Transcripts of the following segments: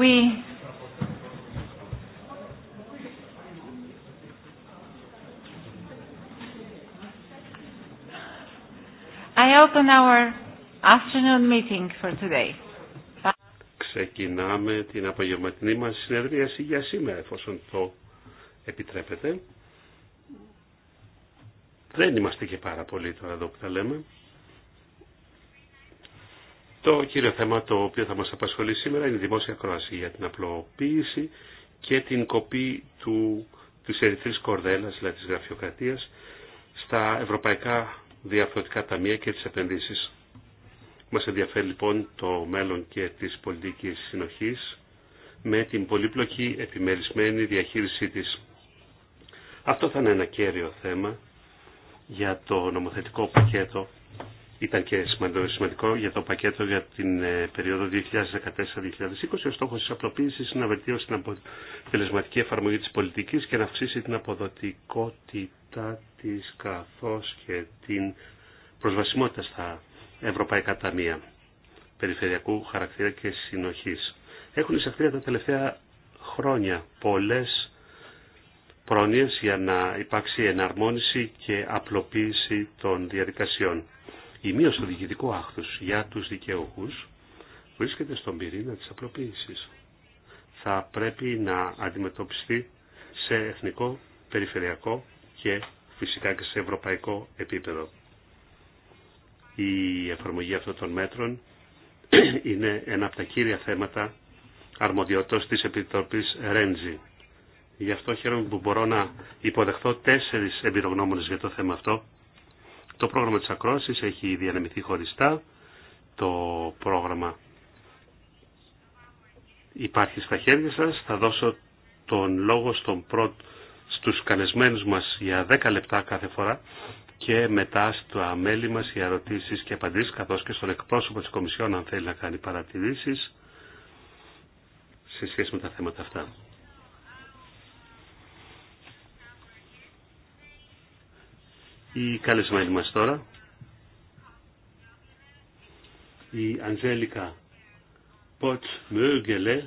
I open our afternoon meeting for today. Ξεκινάμε την απογευματινή μας συνεδρίαση για σήμερα, εφόσον το επιτρέπετε. Δεν είμαστε και πάρα πολύ τώρα εδώ που τα λέμε. Το κύριο θέμα το οποίο θα μας απασχολεί σήμερα είναι η δημόσια κρόαση για την απλοποίηση και την κοπή του, της ερυθρής κορδέλας, δηλαδή της γραφειοκρατίας, στα ευρωπαϊκά διαφορετικά ταμεία και τις επενδύσεις. Μας ενδιαφέρει λοιπόν το μέλλον και της πολιτικής συνοχής με την πολύπλοκη επιμερισμένη διαχείρισή της. Αυτό θα είναι ένα κέριο θέμα για το νομοθετικό πακέτο ήταν και σημαντικό, για το πακέτο για την ε, περίοδο 2014-2020. Ο στόχο τη απλοποίηση, είναι να βελτιώσει την αποτελεσματική εφαρμογή της πολιτικής και να αυξήσει την αποδοτικότητα της καθώ και την προσβασιμότητα στα ευρωπαϊκά ταμεία περιφερειακού χαρακτήρα και συνοχής. Έχουν εισαχθεί τα τελευταία χρόνια πολλέ πρόνοιες για να υπάρξει εναρμόνιση και απλοποίηση των διαδικασιών η μείωση του διοικητικού άχθους για τους δικαιούχου βρίσκεται στον πυρήνα της απλοποίηση. Θα πρέπει να αντιμετωπιστεί σε εθνικό, περιφερειακό και φυσικά και σε ευρωπαϊκό επίπεδο. Η εφαρμογή αυτών των μέτρων είναι ένα από τα κύρια θέματα αρμοδιότητας της Επιτροπής Ρέντζη. Γι' αυτό χαίρομαι που μπορώ να υποδεχθώ τέσσερις εμπειρογνώμονες για το θέμα αυτό το πρόγραμμα της ακρόασης έχει διανεμηθεί χωριστά. Το πρόγραμμα υπάρχει στα χέρια σας. Θα δώσω τον λόγο στον πρώτο στους καλεσμένους μας για 10 λεπτά κάθε φορά και μετά στο αμέλη μας για ερωτήσεις και απαντήσεις καθώς και στον εκπρόσωπο της Κομισιόν αν θέλει να κάνει παρατηρήσεις σε σχέση με τα θέματα αυτά. οι καλεσμένοι μας τώρα. Η Αντζέλικα Ποτς Μόγγελε,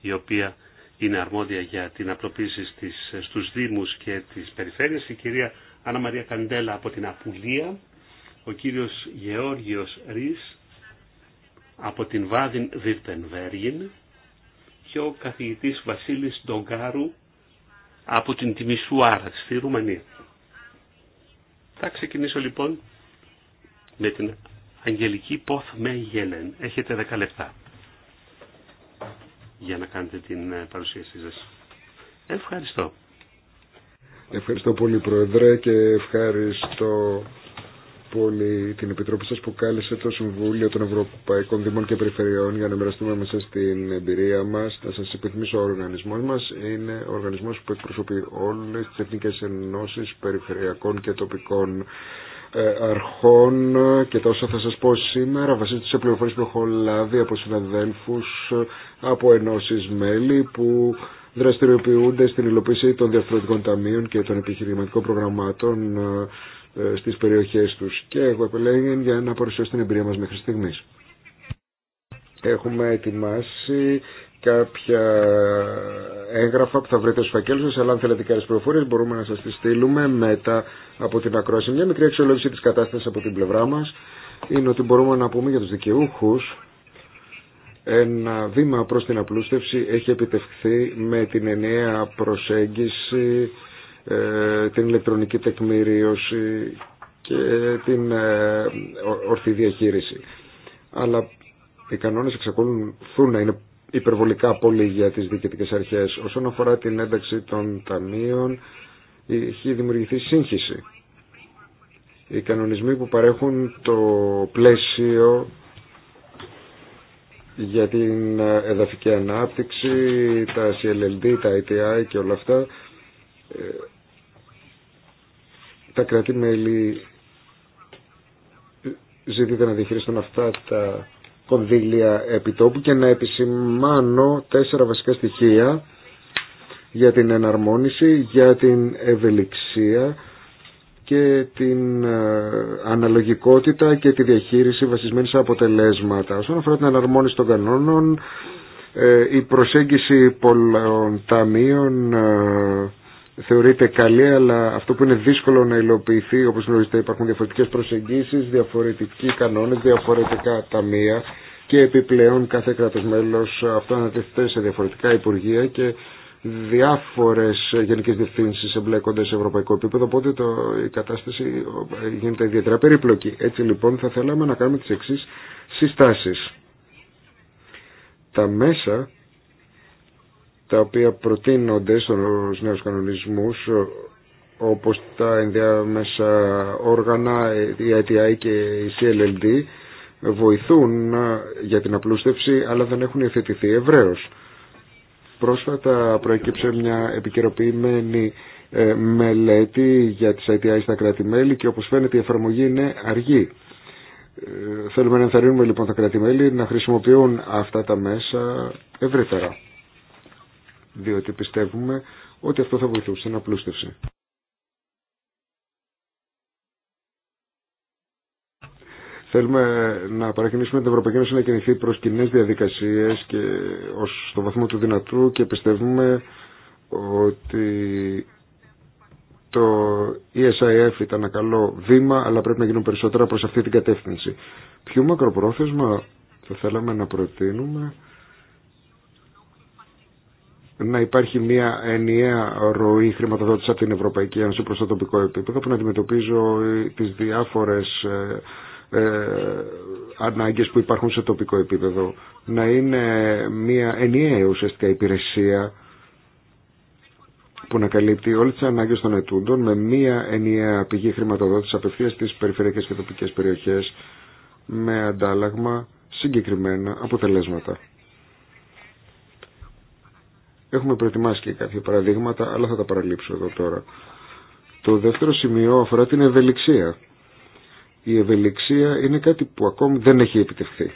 η οποία είναι αρμόδια για την απλοποίηση στις, στους Δήμους και τις Περιφέρειες, η κυρία Άννα Μαρία Καντέλα από την Απουλία, ο κύριος Γεώργιος Ρης από την Βάδιν Βιρτενβέργιν και ο καθηγητής Βασίλης Ντογκάρου από την Τιμισουάρα στη Ρουμανία. Θα ξεκινήσω λοιπόν με την Αγγελική Ποθ γέλεν. Έχετε 10 λεπτά για να κάνετε την ε, παρουσίασή σας. Ευχαριστώ. Ευχαριστώ πολύ Πρόεδρε και ευχαριστώ πολύ την Επιτροπή σα που κάλεσε το Συμβούλιο των Ευρωπαϊκών Δήμων και Περιφερειών για να μοιραστούμε μέσα στην εμπειρία μα. Θα σα υπενθυμίσω ο οργανισμό μα. Είναι ο οργανισμός που εκπροσωπεί όλε τι Εθνικέ ενώσεις περιφερειακών και τοπικών ε, αρχών και τα όσα θα σα πω σήμερα βασίζονται σε πληροφορίες που έχω λάβει από συναδέλφου από ενώσεις μέλη που δραστηριοποιούνται στην υλοποίηση των διαφορετικών ταμείων και των επιχειρηματικών προγραμμάτων ε, ε, στις περιοχές τους και εγώ επιλέγει για να παρουσιάσω την εμπειρία μας μέχρι στιγμής. Έχουμε ετοιμάσει κάποια έγγραφα που θα βρείτε στους φακέλους σας, αλλά αν θέλετε άλλε πληροφορίες μπορούμε να σας τις στείλουμε μετά από την ακρόαση. Μια μικρή αξιολόγηση της κατάστασης από την πλευρά μας είναι ότι μπορούμε να πούμε για τους δικαιούχους ένα βήμα προς την απλούστευση έχει επιτευχθεί με την ενιαία προσέγγιση ε, την ηλεκτρονική τεκμηρίωση και την ε, ορθή διαχείριση. Αλλά οι κανόνες εξακολουθούν να είναι υπερβολικά πολύ για τις διοικητικές αρχές. Όσον αφορά την ένταξη των ταμείων, έχει δημιουργηθεί σύγχυση. Οι κανονισμοί που παρέχουν το πλαίσιο για την εδαφική ανάπτυξη, τα CLLD, τα ITI και όλα αυτά ε, τα κράτη-μέλη να διαχειριστούν αυτά τα κονδύλια επιτόπου και να επισημάνω τέσσερα βασικά στοιχεία για την εναρμόνιση, για την ευελιξία και την ε, αναλογικότητα και τη διαχείριση βασισμένη σε αποτελέσματα. Όσον αφορά την εναρμόνιση των κανόνων, ε, η προσέγγιση πολλών ταμείων ε, θεωρείται καλή, αλλά αυτό που είναι δύσκολο να υλοποιηθεί, όπως γνωρίζετε υπάρχουν διαφορετικές προσεγγίσεις, διαφορετικοί κανόνες, διαφορετικά ταμεία και επιπλέον κάθε κράτος μέλος αυτό ανατεθεί σε διαφορετικά υπουργεία και διάφορες γενικές διευθύνσεις εμπλέκονται σε ευρωπαϊκό επίπεδο, οπότε το, η κατάσταση γίνεται ιδιαίτερα περίπλοκη. Έτσι λοιπόν θα θέλαμε να κάνουμε τις εξής συστάσεις. Τα μέσα τα οποία προτείνονται στους νέους κανονισμούς όπως τα ενδιάμεσα όργανα, η ITI και η CLLD βοηθούν ε, για την απλούστευση αλλά δεν έχουν υιοθετηθεί ευρέως. Πρόσφατα προέκυψε μια επικαιροποιημένη ε, μελέτη για τις ITI στα κράτη-μέλη και όπως φαίνεται η εφαρμογή είναι αργή. Ε, θέλουμε να ενθαρρύνουμε λοιπόν τα κράτη-μέλη να χρησιμοποιούν αυτά τα μέσα ευρύτερα διότι πιστεύουμε ότι αυτό θα βοηθούσε να απλούστευση. Θέλουμε να παρακινήσουμε την Ευρωπαϊκή Ένωση να κινηθεί προς κοινέ διαδικασίες και ως στο βαθμό του δυνατού και πιστεύουμε ότι το ESIF ήταν ένα καλό βήμα αλλά πρέπει να γίνουν περισσότερα προς αυτή την κατεύθυνση. Ποιο μακροπρόθεσμα θα θέλαμε να προτείνουμε να υπάρχει μια ενιαία ροή χρηματοδότηση από την Ευρωπαϊκή Ένωση προς το τοπικό επίπεδο που να αντιμετωπίζω ε, τις διάφορες ε, ε, ανάγκες που υπάρχουν σε τοπικό επίπεδο να είναι μια ενιαία ουσιαστικά υπηρεσία που να καλύπτει όλες τις ανάγκες των ετούντων με μια ενιαία πηγή χρηματοδότηση απευθείας στις περιφερειακές και τοπικές περιοχές με αντάλλαγμα συγκεκριμένα αποτελέσματα. Έχουμε προετοιμάσει και κάποια παραδείγματα, αλλά θα τα παραλείψω εδώ τώρα. Το δεύτερο σημείο αφορά την ευελιξία. Η ευελιξία είναι κάτι που ακόμη δεν έχει επιτευχθεί.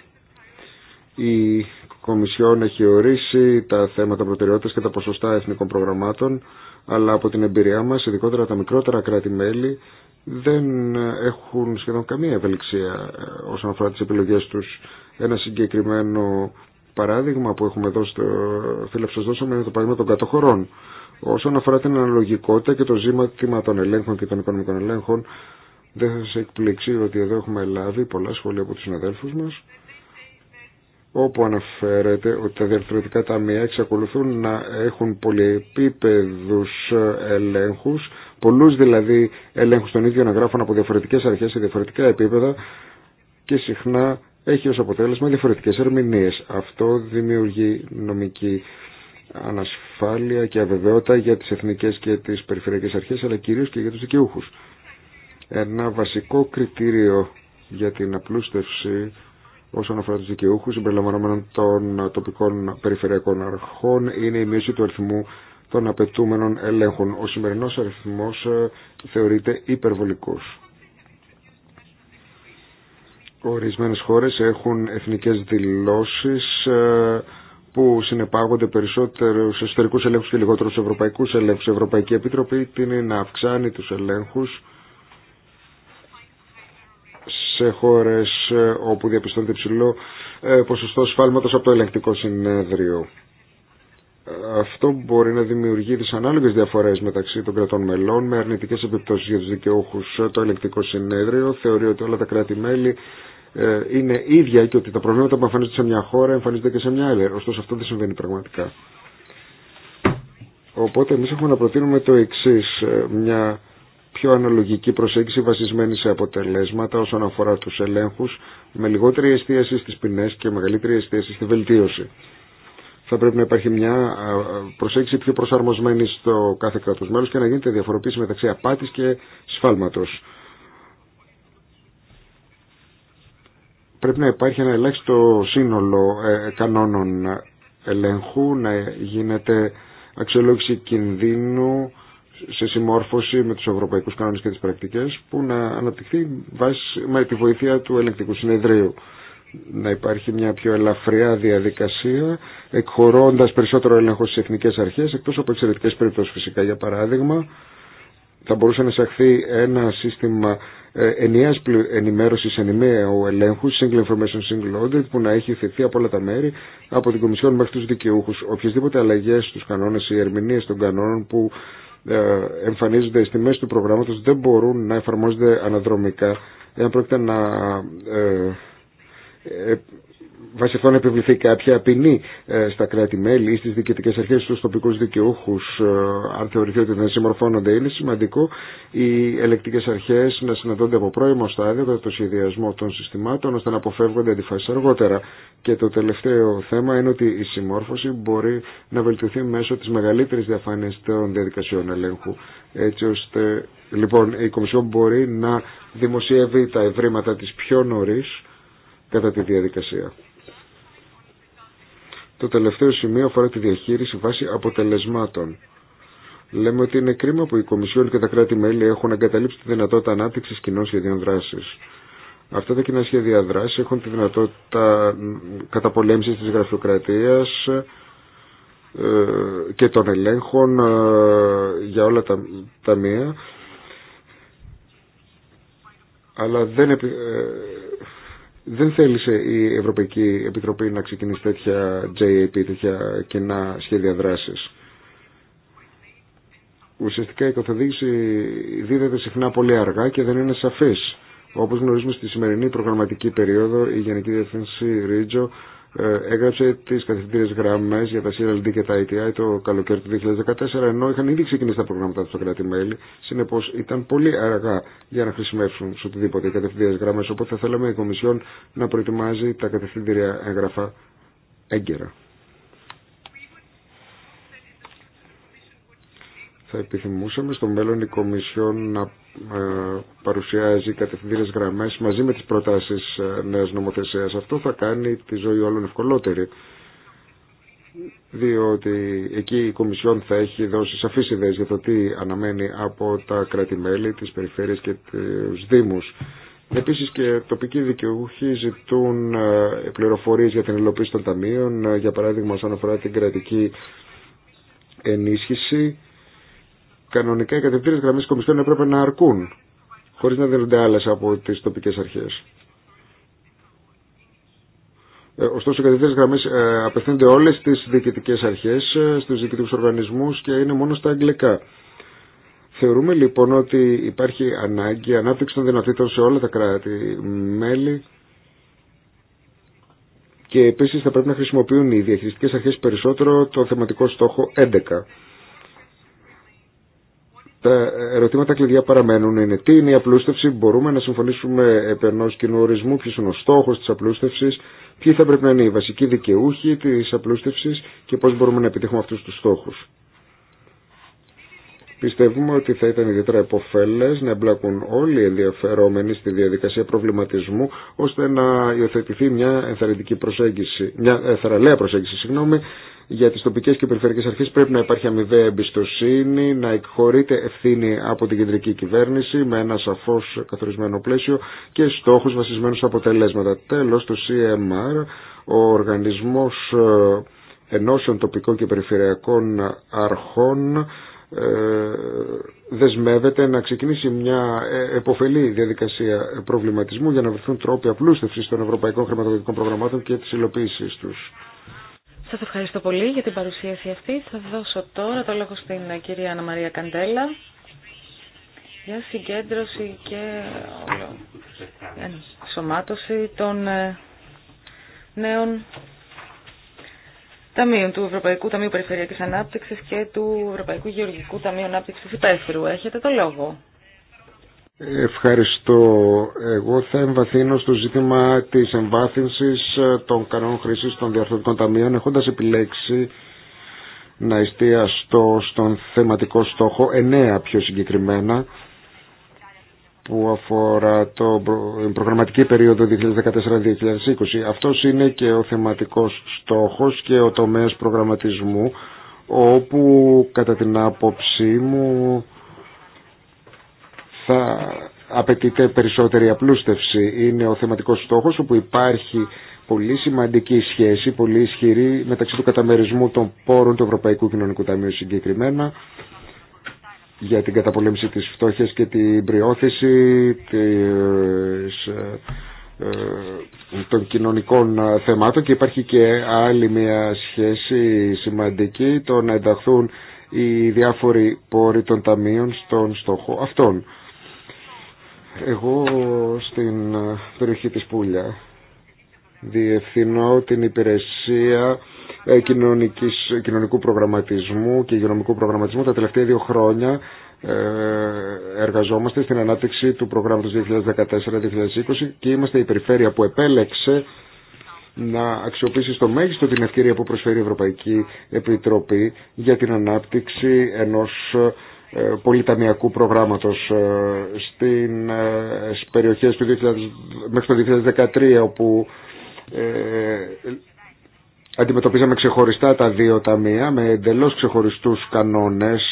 Η Κομισιόν έχει ορίσει τα θέματα προτεραιότητας και τα ποσοστά εθνικών προγραμμάτων, αλλά από την εμπειριά μας, ειδικότερα τα μικρότερα κράτη-μέλη, δεν έχουν σχεδόν καμία ευελιξία ε, όσον αφορά τις επιλογές τους. Ένα συγκεκριμένο παράδειγμα που έχουμε δώσει, το, σα δώσαμε είναι το παράδειγμα των κατοχωρών. Όσον αφορά την αναλογικότητα και το ζήτημα των ελέγχων και των οικονομικών ελέγχων, δεν θα σα εκπληξεί ότι εδώ έχουμε λάβει πολλά σχόλια από τους συναδέλφου μας, όπου αναφέρεται ότι τα διαρθρωτικά ταμεία εξακολουθούν να έχουν πολυεπίπεδους ελέγχους, πολλούς δηλαδή ελέγχους των ίδιων εγγράφων από διαφορετικές αρχές σε διαφορετικά επίπεδα και συχνά έχει ως αποτέλεσμα διαφορετικές ερμηνείες. Αυτό δημιουργεί νομική ανασφάλεια και αβεβαιότητα για τις εθνικές και τις περιφερειακές αρχές αλλά κυρίως και για τους δικαιούχους. Ένα βασικό κριτήριο για την απλούστευση όσον αφορά τους δικαιούχους συμπεριλαμβανομένων των τοπικών περιφερειακών αρχών είναι η μείωση του αριθμού των απαιτούμενων ελέγχων. Ο σημερινός αριθμός ε, θεωρείται υπερβολικός. Ορισμένες χώρες έχουν εθνικές δηλώσεις ε, που συνεπάγονται περισσότερους εσωτερικού ελέγχους και λιγότερους ευρωπαϊκούς ελέγχους. Η Ευρωπαϊκή Επιτροπή τίνει να αυξάνει τους ελέγχους σε χώρες ε, όπου διαπιστώνεται ψηλό ε, ποσοστό σφάλματος από το ελεγκτικό συνέδριο αυτό μπορεί να δημιουργεί δυσανάλογες διαφορές μεταξύ των κρατών μελών με αρνητικές επιπτώσεις για τους δικαιούχους. Το ελεκτικό συνέδριο θεωρεί ότι όλα τα κράτη-μέλη ε, είναι ίδια και ότι τα προβλήματα που εμφανίζονται σε μια χώρα εμφανίζονται και σε μια άλλη. Ωστόσο αυτό δεν συμβαίνει πραγματικά. Οπότε εμείς έχουμε να προτείνουμε το εξή ε, μια πιο αναλογική προσέγγιση βασισμένη σε αποτελέσματα όσον αφορά τους ελέγχους με λιγότερη εστίαση στις ποινές και μεγαλύτερη εστίαση στη βελτίωση θα πρέπει να υπάρχει μια προσέγγιση πιο προσαρμοσμένη στο κάθε κράτο μέλο και να γίνεται διαφοροποίηση μεταξύ απάτης και σφάλματος. Πρέπει να υπάρχει ένα ελάχιστο σύνολο ε, ε, κανόνων ελέγχου, να γίνεται αξιολόγηση κινδύνου σε συμμόρφωση με τους ευρωπαϊκούς κανόνες και τις πρακτικές που να αναπτυχθεί με τη βοήθεια του ελεγκτικού συνεδρίου να υπάρχει μια πιο ελαφριά διαδικασία, εκχωρώντας περισσότερο έλεγχο στι εθνικές αρχές, εκτός από εξαιρετικές περιπτώσεις φυσικά, για παράδειγμα, θα μπορούσε να εισαχθεί ένα σύστημα ε, ενιαίας ενημέρωσης ενημέου ελέγχου, single information, single audit, που να έχει θεθεί από όλα τα μέρη, από την Κομισιόν μέχρι τους δικαιούχους. Οποιασδήποτε αλλαγές στους κανόνες ή ερμηνείες των κανόνων που ε, εμφανίζονται στη μέση του προγράμματο δεν μπορούν να εφαρμόζονται αναδρομικά εάν πρόκειται να ε, ε, βασιστώ να επιβληθεί κάποια ποινή ε, στα κράτη-μέλη ή στις διοικητικές αρχές στους τοπικούς δικαιούχους ε, αν θεωρηθεί ότι δεν συμμορφώνονται είναι σημαντικό οι ελεκτικές αρχές να συναντώνται από πρώιμο στάδιο κατά το σχεδιασμό των συστημάτων ώστε να αποφεύγονται αντιφάσεις αργότερα και το τελευταίο θέμα είναι ότι η συμμόρφωση μπορεί να βελτιωθεί μέσω της μεγαλύτερης διαφάνειας των διαδικασιών ελέγχου έτσι ώστε λοιπόν η Κομισιόν μπορεί να δημοσιεύει τα ευρήματα τη πιο νωρί κατά τη διαδικασία. Το τελευταίο σημείο αφορά τη διαχείριση βάσει αποτελεσμάτων. Λέμε ότι είναι κρίμα που η Κομισιόν και τα κράτη-μέλη έχουν εγκαταλείψει τη δυνατότητα ανάπτυξη κοινών σχεδίων δράση. Αυτά τα κοινά σχέδια δράση έχουν τη δυνατότητα καταπολέμηση τη γραφειοκρατία ε, και των ελέγχων ε, για όλα τα ταμεία αλλά δεν ε, δεν θέλησε η Ευρωπαϊκή Επιτροπή να ξεκινήσει τέτοια JAP, τέτοια κοινά σχέδια δράση. Ουσιαστικά η καθοδήγηση δίδεται συχνά πολύ αργά και δεν είναι σαφής. Όπως γνωρίζουμε στη σημερινή προγραμματική περίοδο, η Γενική Διευθύνση Ρίτζο ε, έγραψε τι καθηγητήρες γραμμές για τα CLD και τα ITI το καλοκαίρι του 2014 ενώ είχαν ήδη ξεκινήσει τα προγράμματα του στο κράτη-μέλη συνεπώς ήταν πολύ αργά για να χρησιμεύσουν σε οτιδήποτε οι κατευθυντήρες γραμμές οπότε θα θέλαμε η Κομισιόν να προετοιμάζει τα κατευθυντήρια έγγραφα έγκαιρα. Θα επιθυμούσαμε στο μέλλον η Κομισιόν να ε, παρουσιάζει κατευθυντήρες γραμμές μαζί με τις προτάσεις ε, νέας νομοθεσίας. Αυτό θα κάνει τη ζωή όλων ευκολότερη διότι εκεί η Κομισιόν θα έχει δώσει σαφείς ιδέες για το τι αναμένει από τα κράτη-μέλη, τις περιφέρειες και τους δήμους. Επίσης και τοπικοί δικαιούχοι ζητούν ε, πληροφορίες για την υλοποίηση των ταμείων, για παράδειγμα όσον αφορά την κρατική ενίσχυση κανονικά οι κατευθύνες γραμμές κομιστών έπρεπε να αρκούν χωρίς να δίνονται άλλες από τις τοπικές αρχές. Ε, ωστόσο, οι κατευθύνε γραμμέ ε, απευθύνονται όλε στι διοικητικέ αρχέ, ε, στου διοικητικού οργανισμού και είναι μόνο στα αγγλικά. Θεωρούμε λοιπόν ότι υπάρχει ανάγκη ανάπτυξη των δυνατήτων σε όλα τα κράτη-μέλη και επίση θα πρέπει να χρησιμοποιούν οι διαχειριστικέ αρχέ περισσότερο το θεματικό στόχο 11 τα ερωτήματα κλειδιά παραμένουν είναι τι είναι η απλούστευση, μπορούμε να συμφωνήσουμε ενό κοινού ορισμού, ποιο είναι ο στόχο τη απλούστευση, ποιοι θα πρέπει να είναι οι βασικοί δικαιούχοι τη απλούστευση και πώ μπορούμε να επιτύχουμε αυτού του στόχου. Πιστεύουμε ότι θα ήταν ιδιαίτερα επωφέλε να εμπλακούν όλοι οι ενδιαφερόμενοι στη διαδικασία προβληματισμού, ώστε να υιοθετηθεί μια ενθαρρυντική προσέγγιση, μια ε, θεραλέα προσέγγιση, συγγνώμη, για τις τοπικές και περιφερειακές αρχές πρέπει να υπάρχει αμοιβαία εμπιστοσύνη, να εκχωρείται ευθύνη από την κεντρική κυβέρνηση με ένα σαφώς καθορισμένο πλαίσιο και στόχους βασισμένους αποτελέσματα. Τέλος, το CMR, ο Οργανισμός ε, Ενώσεων Τοπικών και Περιφερειακών Αρχών, ε, δεσμεύεται να ξεκινήσει μια ε, εποφελή διαδικασία προβληματισμού για να βρεθούν τρόποι απλούστευσης των ευρωπαϊκών χρηματοδοτικών προγραμμάτων και της υλοποίησής τους. Σα ευχαριστώ πολύ για την παρουσίαση αυτή. Θα δώσω τώρα το λόγο στην κυρία Αναμαρία Μαρία Καντέλα για συγκέντρωση και σωμάτωση των ε, νέων ταμείων του Ευρωπαϊκού Ταμείου Περιφερειακής Ανάπτυξης και του Ευρωπαϊκού Γεωργικού Ταμείου Ανάπτυξης Υπέθρου. Έχετε το λόγο. Ευχαριστώ. Εγώ θα εμβαθύνω στο ζήτημα της εμβάθυνσης ε, των κανόνων χρήσης των διαρθρωτικών ταμείων έχοντας επιλέξει να εστιαστώ στον θεματικό στόχο 9 πιο συγκεκριμένα που αφορά το προγραμματική περίοδο 2014-2020. Αυτός είναι και ο θεματικός στόχος και ο τομέας προγραμματισμού όπου κατά την άποψή μου θα απαιτείται περισσότερη απλούστευση. Είναι ο θεματικός στόχος όπου υπάρχει πολύ σημαντική σχέση, πολύ ισχυρή μεταξύ του καταμερισμού των πόρων του Ευρωπαϊκού Κοινωνικού Ταμείου συγκεκριμένα για την καταπολέμηση της φτώχειας και την πριώθηση της, ε, ε, των κοινωνικών θεμάτων και υπάρχει και άλλη μια σχέση σημαντική το να ενταχθούν οι διάφοροι πόροι των ταμείων στον στόχο αυτών. Εγώ στην ε, περιοχή της Πούλια διευθυνώ την υπηρεσία ε, κοινωνικού προγραμματισμού και υγειονομικού προγραμματισμού τα τελευταία δύο χρόνια ε, εργαζόμαστε στην ανάπτυξη του προγράμματος 2014-2020 και είμαστε η περιφέρεια που επέλεξε να αξιοποιήσει στο μέγιστο την ευκαιρία που προσφέρει η Ευρωπαϊκή Επιτροπή για την ανάπτυξη ενός ε, πολυταμιακού προγράμματος ε, στην, ε, στις περιοχές του 2000, μέχρι το 2013 όπου ε, αντιμετωπίζαμε ξεχωριστά τα δύο ταμεία με εντελώς ξεχωριστούς κανόνες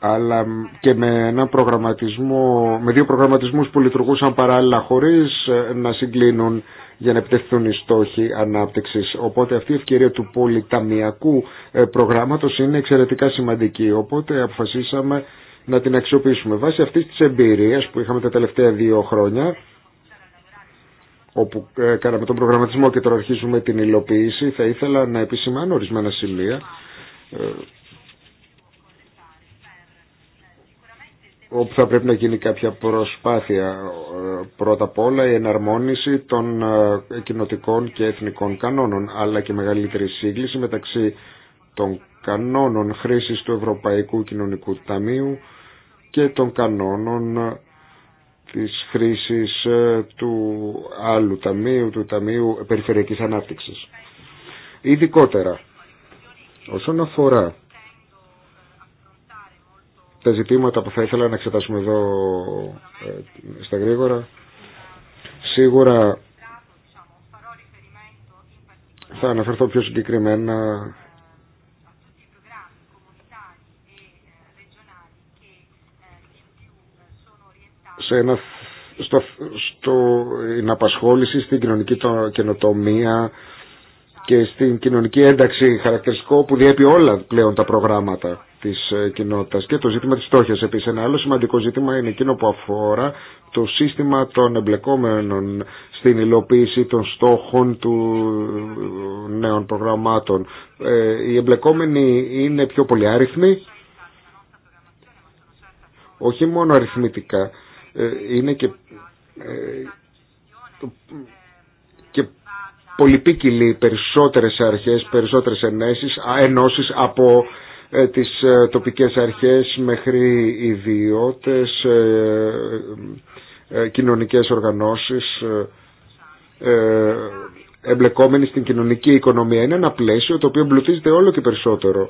αλλά και με ένα προγραμματισμό, με δύο προγραμματισμούς που λειτουργούσαν παράλληλα χωρίς να συγκλίνουν για να επιτευχθούν οι στόχοι ανάπτυξης. Οπότε αυτή η ευκαιρία του πολυταμιακού ε, προγράμματος είναι εξαιρετικά σημαντική. Οπότε αποφασίσαμε να την αξιοποιήσουμε. Βάσει αυτής της εμπειρίας που είχαμε τα τελευταία δύο χρόνια, όπου ε, κάναμε τον προγραμματισμό και τώρα αρχίζουμε την υλοποίηση, θα ήθελα να επισημάνω ορισμένα σημεία ε, όπου θα πρέπει να γίνει κάποια προσπάθεια. Πρώτα απ' όλα η εναρμόνιση των ε, κοινοτικών και εθνικών κανόνων, αλλά και μεγαλύτερη σύγκληση μεταξύ των κανόνων χρήσης του Ευρωπαϊκού Κοινωνικού Ταμείου και των κανόνων ε, της χρήσης ε, του άλλου ταμείου, του Ταμείου Περιφερειακής Ανάπτυξης. Ειδικότερα, όσον αφορά τα ζητήματα που θα ήθελα να εξετάσουμε εδώ ε, στα γρήγορα. Σίγουρα θα αναφερθώ πιο συγκεκριμένα σε ένα, στο, στο, στην απασχόληση, στην κοινωνική καινοτομία και στην κοινωνική ένταξη χαρακτηριστικό που διέπει όλα πλέον τα προγράμματα της ε, κοινότητα και το ζήτημα τη φτώχεια Επίσης ένα άλλο σημαντικό ζήτημα είναι εκείνο που αφορά το σύστημα των εμπλεκόμενων στην υλοποίηση των στόχων του ε, νέων προγραμμάτων. Ε, οι εμπλεκόμενοι είναι πιο πολυάριθμοι, όχι μόνο αριθμητικά, είναι και, και πολυπίκυλοι περισσότερες αρχές, περισσότερες ενέσεις, ενώσεις από ε, τις ε, τοπικές αρχές μέχρι ιδιώτες, ε, κοινωνικές οργανώσεις, εμπλεκόμενοι στην κοινωνική οικονομία. Είναι ένα πλαίσιο το οποίο εμπλουτίζεται όλο και περισσότερο.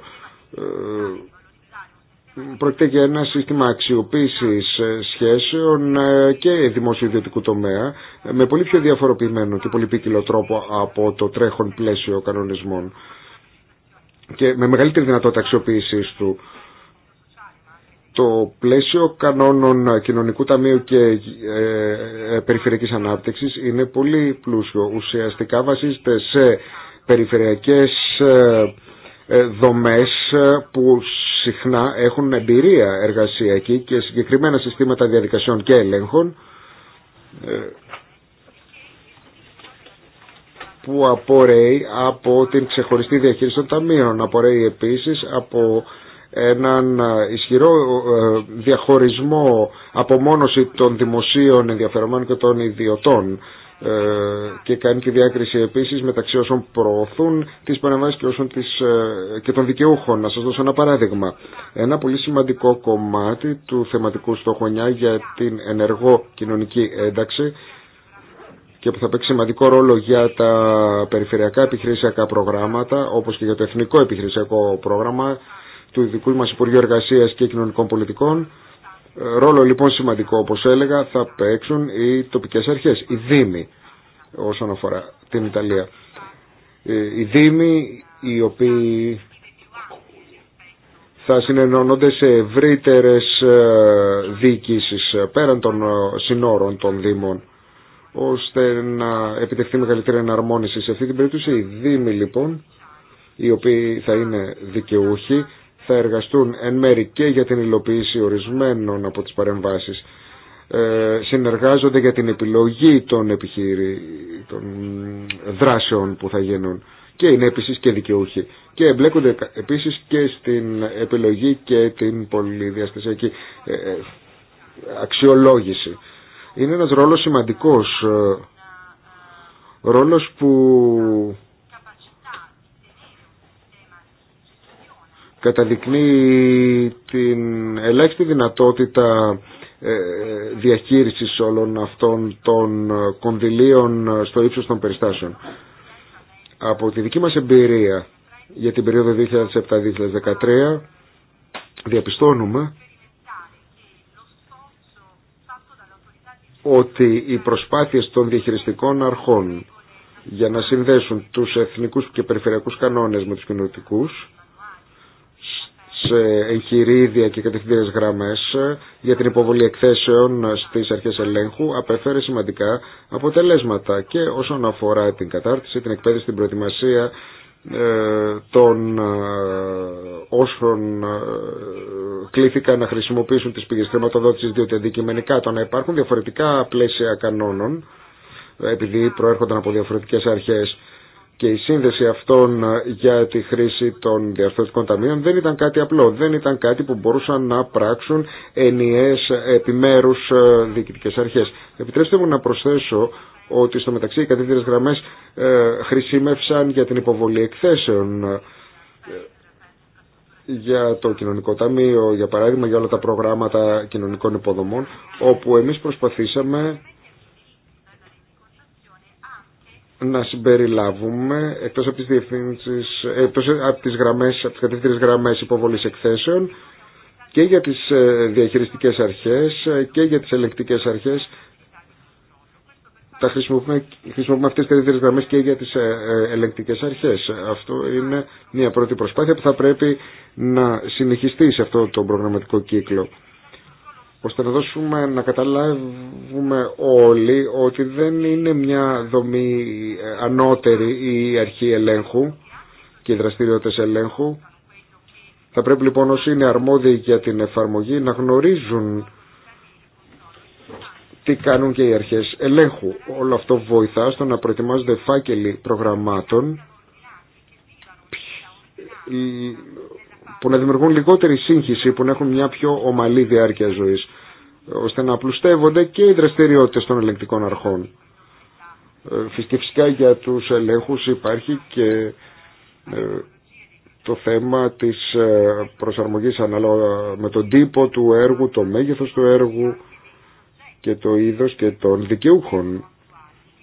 Πρόκειται για ένα σύστημα αξιοποίησης σχέσεων και δημοσιοδιωτικού τομέα με πολύ πιο διαφοροποιημένο και πολύ ποικιλό τρόπο από το τρέχον πλαίσιο κανονισμών και με μεγαλύτερη δυνατότητα αξιοποίησή του. Το πλαίσιο κανόνων κοινωνικού ταμείου και ε, ε, περιφερειακής ανάπτυξης είναι πολύ πλούσιο. Ουσιαστικά βασίζεται σε περιφερειακές ε, δομές που συχνά έχουν εμπειρία εργασιακή και συγκεκριμένα συστήματα διαδικασιών και ελέγχων που απορρέει από την ξεχωριστή διαχείριση των ταμείων. Απορρέει επίσης από έναν ισχυρό ε, διαχωρισμό, απομόνωση των δημοσίων ενδιαφερομένων και των ιδιωτών ε, και κάνει και διάκριση επίσης μεταξύ όσων προωθούν τις παρεμβάσεις και, όσων τις, ε, και των δικαιούχων. Να σας δώσω ένα παράδειγμα. Ένα πολύ σημαντικό κομμάτι του θεματικού στοχονιά για την ενεργό κοινωνική ένταξη και που θα παίξει σημαντικό ρόλο για τα περιφερειακά επιχειρησιακά προγράμματα όπως και για το εθνικό επιχειρησιακό πρόγραμμα του Ειδικού μας Υπουργείου Εργασίας και Κοινωνικών Πολιτικών. Ρόλο λοιπόν σημαντικό όπως έλεγα θα παίξουν οι τοπικές αρχές, οι Δήμοι όσον αφορά την Ιταλία. Ε, οι Δήμοι οι οποίοι θα συνενώνονται σε ευρύτερε ε, διοικήσεις ε, πέραν των συνόρων των Δήμων ώστε να επιτευχθεί μεγαλύτερη εναρμόνιση. Σε αυτή την περίπτωση οι Δήμοι λοιπόν, οι οποίοι θα είναι δικαιούχοι, θα εργαστούν εν μέρη και για την υλοποίηση ορισμένων από τις παρεμβάσεις. Ε, συνεργάζονται για την επιλογή των, επιχείρη, των δράσεων που θα γίνουν και είναι επίσης και δικαιούχοι και εμπλέκονται επίσης και στην επιλογή και την πολυδιαστασιακή ε, ε, αξιολόγηση είναι ένας ρόλος σημαντικός, ε, ρόλος που καταδεικνύει την ελάχιστη δυνατότητα ε, διαχείρισης όλων αυτών των ε, κονδυλίων στο ύψος των περιστάσεων. Από τη δική μας εμπειρία για την περίοδο 2007-2013 διαπιστώνουμε ότι οι προσπάθειες των διαχειριστικών αρχών για να συνδέσουν τους εθνικούς και περιφερειακούς κανόνες με τους κοινωτικούς σε εγχειρίδια και κατευθυντήρες γραμμές για την υποβολή εκθέσεων στις αρχές ελέγχου απεφέρει σημαντικά αποτελέσματα και όσον αφορά την κατάρτιση, την εκπαίδευση, την προετοιμασία ε, των ε, όσων ε, κλήθηκαν να χρησιμοποιήσουν τις πηγές χρηματοδότησης διότι αντικειμενικά το να υπάρχουν διαφορετικά πλαίσια κανόνων επειδή προέρχονταν από διαφορετικές αρχές και η σύνδεση αυτών για τη χρήση των διαρθρωτικών ταμείων δεν ήταν κάτι απλό, δεν ήταν κάτι που μπορούσαν να πράξουν ενιαίες επιμέρους διοικητικές αρχές. Επιτρέψτε μου να προσθέσω ότι στο μεταξύ οι κατήτερες γραμμές ε, χρησιμεύσαν για την υποβολή εκθέσεων ε, για το κοινωνικό ταμείο, για παράδειγμα για όλα τα προγράμματα κοινωνικών υποδομών, όπου εμείς προσπαθήσαμε να συμπεριλάβουμε εκτός από τις, διευθύνσεις, εκτός από τις, γραμμές, από τις γραμμές υποβολής εκθέσεων και για τις ε, διαχειριστικές αρχές και για τις ελεκτικές αρχές τα χρησιμοποιούμε, χρησιμοποιούμε αυτές τις τέτοιες γραμμές και για τις ε, ε, ελεγκτικές αρχές. Αυτό είναι μια πρώτη προσπάθεια που θα πρέπει να συνεχιστεί σε αυτό το προγραμματικό κύκλο ώστε να δώσουμε, να καταλάβουμε όλοι ότι δεν είναι μια δομή ε, ανώτερη η αρχή ελέγχου και οι δραστηριότητες ελέγχου. Θα πρέπει λοιπόν όσοι είναι αρμόδιοι για την εφαρμογή να γνωρίζουν τι κάνουν και οι αρχές ελέγχου. Όλο αυτό βοηθά στο να προετοιμάζονται φάκελοι προγραμμάτων που να δημιουργούν λιγότερη σύγχυση, που να έχουν μια πιο ομαλή διάρκεια ζωής, ώστε να απλουστεύονται και οι δραστηριότητες των ελεγκτικών αρχών. Ε, φυσικά για τους ελέγχους υπάρχει και ε, το θέμα της ε, προσαρμογής με τον τύπο του έργου, το μέγεθος του έργου, και το είδος και των δικαιούχων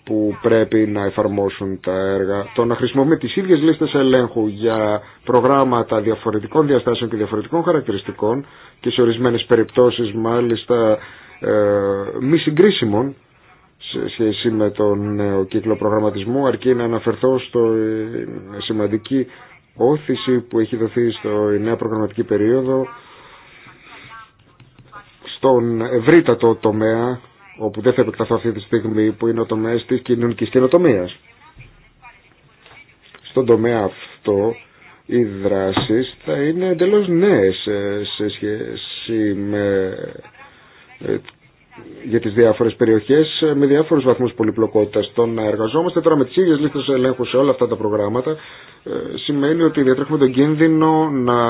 που πρέπει να εφαρμόσουν τα έργα. Το να χρησιμοποιούμε τις ίδιες λίστες ελέγχου για προγράμματα διαφορετικών διαστάσεων και διαφορετικών χαρακτηριστικών και σε ορισμένες περιπτώσεις μάλιστα ε, μη συγκρίσιμων σε σχέση με τον νέο κύκλο προγραμματισμού αρκεί να αναφερθώ στο ε, σημαντική όθηση που έχει δοθεί στο νέα προγραμματική περίοδο στον ευρύτατο τομέα, όπου δεν θα επεκταθώ αυτή τη στιγμή, που είναι ο τομέας της κοινωνικής καινοτομία. Στον τομέα αυτό οι δράσεις θα είναι εντελώς νέες ε, σε σχέση με ε, για τις διάφορες περιοχές με διάφορους βαθμούς πολυπλοκότητας. Το να εργαζόμαστε τώρα με τις ίδιες λίστες ελέγχου σε όλα αυτά τα προγράμματα ε, σημαίνει ότι διατρέχουμε τον κίνδυνο να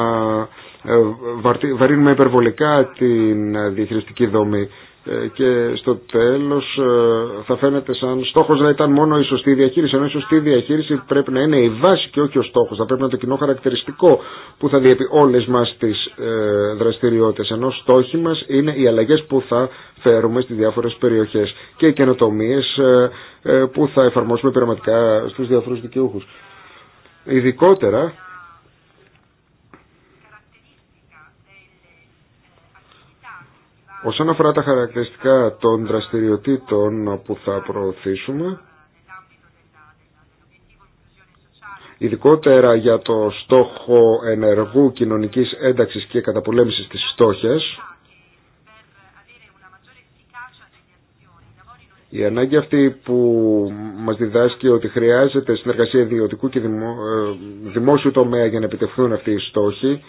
ε, βαρύνουμε υπερβολικά την ε, διαχειριστική δομή ε, και στο τέλος ε, θα φαίνεται σαν στόχος να ήταν μόνο η σωστή διαχείριση ενώ η σωστή διαχείριση πρέπει να είναι η βάση και όχι ο στόχος θα πρέπει να είναι το κοινό χαρακτηριστικό που θα διέπει όλες μας τις ε, δραστηριότητες ενώ στόχοι μας είναι οι αλλαγές που θα φέρουμε στις διάφορες περιοχές και οι καινοτομίε που θα εφαρμόσουμε πειραματικά στους διάφορους δικαιούχους ειδικότερα Όσον αφορά τα χαρακτηριστικά των δραστηριοτήτων που θα προωθήσουμε, ειδικότερα για το στόχο ενεργού κοινωνικής ένταξης και καταπολέμησης της στόχες, Η ανάγκη αυτή που μας διδάσκει ότι χρειάζεται συνεργασία ιδιωτικού και ε, δημόσιου τομέα για να επιτευχθούν αυτοί οι στόχοι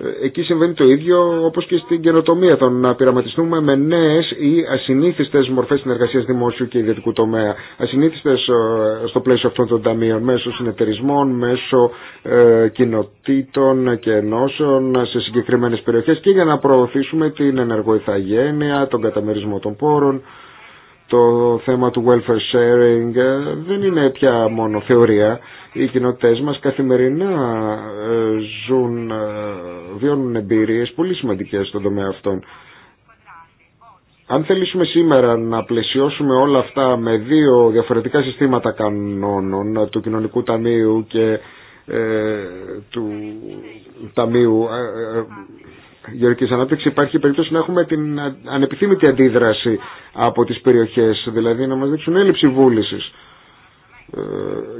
ε, εκεί συμβαίνει το ίδιο όπως και στην καινοτομία, των να πειραματιστούμε με νέες ή ασυνήθιστες μορφές συνεργασίας δημόσιου και ιδιωτικού τομέα. Ασυνήθιστες ε, στο πλαίσιο αυτών των ταμείων, μέσω συνεταιρισμών, μέσω ε, κοινοτήτων και ενώσεων σε συγκεκριμένες περιοχές και για να προωθήσουμε την ενεργοϊθαγένεια, τον καταμερισμό των πόρων. Το θέμα του welfare sharing δεν είναι πια μόνο θεωρία οι κοινότητε μας καθημερινά ε, ζουν, ε, βιώνουν εμπειρίες πολύ σημαντικές στον τομέα αυτών. Αν θελήσουμε σήμερα να πλαισιώσουμε όλα αυτά με δύο διαφορετικά συστήματα κανόνων ε, του Κοινωνικού Ταμείου και του Ταμείου ε, ε, υπάρχει περίπτωση να έχουμε την ανεπιθύμητη αντίδραση από τις περιοχές, δηλαδή να μας δείξουν έλλειψη βούλησης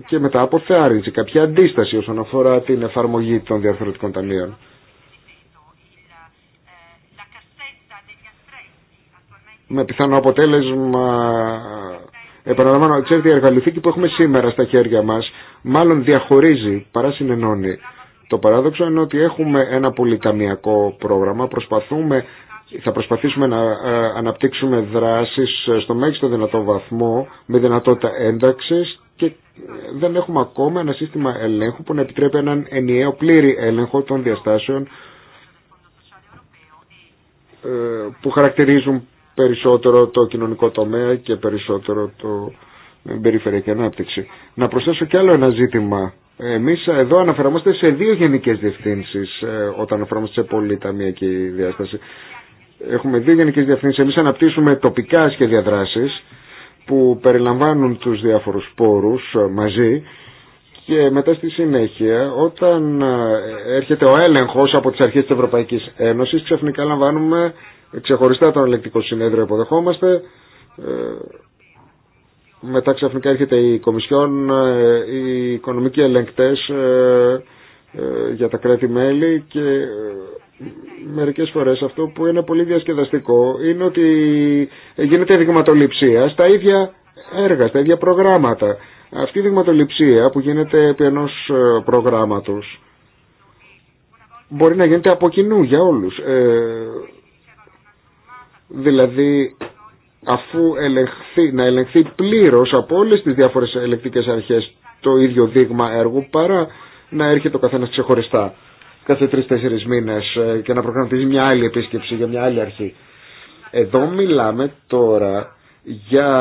και μετά αποθεάριζε κάποια αντίσταση όσον αφορά την εφαρμογή των διαρθρωτικών ταμείων. Με πιθανό αποτέλεσμα, επαναλαμβάνω, ξέρετε, η εργαλειοθήκη που έχουμε σήμερα στα χέρια μας μάλλον διαχωρίζει παρά συνενώνει. Το παράδοξο είναι ότι έχουμε ένα πολυταμιακό πρόγραμμα, προσπαθούμε, θα προσπαθήσουμε να ε, αναπτύξουμε δράσεις ε, στο μέγιστο δυνατό βαθμό με δυνατότητα ένταξης και δεν έχουμε ακόμα ένα σύστημα ελέγχου που να επιτρέπει έναν ενιαίο πλήρη έλεγχο των διαστάσεων ε, που χαρακτηρίζουν περισσότερο το κοινωνικό τομέα και περισσότερο το ε, περιφερειακή ανάπτυξη. Να προσθέσω κι άλλο ένα ζήτημα. Εμείς εδώ αναφερόμαστε σε δύο γενικές διευθύνσεις ε, όταν αναφερόμαστε σε πολυταμιακή διάσταση. Έχουμε δύο γενικές διευθύνσεις. Εμείς αναπτύσσουμε τοπικά σχέδια δράσης που περιλαμβάνουν τους διάφορους πόρους ε, μαζί και μετά στη συνέχεια όταν ε, έρχεται ο έλεγχος από τις αρχές της Ευρωπαϊκής Ένωσης ξαφνικά λαμβάνουμε ξεχωριστά τον ελεκτικό συνέδριο που δεχόμαστε, ε, μετά ξαφνικά έρχεται η Κομισιόν, οι οικονομικοί ελεγκτές ε, για τα κράτη-μέλη και ε, μερικές φορές αυτό που είναι πολύ διασκεδαστικό είναι ότι γίνεται δειγματοληψία στα ίδια έργα, στα ίδια προγράμματα. Αυτή η δειγματοληψία που γίνεται επί ενός ε, προγράμματος μπορεί να γίνεται από κοινού για όλους. δηλαδή αφού ελεγχθεί, να ελεγχθεί πλήρως από όλες τις διάφορες ελεκτικές αρχές το ίδιο δείγμα έργου παρά να έρχεται ο καθένα ξεχωριστά κάθε τρει-τέσσερι μήνε ε, και να προγραμματίζει μια άλλη επίσκεψη για μια άλλη αρχή. Εδώ μιλάμε τώρα για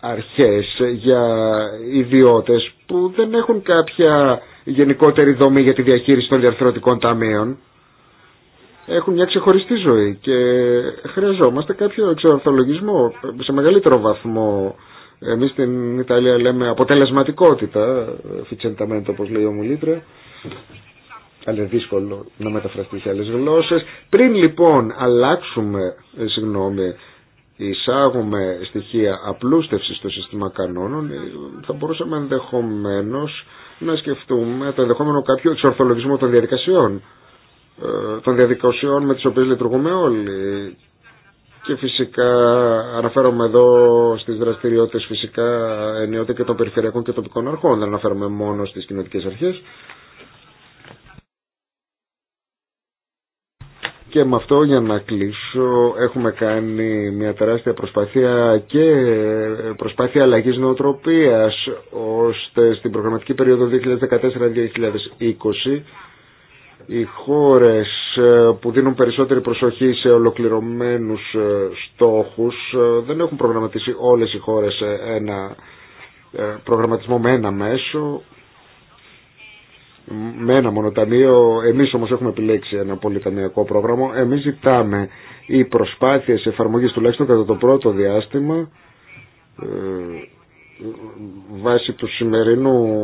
αρχές, για ιδιώτες που δεν έχουν κάποια γενικότερη δομή για τη διαχείριση των διαρθρωτικών ταμείων. Έχουν μια ξεχωριστή ζωή και χρειαζόμαστε κάποιο εξορθολογισμό σε μεγαλύτερο βαθμό εμείς στην Ιταλία λέμε αποτελεσματικότητα, φιτσενταμέντο όπως λέει ο Μουλίτρε, αλλά δύσκολο να μεταφραστεί σε άλλες γλώσσες. Πριν λοιπόν αλλάξουμε, ε, συγγνώμη, εισάγουμε στοιχεία απλούστευση στο σύστημα κανόνων, ε, θα μπορούσαμε ενδεχομένω να σκεφτούμε το ενδεχόμενο κάποιο εξορθολογισμό των διαδικασιών ε, των διαδικασιών με τις οποίες λειτουργούμε όλοι και φυσικά αναφέρομαι εδώ στι δραστηριότητε φυσικά ενίοτε και των περιφερειακών και τοπικών αρχών. Δεν αναφέρομαι μόνο στι κοινωτικέ αρχέ. Και με αυτό για να κλείσω έχουμε κάνει μια τεράστια προσπάθεια και προσπάθεια αλλαγής νοοτροπίας ώστε στην προγραμματική περίοδο 2014-2020 οι χώρες ε, που δίνουν περισσότερη προσοχή σε ολοκληρωμένους ε, στόχους ε, δεν έχουν προγραμματίσει όλες οι χώρες ένα προγραμματισμό με ένα μέσο με ένα μονοταμείο εμείς όμως έχουμε επιλέξει ένα πολυταμιακό πρόγραμμα εμείς ζητάμε οι προσπάθειες εφαρμογής τουλάχιστον κατά το πρώτο διάστημα βάσει του σημερινού,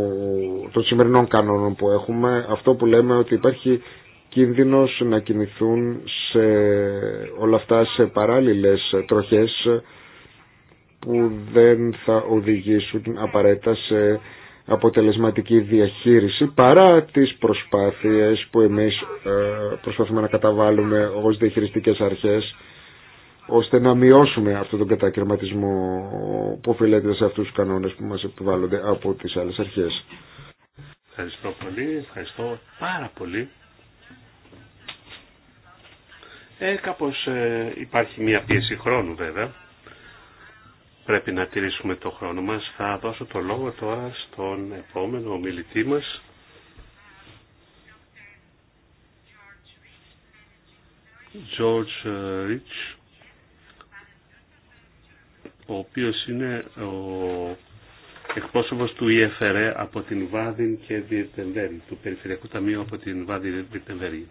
των σημερινών κανόνων που έχουμε αυτό που λέμε ότι υπάρχει κίνδυνος να κινηθούν σε όλα αυτά σε παράλληλες τροχές που δεν θα οδηγήσουν απαραίτητα σε αποτελεσματική διαχείριση παρά τις προσπάθειες που εμείς ε, προσπαθούμε να καταβάλουμε ως διαχειριστικές αρχές ώστε να μειώσουμε αυτόν τον κατακαιρματισμό που οφειλέται σε αυτούς τους κανόνες που μας επιβάλλονται από τις άλλες αρχές. Ευχαριστώ πολύ, ευχαριστώ πάρα πολύ. Ε, κάπως ε, υπάρχει μια πίεση χρόνου βέβαια. Πρέπει να τηρήσουμε το χρόνο μας. Θα δώσω το λόγο τώρα στον επόμενο ομιλητή μας. George ε, Rich, ο οποίος είναι ο εκπρόσωπος του ΙΕΦΡΕ από την Βάδιν και Βιρτεμβέρη, του Περιφερειακού Ταμείου από την Βάδιν Βιρτεμβέρη.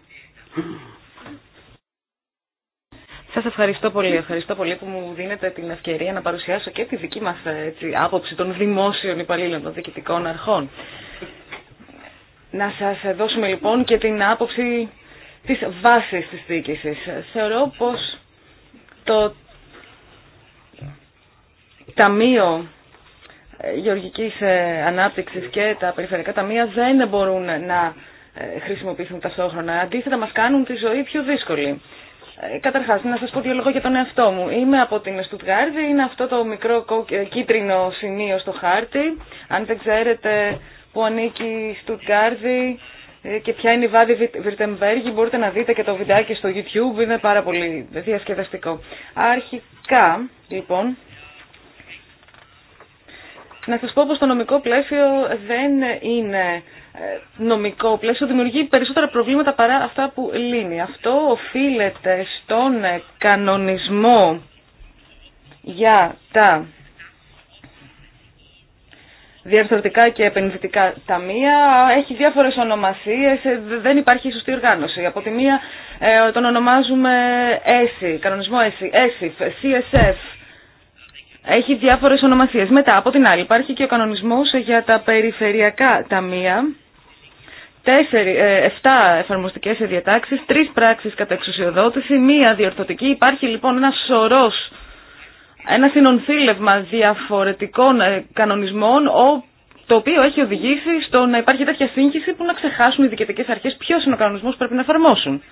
Σας ευχαριστώ πολύ. Ευχαριστώ πολύ που μου δίνετε την ευκαιρία να παρουσιάσω και τη δική μας έτσι, άποψη των δημόσιων υπαλλήλων, των διοικητικών αρχών. Να σας δώσουμε λοιπόν και την άποψη της βάσης της διοίκησης. Θεωρώ πως το ταμείο ε, γεωργικής ε, ανάπτυξης και τα περιφερειακά ταμεία δεν μπορούν να ε, χρησιμοποιηθούν ταυτόχρονα. Αντίθετα μας κάνουν τη ζωή πιο δύσκολη. Καταρχάς, να σας πω δύο λόγια για τον εαυτό μου. Είμαι από την Στουτγάρδη, είναι αυτό το μικρό κίτρινο σημείο στο χάρτη. Αν δεν ξέρετε που ανήκει η Στουτγάρδη και ποια είναι η Βάδη Βιρτεμβέργη, μπορείτε να δείτε και το βιντεάκι στο YouTube, είναι πάρα πολύ διασκεδαστικό. Αρχικά, λοιπόν, να σας πω πως το νομικό πλαίσιο δεν είναι ε, νομικό πλαίσιο, δημιουργεί περισσότερα προβλήματα παρά αυτά που λύνει. Αυτό οφείλεται στον ε, κανονισμό για τα διαρθρωτικά και επενδυτικά ταμεία. Έχει διάφορες ονομασίες, ε, δεν υπάρχει σωστή οργάνωση. Από τη μία τον ονομάζουμε ΕΣΥ, κανονισμό ΕΣΥ, ESIF, CSF, έχει διάφορες ονομασίες. Μετά, από την άλλη, υπάρχει και ο κανονισμός για τα περιφερειακά ταμεία. Τέσσερι, ε, εφτά εφαρμοστικές διατάξεις, τρεις πράξεις κατά εξουσιοδότηση, μία διορθωτική. Υπάρχει λοιπόν ένα σωρός, ένα συνονθήλευμα διαφορετικών ε, κανονισμών, το οποίο έχει οδηγήσει στο να υπάρχει τέτοια σύγχυση που να ξεχάσουν οι διοικητικές αρχές ποιος είναι ο κανονισμός που πρέπει να εφαρμόσουν.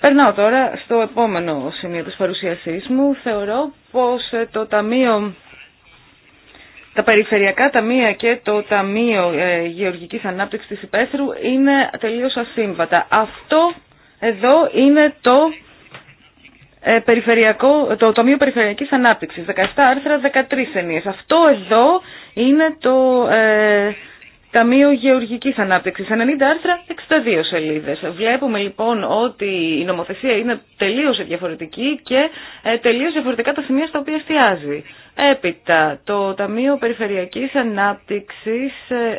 Περνάω τώρα στο επόμενο σημείο της παρουσίασής μου. Θεωρώ πως ε, το ταμείο, τα περιφερειακά ταμεία και το Ταμείο ε, Γεωργικής Ανάπτυξης της Υπέθρου είναι τελείως ασύμβατα. Αυτό εδώ είναι το ε, περιφερειακό, το Ταμείο Περιφερειακής Ανάπτυξης, 17 άρθρα, 13 ενίες. Αυτό εδώ είναι το Ταμείο Γεωργικής Ανάπτυξης, 90 άρθρα, 62 σελίδες. Βλέπουμε λοιπόν ότι η νομοθεσία είναι τελείως διαφορετική και ε, τελείως διαφορετικά τα σημεία στα οποία εστιάζει. Έπειτα, το Ταμείο Περιφερειακής Ανάπτυξης ε,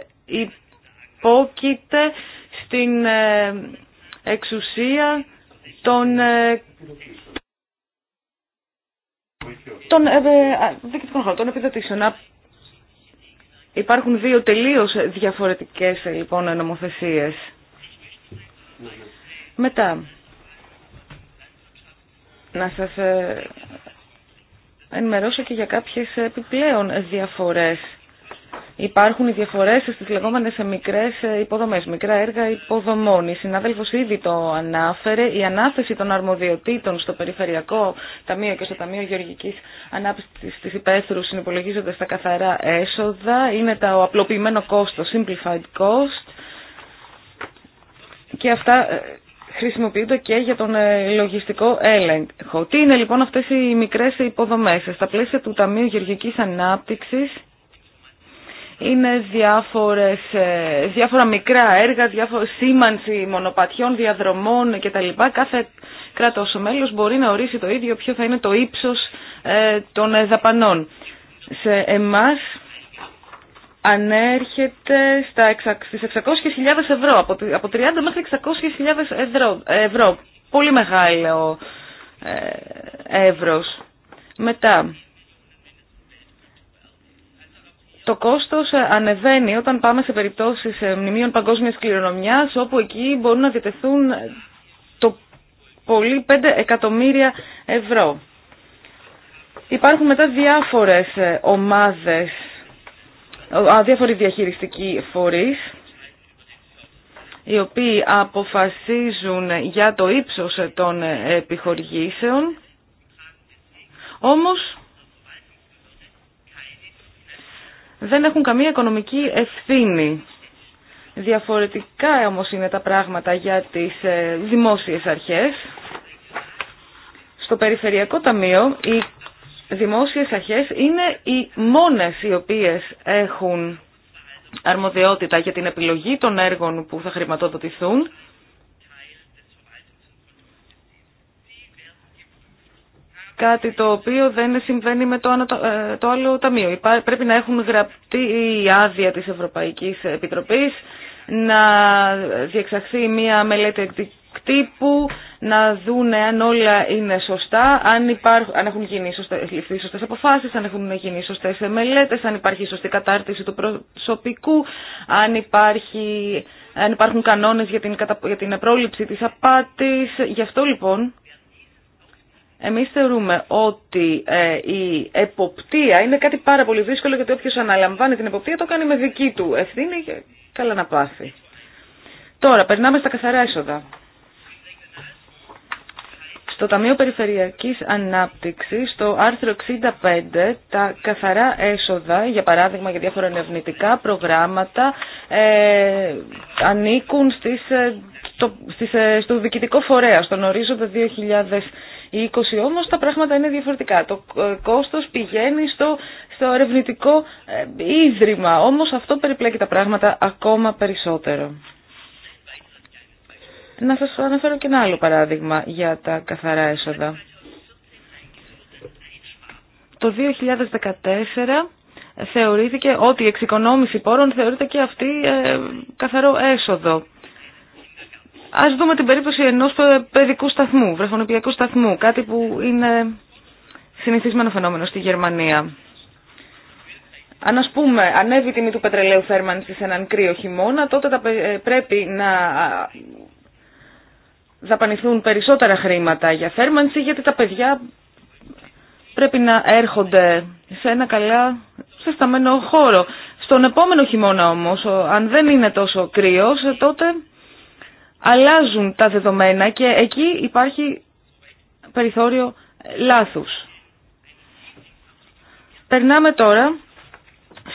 υπόκειται στην ε, εξουσία των ε, των, ε, χωρών, των επιδοτήσεων. Υπάρχουν δύο τελείως διαφορετικές λοιπόν νομοθεσίες. Μετά, να σας ε, ενημερώσω και για κάποιες επιπλέον διαφορές υπάρχουν οι διαφορές στις λεγόμενες μικρές ε, υποδομές, μικρά έργα υποδομών. Η συνάδελφος ήδη το ανάφερε. Η ανάθεση των αρμοδιοτήτων στο Περιφερειακό Ταμείο και στο Ταμείο Γεωργικής Ανάπτυξης της Υπέθρου συνυπολογίζονται στα καθαρά έσοδα. Είναι το απλοποιημένο κόστος, simplified cost. Και αυτά ε, χρησιμοποιούνται και για τον ε, λογιστικό έλεγχο. Τι είναι λοιπόν αυτές οι μικρές υποδομές. Στα πλαίσια του Ταμείου Γεωργικής ανάπτυξη είναι διάφορες, ε, διάφορα μικρά έργα, διάφορα, σήμανση μονοπατιών, διαδρομών κτλ. Κάθε κράτος μέλος μπορεί να ορίσει το ίδιο ποιο θα είναι το ύψος ε, των ε, δαπανών. Σε εμάς ανέρχεται στα 600.000 ευρώ, από 30 μέχρι 600.000 ευρώ. Πολύ μεγάλο ευρώς. Μετά, το κόστος ε, ανεβαίνει όταν πάμε σε περιπτώσεις ε, μνημείων παγκόσμιας κληρονομιάς, όπου εκεί μπορούν να διτεθούν ε, το πολύ 5 εκατομμύρια ευρώ. Υπάρχουν μετά διάφορες ομάδες, διάφοροι διαχειριστικοί φορείς, οι οποίοι αποφασίζουν για το ύψος των επιχορηγήσεων. Όμως, δεν έχουν καμία οικονομική ευθύνη. Διαφορετικά όμως είναι τα πράγματα για τις ε, δημόσιες αρχές. Στο Περιφερειακό Ταμείο οι δημόσιες αρχές είναι οι μόνες οι οποίες έχουν αρμοδιότητα για την επιλογή των έργων που θα χρηματοδοτηθούν κάτι το οποίο δεν συμβαίνει με το, ε, το άλλο ταμείο. Πρέπει να έχουν γραπτεί η άδεια της Ευρωπαϊκής Επιτροπής, να διεξαχθεί μια μελέτη εκτύπου, να δούνε αν όλα είναι σωστά, αν, υπάρχουν, αν έχουν γίνει σωστές, ληφθεί σωστές αποφάσεις, αν έχουν γίνει σωστές μελέτες, αν υπάρχει σωστή κατάρτιση του προσωπικού, αν, υπάρχει, αν υπάρχουν κανόνες για την, για την πρόληψη της απάτης. Γι' αυτό λοιπόν εμείς θεωρούμε ότι ε, η εποπτεία είναι κάτι πάρα πολύ δύσκολο γιατί όποιος αναλαμβάνει την εποπτεία το κάνει με δική του ευθύνη και καλά να πάθει. Τώρα, περνάμε στα καθαρά έσοδα. Στο Ταμείο Περιφερειακής Ανάπτυξης, στο άρθρο 65, τα καθαρά έσοδα, για παράδειγμα για διάφορα ενευνητικά προγράμματα, ε, ανήκουν στις, ε, στις, ε, στο διοικητικό φορέα, στον ορίζοντα 2000 οι 20 όμως τα πράγματα είναι διαφορετικά. Το ε, κόστος πηγαίνει στο, στο ερευνητικό ε, ίδρυμα, όμως αυτό περιπλέκει τα πράγματα ακόμα περισσότερο. Να σας αναφέρω και ένα άλλο παράδειγμα για τα καθαρά έσοδα. Το 2014 θεωρήθηκε ότι η εξοικονόμηση πόρων θεωρείται και αυτή ε, καθαρό έσοδο. Ας δούμε την περίπτωση ενός παιδικού σταθμού, βρεφονοπιακού σταθμού, κάτι που είναι συνηθισμένο φαινόμενο στη Γερμανία. Αν α πούμε ανέβει η τιμή του πετρελαίου θέρμανση σε έναν κρύο χειμώνα, τότε θα ε, πρέπει να δαπανηθούν περισσότερα χρήματα για θέρμανση, γιατί τα παιδιά πρέπει να έρχονται σε ένα καλά συσταμένο χώρο. Στον επόμενο χειμώνα όμως, αν δεν είναι τόσο κρύος, ε, τότε αλλάζουν τα δεδομένα και εκεί υπάρχει περιθώριο λάθους. Περνάμε τώρα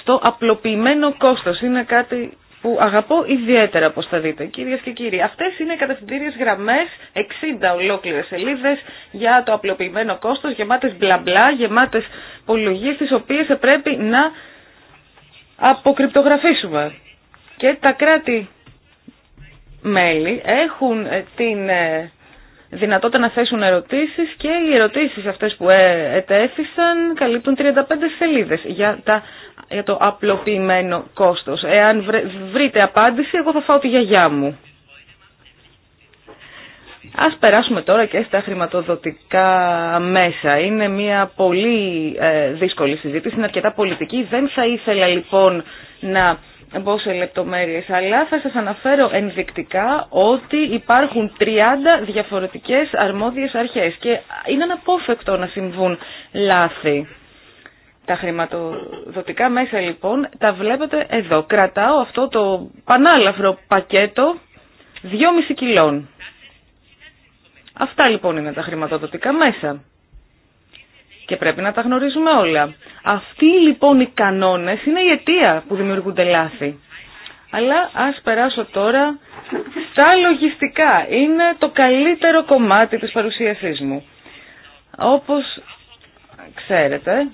στο απλοποιημένο κόστος. Είναι κάτι που αγαπώ ιδιαίτερα, όπως θα δείτε. Κυρίες και κύριοι, αυτές είναι οι κατευθυντήριες γραμμές, 60 ολόκληρες σελίδες για το απλοποιημένο κόστος, γεμάτες μπλα μπλα, γεμάτες πολυγίες, τις οποίες πρέπει να αποκρυπτογραφήσουμε. Και τα κράτη μέλη έχουν ε, την ε, δυνατότητα να θέσουν ερωτήσεις και οι ερωτήσεις αυτές που ε, ετέθησαν καλύπτουν 35 σελίδες για, τα, για το απλοποιημένο κόστος. Εάν βρείτε απάντηση, εγώ θα φάω τη γιαγιά μου. Ας περάσουμε τώρα και στα χρηματοδοτικά μέσα. Είναι μια πολύ δύσκολη συζήτηση, είναι αρκετά πολιτική. Δεν θα ήθελα λοιπόν να μπω σε λεπτομέρειες, αλλά θα σας αναφέρω ενδεικτικά ότι υπάρχουν 30 διαφορετικές αρμόδιες αρχές και είναι αναπόφευκτο να συμβούν λάθη. Τα χρηματοδοτικά μέσα λοιπόν τα βλέπετε εδώ. Κρατάω αυτό το πανάλαφρο πακέτο 2,5 κιλών. Αυτά λοιπόν είναι τα χρηματοδοτικά μέσα και πρέπει να τα γνωρίζουμε όλα. Αυτοί λοιπόν οι κανόνες είναι η αιτία που δημιουργούνται λάθη. Αλλά ας περάσω τώρα στα λογιστικά. Είναι το καλύτερο κομμάτι της παρουσίασής μου. Όπως ξέρετε,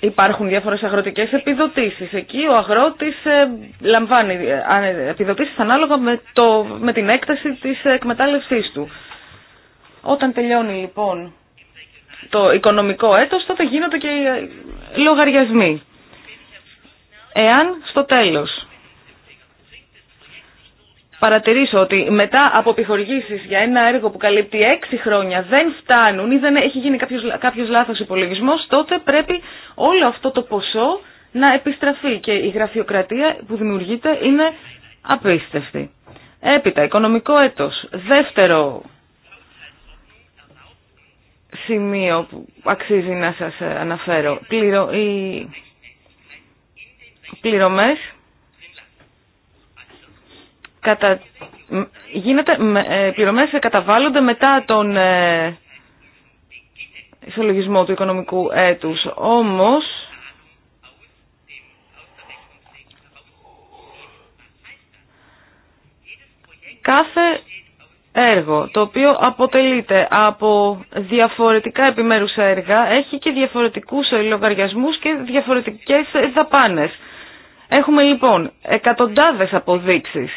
υπάρχουν διάφορες αγροτικές επιδοτήσεις. Εκεί ο αγρότης ε, λαμβάνει ε, ε, επιδοτήσεις ανάλογα με, το, με την έκταση της εκμετάλλευσής του. Όταν τελειώνει λοιπόν το οικονομικό έτος, τότε γίνονται και οι λογαριασμοί. Εάν στο τέλος παρατηρήσω ότι μετά από επιχορηγήσεις για ένα έργο που καλύπτει έξι χρόνια δεν φτάνουν ή δεν έχει γίνει κάποιος, κάποιος λάθος υπολογισμός, τότε πρέπει όλο αυτό το ποσό να επιστραφεί και η γραφειοκρατία που δημιουργείται είναι απίστευτη. Έπειτα, οικονομικό έτος. Δεύτερο σημείο που αξίζει να σας ε, αναφέρω. Πληρω... Οι πληρωμές κατα... γίνεται... Ε, πληρωμές καταβάλλονται μετά τον ε, ισολογισμό του οικονομικού έτους. Όμως, κάθε έργο, το οποίο αποτελείται από διαφορετικά επιμέρους έργα, έχει και διαφορετικούς λογαριασμούς και διαφορετικές δαπάνες. Έχουμε λοιπόν εκατοντάδες αποδείξεις,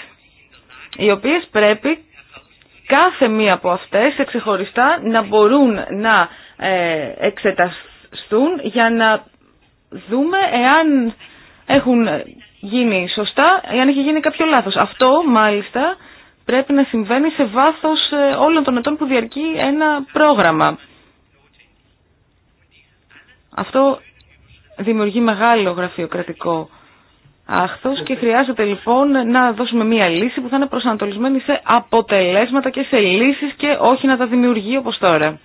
οι οποίες πρέπει κάθε μία από αυτές εξεχωριστά να μπορούν να ε, εξεταστούν για να δούμε εάν έχουν γίνει σωστά, εάν έχει γίνει κάποιο λάθος. Αυτό μάλιστα πρέπει να συμβαίνει σε βάθος ε, όλων των ετών που διαρκεί ένα πρόγραμμα. Αυτό δημιουργεί μεγάλο γραφειοκρατικό άχθος και χρειάζεται λοιπόν να δώσουμε μία λύση που θα είναι προσανατολισμένη σε αποτελέσματα και σε λύσεις και όχι να τα δημιουργεί όπως τώρα.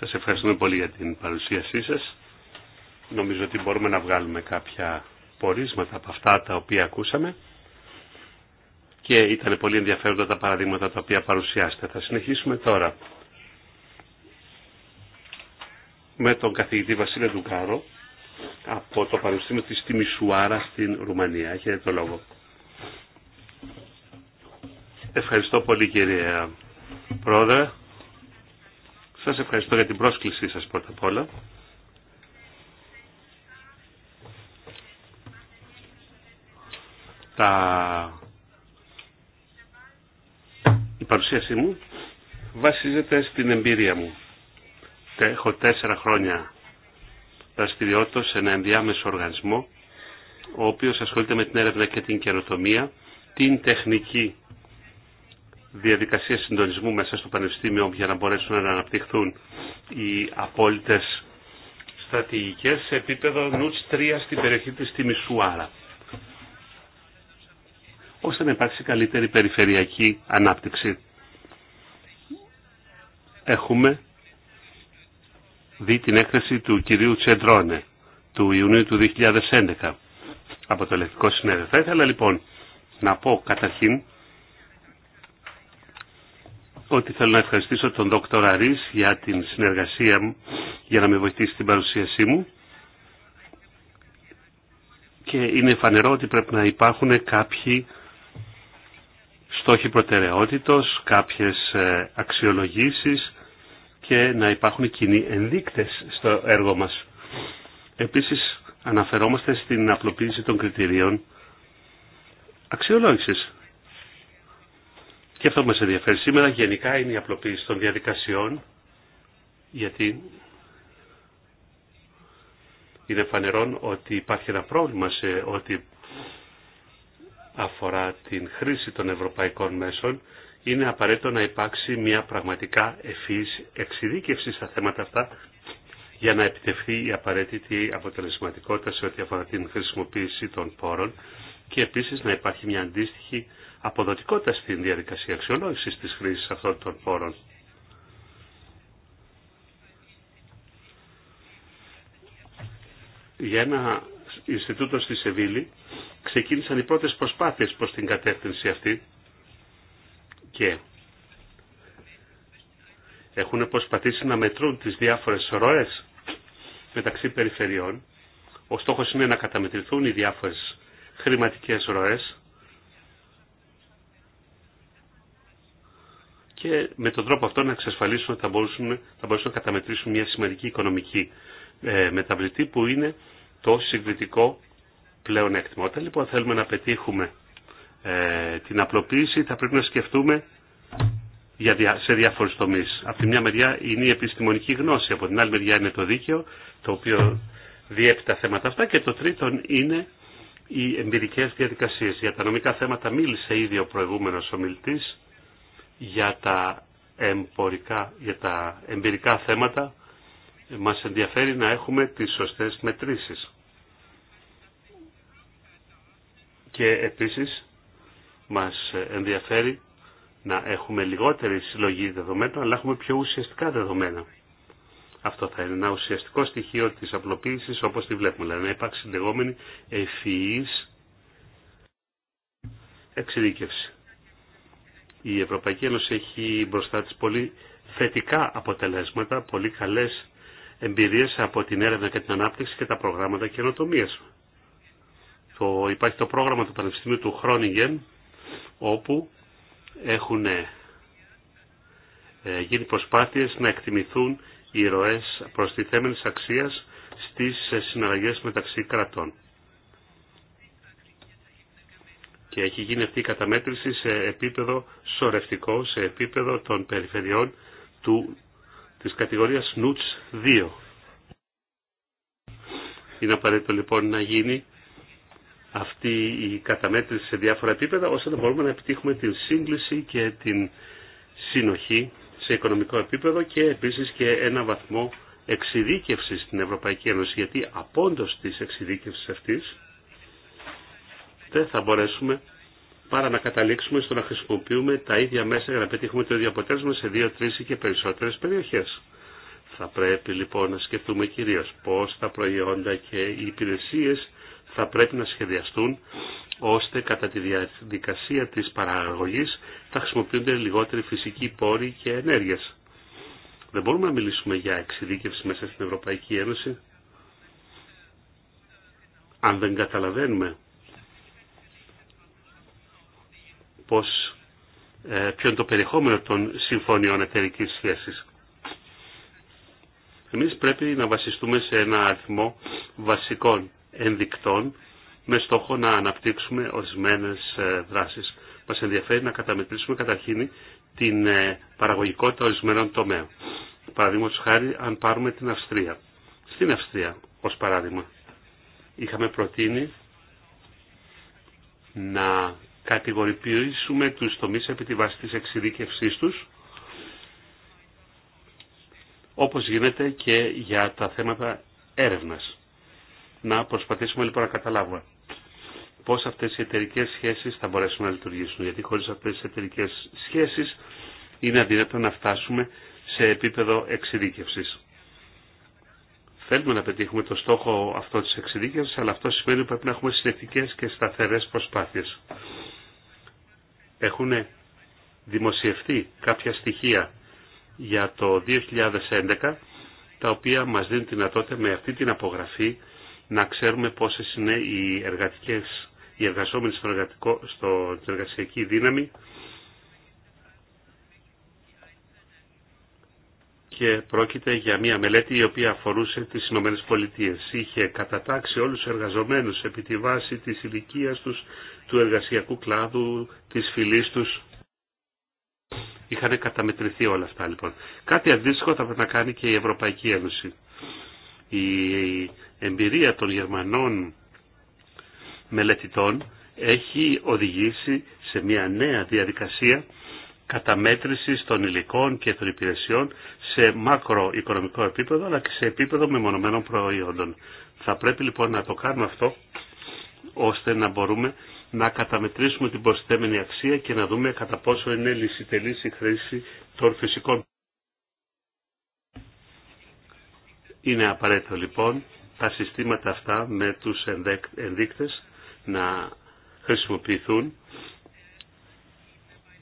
Σας ευχαριστούμε πολύ για την παρουσίασή σας. Νομίζω ότι μπορούμε να βγάλουμε κάποια πορίσματα από αυτά τα οποία ακούσαμε και ήταν πολύ ενδιαφέροντα τα παραδείγματα τα οποία παρουσιάστε. Θα συνεχίσουμε τώρα με τον καθηγητή Βασίλε Ντουκάρο από το Πανεπιστήμιο της Τιμισουάρα στην Ρουμανία. Έχετε το λόγο. Ευχαριστώ πολύ κύριε Πρόεδρε. Σας ευχαριστώ για την πρόσκλησή σας πρώτα απ' όλα. Τα η παρουσίασή μου βασίζεται στην εμπειρία μου. Έχω τέσσερα χρόνια δραστηριότητα σε ένα ενδιάμεσο οργανισμό, ο οποίος ασχολείται με την έρευνα και την καινοτομία, την τεχνική διαδικασία συντονισμού μέσα στο Πανεπιστήμιο για να μπορέσουν να αναπτυχθούν οι απόλυτες στρατηγικές σε επίπεδο νουτς 3 στην περιοχή της Τιμισουάρα ώστε να υπάρξει καλύτερη περιφερειακή ανάπτυξη. Έχουμε δει την έκθεση του κυρίου Τσεντρόνε του Ιουνίου του 2011 από το Ελεκτικό Συνέδριο. Θα ήθελα λοιπόν να πω καταρχήν ότι θέλω να ευχαριστήσω τον Δόκτωρ Αρίς για την συνεργασία μου, για να με βοηθήσει στην παρουσίασή μου. Και είναι φανερό ότι πρέπει να υπάρχουν κάποιοι στόχοι προτεραιότητος, κάποιες ε, αξιολογήσεις και να υπάρχουν κοινοί ενδείκτες στο έργο μας. Επίσης αναφερόμαστε στην απλοποίηση των κριτηρίων αξιολόγησης. Και αυτό μας ενδιαφέρει σήμερα γενικά είναι η απλοποίηση των διαδικασιών γιατί είναι φανερόν ότι υπάρχει ένα πρόβλημα σε ότι αφορά την χρήση των ευρωπαϊκών μέσων, είναι απαραίτητο να υπάρξει μια πραγματικά ευφύης εξειδίκευση στα θέματα αυτά για να επιτευχθεί η απαραίτητη αποτελεσματικότητα σε ό,τι αφορά την χρησιμοποίηση των πόρων και επίσης να υπάρχει μια αντίστοιχη αποδοτικότητα στην διαδικασία αξιολόγησης της χρήσης αυτών των πόρων. Για ένα Ινστιτούτο στη Σεβίλη ξεκίνησαν οι πρώτες προσπάθειες προς την κατεύθυνση αυτή και έχουν προσπαθήσει να μετρούν τις διάφορες ροές μεταξύ περιφερειών. Ο στόχος είναι να καταμετρηθούν οι διάφορες χρηματικές ροές και με τον τρόπο αυτό να εξασφαλίσουν ότι θα μπορούσαν, θα μπορούσαν να καταμετρήσουν μια σημαντική οικονομική ε, μεταβλητή που είναι το συγκριτικό πλεονέκτημα. Όταν λοιπόν θέλουμε να πετύχουμε ε, την απλοποίηση θα πρέπει να σκεφτούμε για, σε διάφορους τομείς. Από τη μια μεριά είναι η επιστημονική γνώση, από την άλλη μεριά είναι το δίκαιο το οποίο διέπει τα θέματα αυτά και το τρίτον είναι οι εμπειρικές διαδικασίες. Για τα νομικά θέματα μίλησε ήδη ο προηγούμενος ομιλητής για τα, εμπορικά, για τα εμπειρικά θέματα μας ενδιαφέρει να έχουμε τις σωστές μετρήσεις. και επίσης μας ενδιαφέρει να έχουμε λιγότερη συλλογή δεδομένων, αλλά έχουμε πιο ουσιαστικά δεδομένα. Αυτό θα είναι ένα ουσιαστικό στοιχείο της απλοποίησης όπως τη βλέπουμε, δηλαδή να υπάρξει λεγόμενη ευφυής εξειδίκευση. Η Ευρωπαϊκή Ένωση έχει μπροστά της πολύ θετικά αποτελέσματα, πολύ καλές εμπειρίες από την έρευνα και την ανάπτυξη και τα προγράμματα καινοτομίας το, υπάρχει το πρόγραμμα του Πανεπιστημίου του Χρόνιγεν, όπου έχουν ε, γίνει προσπάθειες να εκτιμηθούν οι ροές προστιθέμενης αξίας στις συναλλαγές μεταξύ κρατών. Και έχει γίνει αυτή η καταμέτρηση σε επίπεδο σορευτικό, σε επίπεδο των περιφερειών του, της κατηγορίας νουτς 2. Είναι απαραίτητο λοιπόν να γίνει αυτή η καταμέτρηση σε διάφορα επίπεδα ώστε να μπορούμε να επιτύχουμε την σύγκληση και την συνοχή σε οικονομικό επίπεδο και επίσης και ένα βαθμό εξειδίκευση στην Ευρωπαϊκή Ένωση γιατί απόντος της εξειδίκευσης αυτής δεν θα μπορέσουμε παρά να καταλήξουμε στο να χρησιμοποιούμε τα ίδια μέσα για να πετύχουμε το ίδιο αποτέλεσμα σε δύο, τρεις και περισσότερες περιοχές. Θα πρέπει λοιπόν να σκεφτούμε κυρίως πώς τα προϊόντα και οι υπηρεσίες θα πρέπει να σχεδιαστούν ώστε κατά τη διαδικασία της παραγωγής θα χρησιμοποιούνται λιγότεροι φυσικοί πόροι και ενέργειες. Δεν μπορούμε να μιλήσουμε για εξειδίκευση μέσα στην Ευρωπαϊκή Ένωση αν δεν καταλαβαίνουμε πώς, ε, ποιο είναι το περιεχόμενο των συμφωνιών εταιρικής σχέσης. Εμείς πρέπει να βασιστούμε σε ένα αριθμό βασικών ενδεικτών με στόχο να αναπτύξουμε ορισμένες ε, δράσεις. Μας ενδιαφέρει να καταμετρήσουμε καταρχήν την ε, παραγωγικότητα ορισμένων τομέων. Παραδείγματος χάρη αν πάρουμε την Αυστρία. Στην Αυστρία ως παράδειγμα είχαμε προτείνει να κατηγορηποιήσουμε τους τομείς επί τη βάση της εξειδίκευσής τους όπως γίνεται και για τα θέματα έρευνας. Να προσπαθήσουμε λοιπόν να καταλάβουμε Πώ αυτέ οι εταιρικέ σχέσει θα μπορέσουν να λειτουργήσουν. Γιατί χωρί αυτέ τι εταιρικέ σχέσει είναι αδύνατο να φτάσουμε σε επίπεδο εξειδίκευση. Θέλουμε να πετύχουμε το στόχο αυτό τη εξειδίκευση, αλλά αυτό σημαίνει ότι πρέπει να έχουμε συνεχτικές και σταθερέ προσπάθειε. Έχουν δημοσιευτεί κάποια στοιχεία για το 2011, τα οποία μας δίνουν δυνατότητα με αυτή την απογραφή να ξέρουμε πόσες είναι οι, εργατικές, οι εργασόμενοι στο στην εργασιακή δύναμη και πρόκειται για μια μελέτη η οποία αφορούσε τις Ηνωμένες Πολιτείες. Είχε κατατάξει όλους τους εργαζομένους επί τη βάση της ηλικία τους, του εργασιακού κλάδου, της φυλής τους. Είχαν καταμετρηθεί όλα αυτά λοιπόν. Κάτι αντίστοιχο θα πρέπει να κάνει και η Ευρωπαϊκή Ένωση η εμπειρία των Γερμανών μελετητών έχει οδηγήσει σε μια νέα διαδικασία καταμέτρησης των υλικών και των υπηρεσιών σε μακροοικονομικό επίπεδο αλλά και σε επίπεδο μεμονωμένων προϊόντων. Θα πρέπει λοιπόν να το κάνουμε αυτό ώστε να μπορούμε να καταμετρήσουμε την προσθέμενη αξία και να δούμε κατά πόσο είναι λυσιτελής η χρήση των φυσικών Είναι απαραίτητο λοιπόν τα συστήματα αυτά με τους ενδείκτες να χρησιμοποιηθούν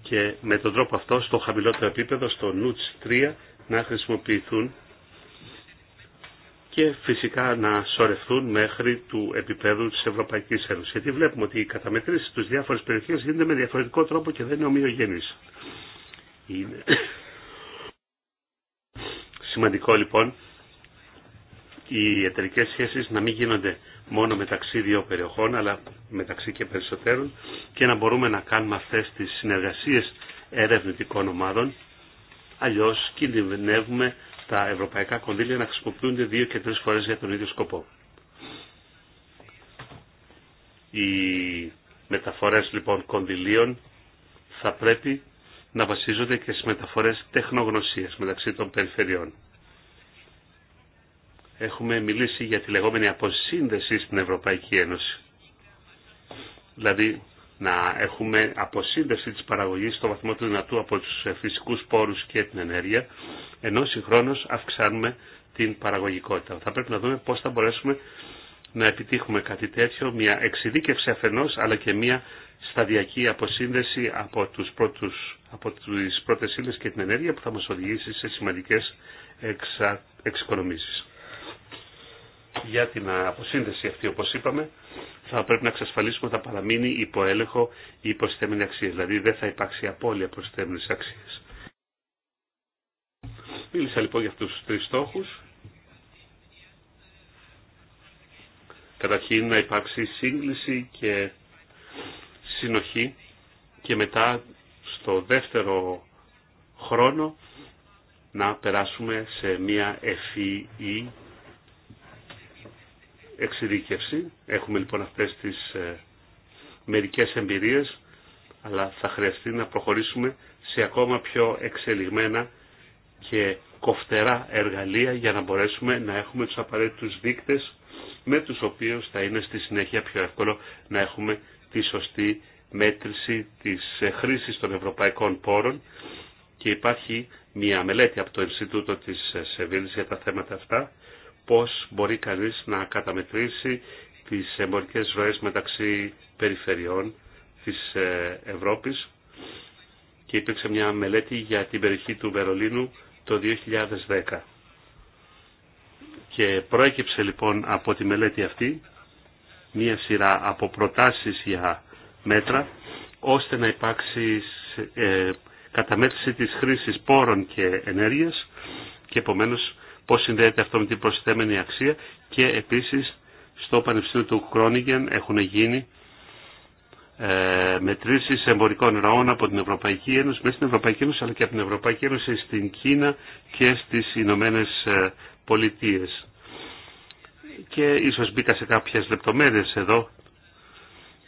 και με τον τρόπο αυτό στο χαμηλότερο επίπεδο, στο νουτς 3, να χρησιμοποιηθούν και φυσικά να σωρευτούν μέχρι του επίπεδου της Ευρωπαϊκής Ένωσης. Γιατί βλέπουμε ότι οι καταμετρήσεις στους διάφορες περιοχές γίνονται με διαφορετικό τρόπο και δεν είναι ομοιογενείς. Σημαντικό λοιπόν οι εταιρικές σχέσεις να μην γίνονται μόνο μεταξύ δύο περιοχών, αλλά μεταξύ και περισσότερων και να μπορούμε να κάνουμε αυτές τις συνεργασίες ερευνητικών ομάδων. Αλλιώς κινδυνεύουμε τα ευρωπαϊκά κονδύλια να χρησιμοποιούνται δύο και τρεις φορές για τον ίδιο σκοπό. Οι μεταφορές λοιπόν κονδυλίων θα πρέπει να βασίζονται και στις μεταφορές τεχνογνωσίας μεταξύ των περιφερειών έχουμε μιλήσει για τη λεγόμενη αποσύνδεση στην Ευρωπαϊκή Ένωση. Δηλαδή να έχουμε αποσύνδεση της παραγωγής στο βαθμό του δυνατού από τους φυσικούς πόρους και την ενέργεια, ενώ συγχρόνως αυξάνουμε την παραγωγικότητα. Θα πρέπει να δούμε πώς θα μπορέσουμε να επιτύχουμε κάτι τέτοιο, μια εξειδίκευση αφενός, αλλά και μια σταδιακή αποσύνδεση από, τους πρώτους, από τις πρώτες ύλες και την ενέργεια που θα μας οδηγήσει σε σημαντικές εξα, εξοικονομήσεις για την αποσύνδεση αυτή όπως είπαμε θα πρέπει να εξασφαλίσουμε ότι θα παραμείνει υπό η υποστέμενη αξία. Δηλαδή δεν θα υπάρξει απώλεια προστέμενης αξία. Μίλησα λοιπόν για αυτού του τρει στόχου. Καταρχήν να υπάρξει σύγκληση και συνοχή και μετά στο δεύτερο χρόνο να περάσουμε σε μια ευφυή εξειδίκευση. Έχουμε λοιπόν αυτές τις ε, μερικές εμπειρίες, αλλά θα χρειαστεί να προχωρήσουμε σε ακόμα πιο εξελιγμένα και κοφτερά εργαλεία για να μπορέσουμε να έχουμε τους απαραίτητους δείκτες με τους οποίους θα είναι στη συνέχεια πιο εύκολο να έχουμε τη σωστή μέτρηση της ε, χρήσης των ευρωπαϊκών πόρων και υπάρχει μια μελέτη από το Ινστιτούτο της ε, Σεβίλης για τα θέματα αυτά πώς μπορεί κανείς να καταμετρήσει τις εμπορικές ροές μεταξύ περιφερειών της ε, Ευρώπης και υπήρξε μια μελέτη για την περιοχή του Βερολίνου το 2010. Και προέκυψε λοιπόν από τη μελέτη αυτή μία σειρά από προτάσεις για μέτρα ώστε να υπάρξει ε, καταμέτρηση της χρήσης πόρων και ενέργειας και επομένως πώς συνδέεται αυτό με την προσθέμενη αξία και επίσης στο Πανεπιστήμιο του Κρόνιγκεν έχουν γίνει ε, μετρήσεις εμπορικών ροών από την Ευρωπαϊκή Ένωση, μέσα στην Ευρωπαϊκή Ένωση αλλά και από την Ευρωπαϊκή Ένωση στην Κίνα και στις Ηνωμένε Πολιτείε. Και ίσως μπήκα σε κάποιες λεπτομέρειε εδώ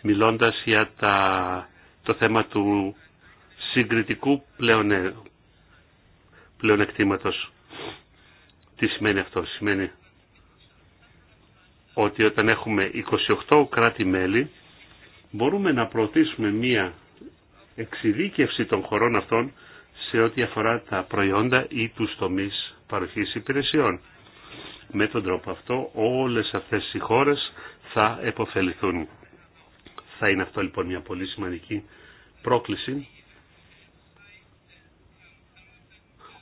μιλώντας για τα, το θέμα του συγκριτικού πλεονεκτήματος. Τι σημαίνει αυτό. Σημαίνει ότι όταν έχουμε 28 κράτη-μέλη μπορούμε να προωθήσουμε μία εξειδίκευση των χωρών αυτών σε ό,τι αφορά τα προϊόντα ή τους τομείς παροχής υπηρεσιών. Με τον τρόπο αυτό όλες αυτές οι χώρες θα επωφεληθούν. Θα είναι αυτό λοιπόν μια πολύ σημαντική πρόκληση.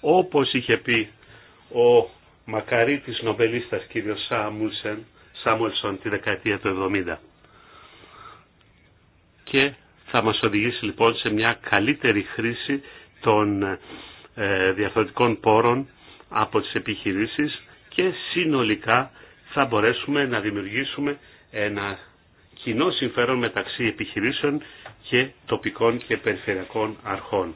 Όπως είχε πει ο μακαρί της νομπελίστας κ. Σάμουλσον τη δεκαετία του 70. Και θα μας οδηγήσει λοιπόν σε μια καλύτερη χρήση των ε, διαφορετικών πόρων από τις επιχειρήσεις και συνολικά θα μπορέσουμε να δημιουργήσουμε ένα κοινό συμφέρον μεταξύ επιχειρήσεων και τοπικών και περιφερειακών αρχών.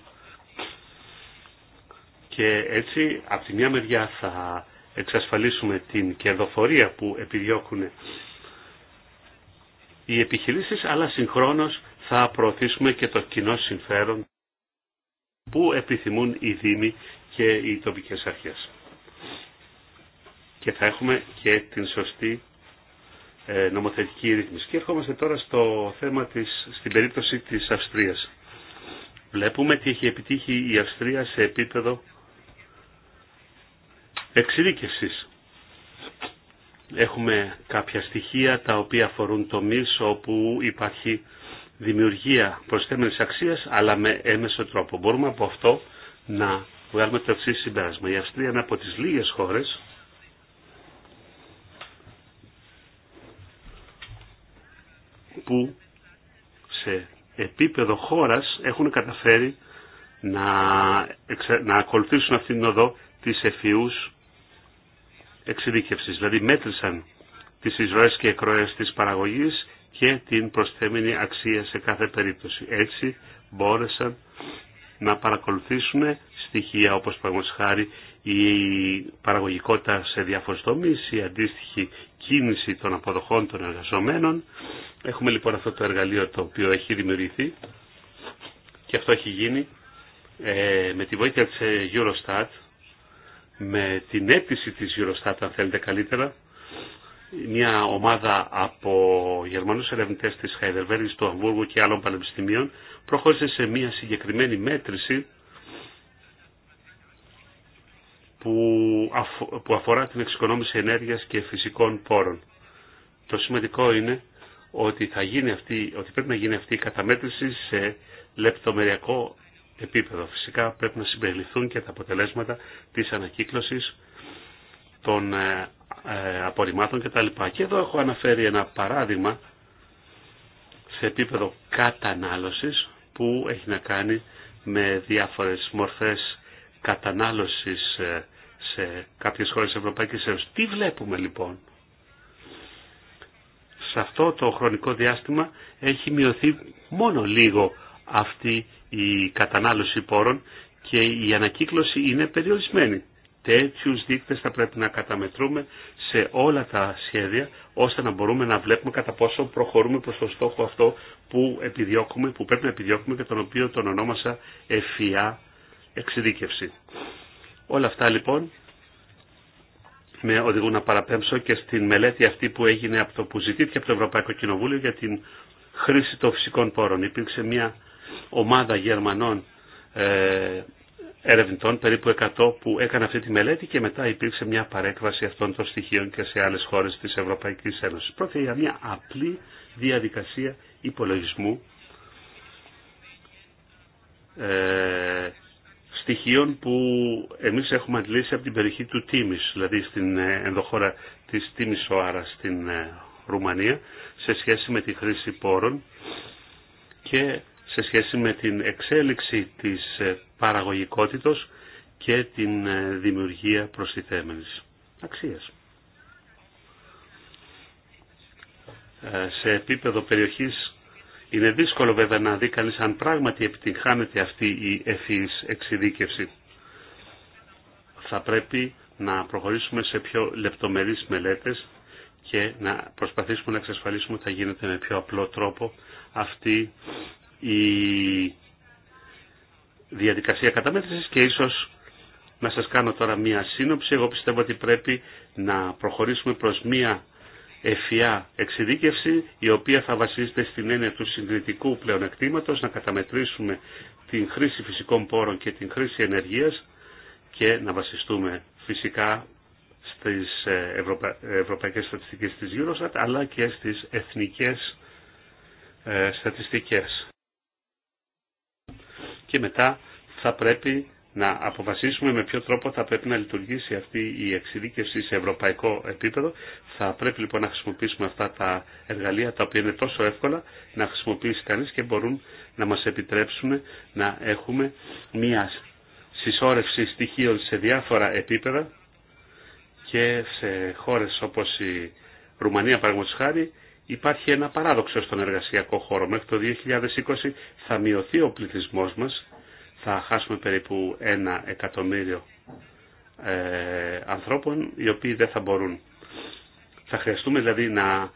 Και έτσι, από τη μια μεριά θα εξασφαλίσουμε την κερδοφορία που επιδιώκουν οι επιχειρήσεις, αλλά συγχρόνως θα προωθήσουμε και το κοινό συμφέρον που επιθυμούν οι Δήμοι και οι τοπικές αρχές. Και θα έχουμε και την σωστή ε, νομοθετική ρύθμιση. Και ερχόμαστε τώρα στο θέμα της, στην περίπτωση της Αυστρίας. Βλέπουμε τι έχει επιτύχει η Αυστρία σε επίπεδο Εξειδίκευση. Έχουμε κάποια στοιχεία τα οποία αφορούν τομείς όπου υπάρχει δημιουργία προσθέμενης αξίας αλλά με έμεσο τρόπο. Μπορούμε από αυτό να βγάλουμε το εξή συμπέρασμα. Η Αυστρία είναι από τις λίγες χώρες που σε επίπεδο χώρας έχουν καταφέρει να, να ακολουθήσουν αυτήν την οδό της εφιούς Δηλαδή μέτρησαν τις εισρωές και εκροές της παραγωγής και την προσθέμενη αξία σε κάθε περίπτωση. Έτσι μπόρεσαν να παρακολουθήσουν στοιχεία όπως παραγωγός η παραγωγικότητα σε διαφορε τομεί, η αντίστοιχη κίνηση των αποδοχών των εργαζομένων. Έχουμε λοιπόν αυτό το εργαλείο το οποίο έχει δημιουργηθεί και αυτό έχει γίνει ε, με τη βοήθεια της Eurostat με την αίτηση της Eurostat, αν θέλετε καλύτερα, μια ομάδα από Γερμανούς ερευνητές της Χαϊδερβέργης, του Αμβούργου και άλλων πανεπιστημίων προχώρησε σε μια συγκεκριμένη μέτρηση που αφορά την εξοικονόμηση ενέργειας και φυσικών πόρων. Το σημαντικό είναι ότι, θα γίνει αυτή, ότι πρέπει να γίνει αυτή η καταμέτρηση σε λεπτομεριακό επίπεδο. Φυσικά πρέπει να συμπεριληφθούν και τα αποτελέσματα της ανακύκλωσης των ε, ε, απορριμμάτων κτλ. Και εδώ έχω αναφέρει ένα παράδειγμα σε επίπεδο κατανάλωσης που έχει να κάνει με διάφορες μορφές κατανάλωσης ε, σε κάποιες χώρες της Ευρωπαϊκής Ένωσης. Τι βλέπουμε λοιπόν. Σε αυτό το χρονικό διάστημα έχει μειωθεί μόνο λίγο αυτή η κατανάλωση πόρων και η ανακύκλωση είναι περιορισμένη. Τέτοιους δείκτες θα πρέπει να καταμετρούμε σε όλα τα σχέδια ώστε να μπορούμε να βλέπουμε κατά πόσο προχωρούμε προς το στόχο αυτό που επιδιώκουμε, που πρέπει να επιδιώκουμε και τον οποίο τον ονόμασα ευφυά εξειδίκευση. Όλα αυτά λοιπόν με οδηγούν να παραπέμψω και στην μελέτη αυτή που έγινε από το που ζητήθηκε από το Ευρωπαϊκό Κοινοβούλιο για την χρήση των φυσικών πόρων. μια ομάδα Γερμανών ε, ερευνητών, περίπου 100, που έκανε αυτή τη μελέτη και μετά υπήρξε μια παρέκβαση αυτών των στοιχείων και σε άλλες χώρες της Ευρωπαϊκής Ένωσης. Πρόκειται για μια απλή διαδικασία υπολογισμού ε, στοιχείων που εμείς έχουμε αντλήσει από την περιοχή του Τίμης, δηλαδή στην ε, ενδοχώρα της Τίμης Οάρα στην ε, Ρουμανία, σε σχέση με τη χρήση πόρων και σε σχέση με την εξέλιξη της ε, παραγωγικότητος και την ε, δημιουργία προστιθέμενης αξίας. Ε, σε επίπεδο περιοχής είναι δύσκολο βέβαια να δει κανείς αν πράγματι επιτυγχάνεται αυτή η ευθύης εξειδίκευση. Θα πρέπει να προχωρήσουμε σε πιο λεπτομερείς μελέτες και να προσπαθήσουμε να εξασφαλίσουμε ότι θα γίνεται με πιο απλό τρόπο αυτή η διαδικασία καταμέτρησης και ίσως να σας κάνω τώρα μία σύνοψη. Εγώ πιστεύω ότι πρέπει να προχωρήσουμε προς μία ευφυά εξειδίκευση η οποία θα βασίζεται στην έννοια του συγκριτικού πλεονεκτήματος να καταμετρήσουμε την χρήση φυσικών πόρων και την χρήση ενεργείας και να βασιστούμε φυσικά στις ε, ευρωπα... ευρωπαϊκές στατιστικές της Eurostat αλλά και στις εθνικές ε, στατιστικές και μετά θα πρέπει να αποφασίσουμε με ποιο τρόπο θα πρέπει να λειτουργήσει αυτή η εξειδίκευση σε ευρωπαϊκό επίπεδο. Θα πρέπει λοιπόν να χρησιμοποιήσουμε αυτά τα εργαλεία τα οποία είναι τόσο εύκολα να χρησιμοποιήσει κανείς και μπορούν να μας επιτρέψουν να έχουμε μια συσσόρευση στοιχείων σε διάφορα επίπεδα και σε χώρες όπως η Ρουμανία παραγματικά χάρη υπάρχει ένα παράδοξο στον εργασιακό χώρο. Μέχρι το 2020 θα μειωθεί ο πληθυσμός μας, θα χάσουμε περίπου ένα εκατομμύριο ε, ανθρώπων οι οποίοι δεν θα μπορούν. Θα χρειαστούμε δηλαδή να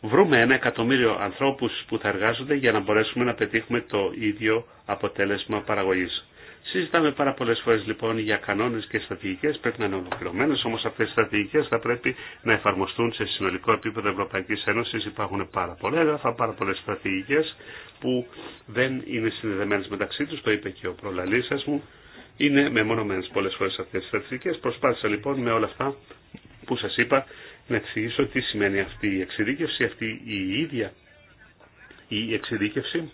βρούμε ένα εκατομμύριο ανθρώπους που θα εργάζονται για να μπορέσουμε να πετύχουμε το ίδιο αποτέλεσμα παραγωγής. Συζητάμε πάρα πολλέ φορέ λοιπόν για κανόνε και στρατηγικέ. Πρέπει να είναι ολοκληρωμένε, όμω αυτέ οι στρατηγικέ θα πρέπει να εφαρμοστούν σε συνολικό επίπεδο Ευρωπαϊκή Ένωση. Υπάρχουν πάρα πολλά έγγραφα, πάρα πολλέ στρατηγικέ που δεν είναι συνδεδεμένε μεταξύ του. Το είπε και ο προλαλή σα μου. Είναι μεμονωμένε πολλέ φορέ αυτέ οι στρατηγικέ. Προσπάθησα λοιπόν με όλα αυτά που σα είπα να εξηγήσω τι σημαίνει αυτή η εξειδίκευση, αυτή η ίδια η εξειδίκευση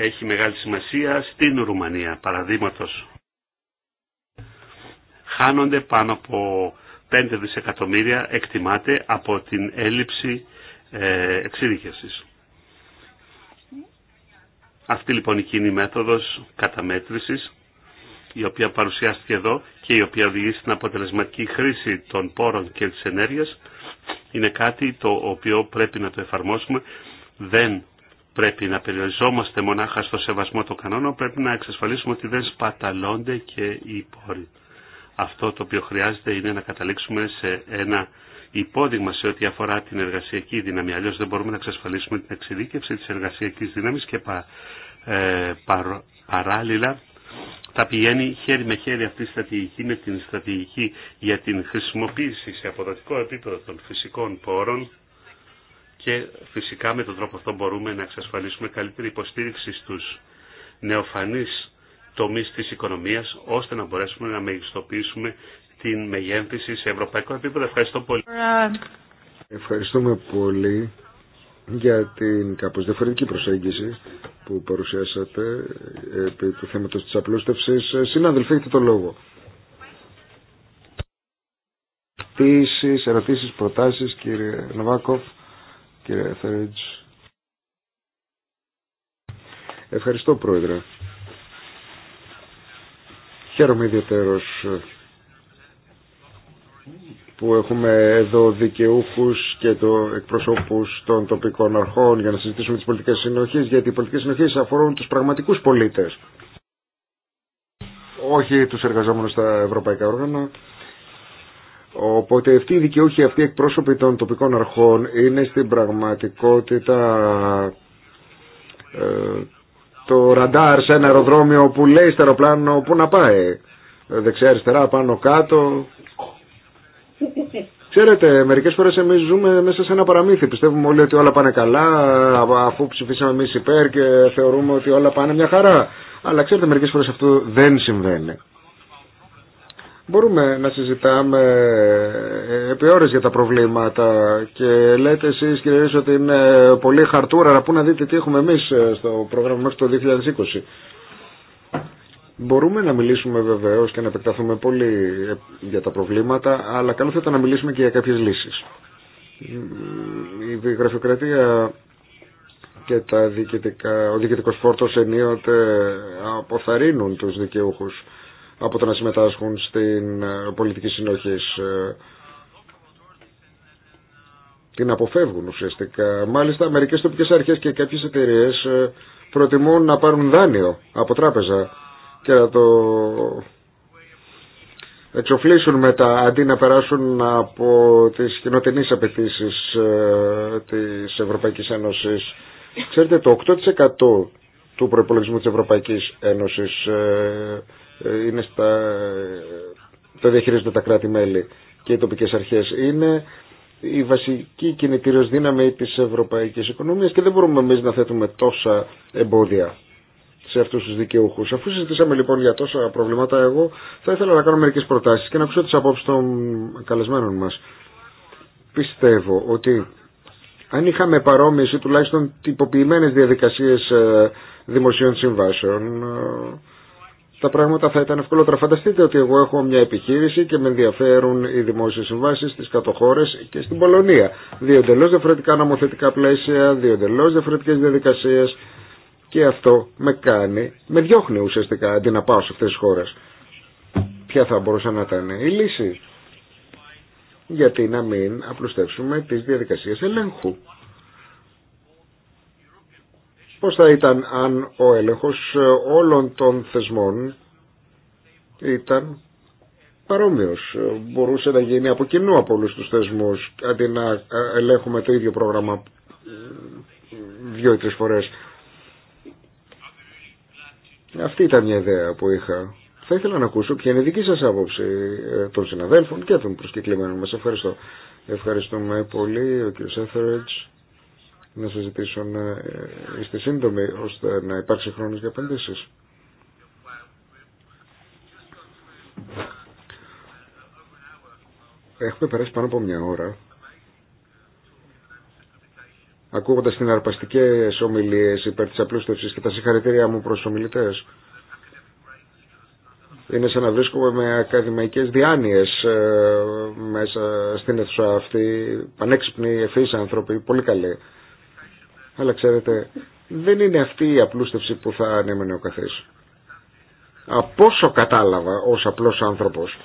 έχει μεγάλη σημασία στην Ρουμανία, παραδείγματο. Χάνονται πάνω από 5 δισεκατομμύρια, εκτιμάται, από την έλλειψη ε, εξειδικευσής. Αυτή λοιπόν η κοινή μέθοδος καταμέτρησης η οποία παρουσιάστηκε εδώ και η οποία οδηγεί στην αποτελεσματική χρήση των πόρων και της ενέργειας είναι κάτι το οποίο πρέπει να το εφαρμόσουμε. Δεν πρέπει να περιοριζόμαστε μονάχα στο σεβασμό των κανόνων, πρέπει να εξασφαλίσουμε ότι δεν σπαταλώνται και οι πόροι. Αυτό το οποίο χρειάζεται είναι να καταλήξουμε σε ένα υπόδειγμα σε ό,τι αφορά την εργασιακή δύναμη. Αλλιώ δεν μπορούμε να εξασφαλίσουμε την εξειδίκευση τη εργασιακής δύναμη και ε, παράλληλα θα πηγαίνει χέρι με χέρι αυτή η στρατηγική με την στρατηγική για την χρησιμοποίηση σε αποδοτικό επίπεδο των φυσικών πόρων και φυσικά με τον τρόπο αυτό μπορούμε να εξασφαλίσουμε καλύτερη υποστήριξη στους νεοφανείς τομείς της οικονομίας ώστε να μπορέσουμε να μεγιστοποιήσουμε την μεγέθυνση σε ευρωπαϊκό επίπεδο. Ευχαριστώ πολύ. Ευχαριστούμε πολύ για την κάπως διαφορετική προσέγγιση που παρουσιάσατε επί του θέματος της απλούστευσης. Συνάδελφοι, έχετε το λόγο. Ερωτήσεις, ερωτήσεις, προτάσεις, κύριε Νοβάκοφ κύριε Έθεριτς. Ευχαριστώ πρόεδρε. Χαίρομαι ιδιαίτερος που έχουμε εδώ δικαιούχους και το εκπροσώπους των τοπικών αρχών για να συζητήσουμε τις πολιτικές συνοχές, γιατί οι πολιτικές συνοχές αφορούν τους πραγματικούς πολίτες, όχι τους εργαζόμενους στα ευρωπαϊκά όργανα. Οπότε αυτή η δικαιούχοι, αυτοί οι εκπρόσωποι των τοπικών αρχών είναι στην πραγματικότητα ε, το ραντάρ σε ένα αεροδρόμιο που λέει στο αεροπλάνο που να πάει. Δεξιά αριστερά, πάνω κάτω. Ξέρετε, μερικές φορές εμείς ζούμε μέσα σε ένα παραμύθι. Πιστεύουμε όλοι ότι όλα πάνε καλά, αφού ψηφίσαμε εμείς υπέρ και θεωρούμε ότι όλα πάνε μια χαρά. Αλλά ξέρετε, μερικές φορές αυτό δεν συμβαίνει. Μπορούμε να συζητάμε ε, επί ώρες για τα προβλήματα και λέτε εσείς κυρίες ότι είναι πολύ χαρτούρα να πού να δείτε τι έχουμε εμείς ε, στο πρόγραμμα μέχρι το 2020. Μπορούμε να μιλήσουμε βεβαίως και να επεκταθούμε πολύ ε, για τα προβλήματα, αλλά καλό θα ήταν να μιλήσουμε και για κάποιες λύσεις. Η γραφειοκρατία και τα ο διοικητικός φόρτος ενίοτε αποθαρρύνουν τους δικαιούχου από το να συμμετάσχουν στην ε, πολιτική συνοχή. Την ε, αποφεύγουν ουσιαστικά. Μάλιστα μερικέ τοπικέ αρχές και κάποιες εταιρείε ε, προτιμούν να πάρουν δάνειο από τράπεζα και να το εξοφλήσουν μετά αντί να περάσουν από τις κοινοτενείς απαιτήσει της Ευρωπαϊκής Ένωσης. Ξέρετε το 8% του προπολογισμού της Ευρωπαϊκής Ένωσης είναι στα, τα διαχειρίζονται τα κράτη-μέλη και οι τοπικές αρχές. Είναι η βασική κινητήριο δύναμη της ευρωπαϊκής οικονομίας και δεν μπορούμε εμείς να θέτουμε τόσα εμπόδια σε αυτούς τους δικαιούχους. Αφού συζητήσαμε λοιπόν για τόσα προβλήματα, εγώ θα ήθελα να κάνω μερικές προτάσεις και να ακούσω τις απόψεις των καλεσμένων μας. Πιστεύω ότι αν είχαμε παρόμοιες ή τουλάχιστον τυποποιημένες διαδικασίες ε, δημοσίων συμβάσεων, ε, τα πράγματα θα ήταν ευκολότερα. Φανταστείτε ότι εγώ έχω μια επιχείρηση και με ενδιαφέρουν οι δημόσιε συμβάσει στι κατοχώρε και στην Πολωνία. Δύο εντελώ διαφορετικά νομοθετικά πλαίσια, δύο εντελώ διαφορετικέ διαδικασίε και αυτό με κάνει, με διώχνει ουσιαστικά αντί να πάω σε αυτέ τι χώρε. Ποια θα μπορούσε να ήταν η λύση. Γιατί να μην απλουστεύσουμε τις διαδικασίες ελέγχου. Πώς θα ήταν αν ο έλεγχος ε, όλων των θεσμών ήταν παρόμοιος. Ε, μπορούσε να γίνει από κοινού από όλους τους θεσμούς, αντί να ε, ελέγχουμε το ίδιο πρόγραμμα δύο ή τρεις φορές. Αυτή ήταν μια ιδέα που είχα. Θα ήθελα να ακούσω ποια είναι η δική σας άποψη των συναδέλφων και των προσκεκλημένων μας. Ευχαριστώ. Ευχαριστούμε πολύ ο κ. Σέφερετς να σας ζητήσω να ε, είστε σύντομοι ώστε να υπάρξει χρόνος για απαντήσεις. Έχουμε περάσει πάνω από μια ώρα ακούγοντας την αρπαστικές ομιλίες υπέρ της απλούστευσης και τα συγχαρητήριά μου προς ομιλητές. Είναι σαν να βρίσκομαι με ακαδημαϊκές διάνοιες ε, μέσα στην αίθουσα αυτή, πανέξυπνοι, ευφύς άνθρωποι, πολύ καλοί. Αλλά ξέρετε, δεν είναι αυτή η απλούστευση που θα ανέμενε ο καθής. Από όσο κατάλαβα ως απλός άνθρωπος,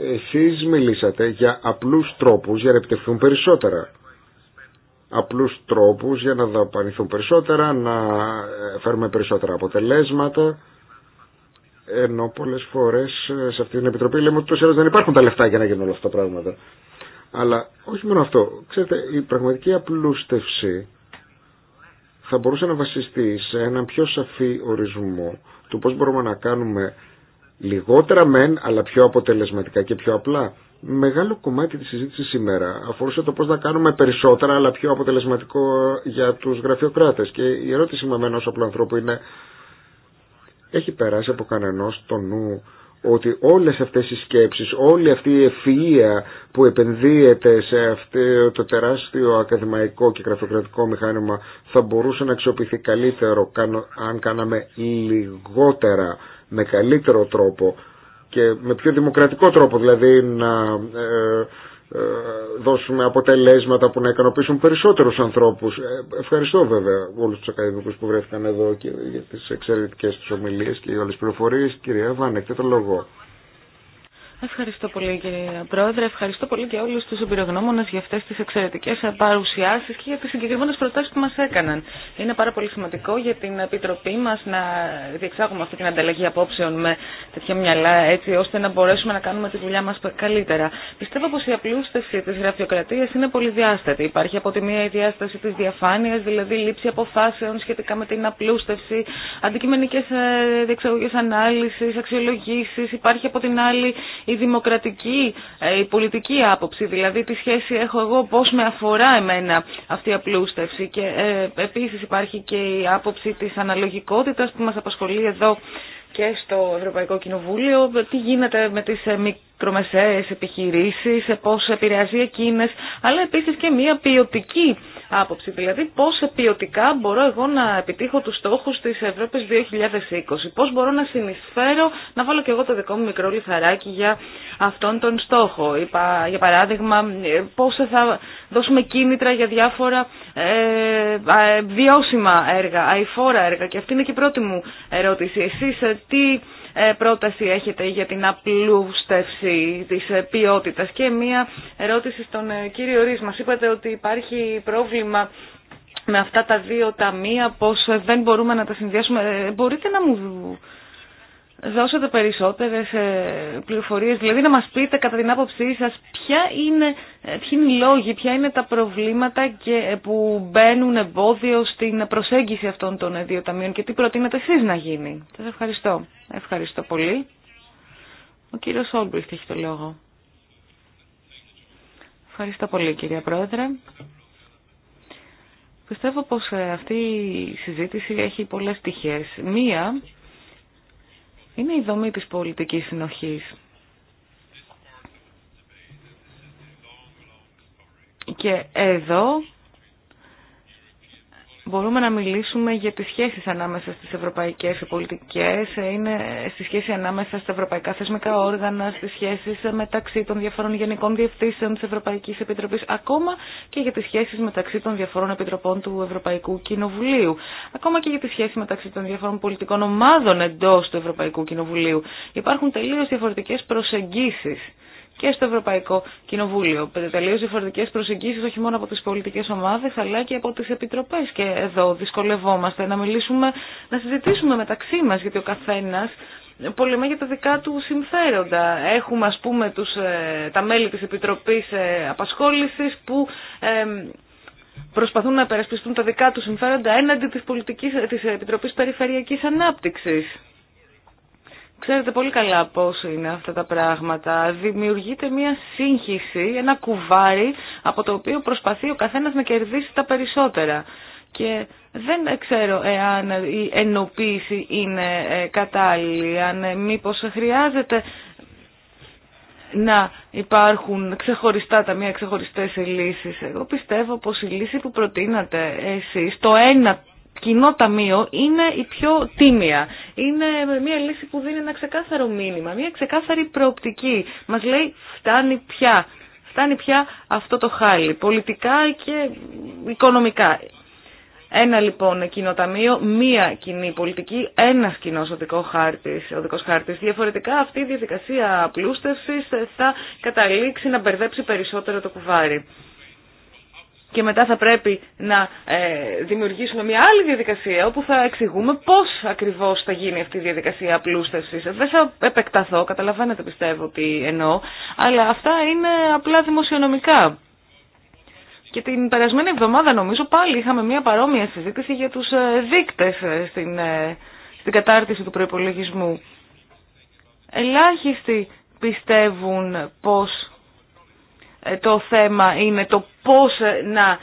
εσείς μιλήσατε για απλούς τρόπους για να επιτευχθούν περισσότερα. Απλούς τρόπους για να δαπανηθούν περισσότερα, να φέρουμε περισσότερα αποτελέσματα. Ενώ πολλές φορές ε, σε αυτή την επιτροπή λέμε ότι τόσο δεν υπάρχουν τα λεφτά για να γίνουν όλα αυτά τα πράγματα. Αλλά όχι μόνο αυτό. Ξέρετε, η πραγματική απλούστευση θα μπορούσε να βασιστεί σε έναν πιο σαφή ορισμό του πώς μπορούμε να κάνουμε λιγότερα μεν, αλλά πιο αποτελεσματικά και πιο απλά. Μεγάλο κομμάτι της συζήτησης σήμερα αφορούσε το πώς να κάνουμε περισσότερα, αλλά πιο αποτελεσματικό για τους γραφειοκράτες. Και η ερώτηση με εμένα ως απλό ανθρώπου είναι, έχει περάσει από κανενός το νου ότι όλες αυτές οι σκέψεις, όλη αυτή η ευφυΐα που επενδύεται σε αυτό το τεράστιο ακαδημαϊκό και γραφειοκρατικό μηχάνημα θα μπορούσε να αξιοποιηθεί καλύτερο αν κάναμε λιγότερα με καλύτερο τρόπο και με πιο δημοκρατικό τρόπο δηλαδή να ε, ε, δώσουμε αποτελέσματα που να ικανοποιήσουν περισσότερους ανθρώπους. Ε, ευχαριστώ βέβαια όλους τους ακαδημικούς που βρέθηκαν εδώ και για τις εξαιρετικές τους ομιλίες και για όλες τις πληροφορίες. Κυρία Βάνεκ, το λόγο. Ευχαριστώ πολύ κύριε Πρόεδρε, ευχαριστώ πολύ και όλους τους εμπειρογνώμονες για αυτές τις εξαιρετικές παρουσιάσεις και για τις συγκεκριμένες προτάσεις που μας έκαναν. Είναι πάρα πολύ σημαντικό για την Επιτροπή μας να διεξάγουμε αυτή την ανταλλαγή απόψεων με τέτοια μυαλά έτσι ώστε να μπορέσουμε να κάνουμε τη δουλειά μας καλύτερα. Πιστεύω πως η απλούστευση της γραφειοκρατίας είναι πολυδιάστατη. Υπάρχει από τη μία η διάσταση της διαφάνειας, δηλαδή λήψη αποφάσεων σχετικά με την απλούστευση, αντικειμενικές ε, διεξαγωγές ανάλυσης, αξιολογήσεις. Υπάρχει από την άλλη η δημοκρατική, ε, η πολιτική άποψη, δηλαδή τη σχέση έχω εγώ, πώς με αφορά εμένα αυτή η απλούστευση και ε, επίσης υπάρχει και η άποψη της αναλογικότητας που μας απασχολεί εδώ και στο Ευρωπαϊκό Κοινοβούλιο, τι γίνεται με τις ε, επιχειρήσει, επιχειρήσεις, πώ επηρεάζει εκείνε, αλλά επίση και μια ποιοτική άποψη, δηλαδή πώ ποιοτικά μπορώ εγώ να επιτύχω του στόχου της Ευρώπη 2020, Πώ μπορώ να συνεισφέρω, να βάλω και εγώ το δικό μου μικρό λιθαράκι για αυτόν τον στόχο. Για παράδειγμα, πώ θα δώσουμε κίνητρα για διάφορα ε, βιώσιμα έργα, αηφόρα έργα και αυτή είναι και η πρώτη μου ερώτηση. Εσεί ε, τι ε, πρόταση έχετε για την απλούστευση της ε, ποιότητας. Και μία ερώτηση στον ε, κύριο Ρης. Μας είπατε ότι υπάρχει πρόβλημα με αυτά τα δύο ταμεία, πως δεν μπορούμε να τα συνδυάσουμε. Μπορείτε να μου δώσετε περισσότερες ε, πληροφορίες, δηλαδή να μας πείτε κατά την άποψή σας ποια είναι, ε, ποιοι είναι οι λόγοι, ποια είναι τα προβλήματα και, ε, που μπαίνουν εμπόδιο στην προσέγγιση αυτών των δύο ταμείων και τι προτείνετε εσείς να γίνει. Σας ευχαριστώ. Ευχαριστώ πολύ. Ο κύριος Όλμπριχτ έχει το λόγο. Ευχαριστώ πολύ κυρία Πρόεδρε. Πιστεύω πως αυτή η συζήτηση έχει πολλές στοιχείες. Μία είναι η δομή της πολιτικής συνοχής. Και εδώ μπορούμε να μιλήσουμε για τις σχέσεις ανάμεσα στις ευρωπαϊκές πολιτικές, είναι στη σχέση ανάμεσα στα ευρωπαϊκά θεσμικά όργανα, στις σχέσεις μεταξύ των διαφορών γενικών διευθύνσεων της Ευρωπαϊκής Επιτροπής, ακόμα και για τις σχέσεις μεταξύ των διαφορών επιτροπών του Ευρωπαϊκού Κοινοβουλίου, ακόμα και για τη σχέση μεταξύ των διαφορών πολιτικών ομάδων εντός του Ευρωπαϊκού Κοινοβουλίου. Υπάρχουν τελείως διαφορετικές προσεγγίσεις και στο Ευρωπαϊκό Κοινοβούλιο. Τελείω διαφορετικέ προσεγγίσεις όχι μόνο από τι πολιτικέ ομάδε, αλλά και από τι επιτροπέ. και εδώ δυσκολευόμαστε να μιλήσουμε, να συζητήσουμε μεταξύ μα γιατί ο καθένα πολεμά για τα δικά του συμφέροντα. Έχουμε ας πούμε τους, ε, τα μέλη της Επιτροπής ε, Απασχόλησης που προσπαθούν να επερασπιστούν τα δικά του συμφέροντα έναντι της, πολιτικής, της Επιτροπής Περιφερειακής Ανάπτυξης. Ξέρετε πολύ καλά πώς είναι αυτά τα πράγματα. Δημιουργείται μια σύγχυση, ένα κουβάρι από το οποίο προσπαθεί ο καθένας να κερδίσει τα περισσότερα. Και δεν ξέρω εάν η ενοποίηση είναι ε, κατάλληλη, αν ε, μήπως χρειάζεται να υπάρχουν ξεχωριστά τα μία ξεχωριστές λύσεις. Εγώ πιστεύω πως η λύση που προτείνατε εσείς, το ένα κοινό ταμείο είναι η πιο τίμια. Είναι μια λύση που δίνει ένα ξεκάθαρο μήνυμα, μια ξεκάθαρη προοπτική. Μας λέει φτάνει πια. Φτάνει πια αυτό το χάλι, πολιτικά και οικονομικά. Ένα λοιπόν κοινό ταμείο, μία κοινή πολιτική, ένα κοινό οδικό χάρτη. χάρτης. Διαφορετικά αυτή η διαδικασία απλούστευση θα καταλήξει να μπερδέψει περισσότερο το κουβάρι και μετά θα πρέπει να ε, δημιουργήσουμε μια άλλη διαδικασία όπου θα εξηγούμε πώς ακριβώς θα γίνει αυτή η διαδικασία απλούστευσης. Δεν θα επεκταθώ, καταλαβαίνετε πιστεύω ότι εννοώ, αλλά αυτά είναι απλά δημοσιονομικά. Και την περασμένη εβδομάδα νομίζω πάλι είχαμε μια παρόμοια συζήτηση για τους ε, δείκτες ε, στην, στην κατάρτιση του προϋπολογισμού. Ελάχιστοι πιστεύουν πως το θέμα είναι το πώς να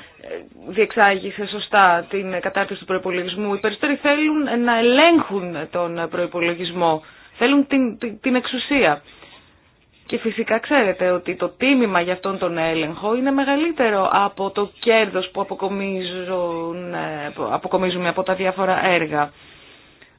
διεξάγει σωστά την κατάρτιση του προϋπολογισμού. Οι περισσότεροι θέλουν να ελέγχουν τον προϋπολογισμό, θέλουν την, την εξουσία. Και φυσικά ξέρετε ότι το τίμημα για αυτόν τον έλεγχο είναι μεγαλύτερο από το κέρδος που ε, αποκομίζουμε από τα διάφορα έργα.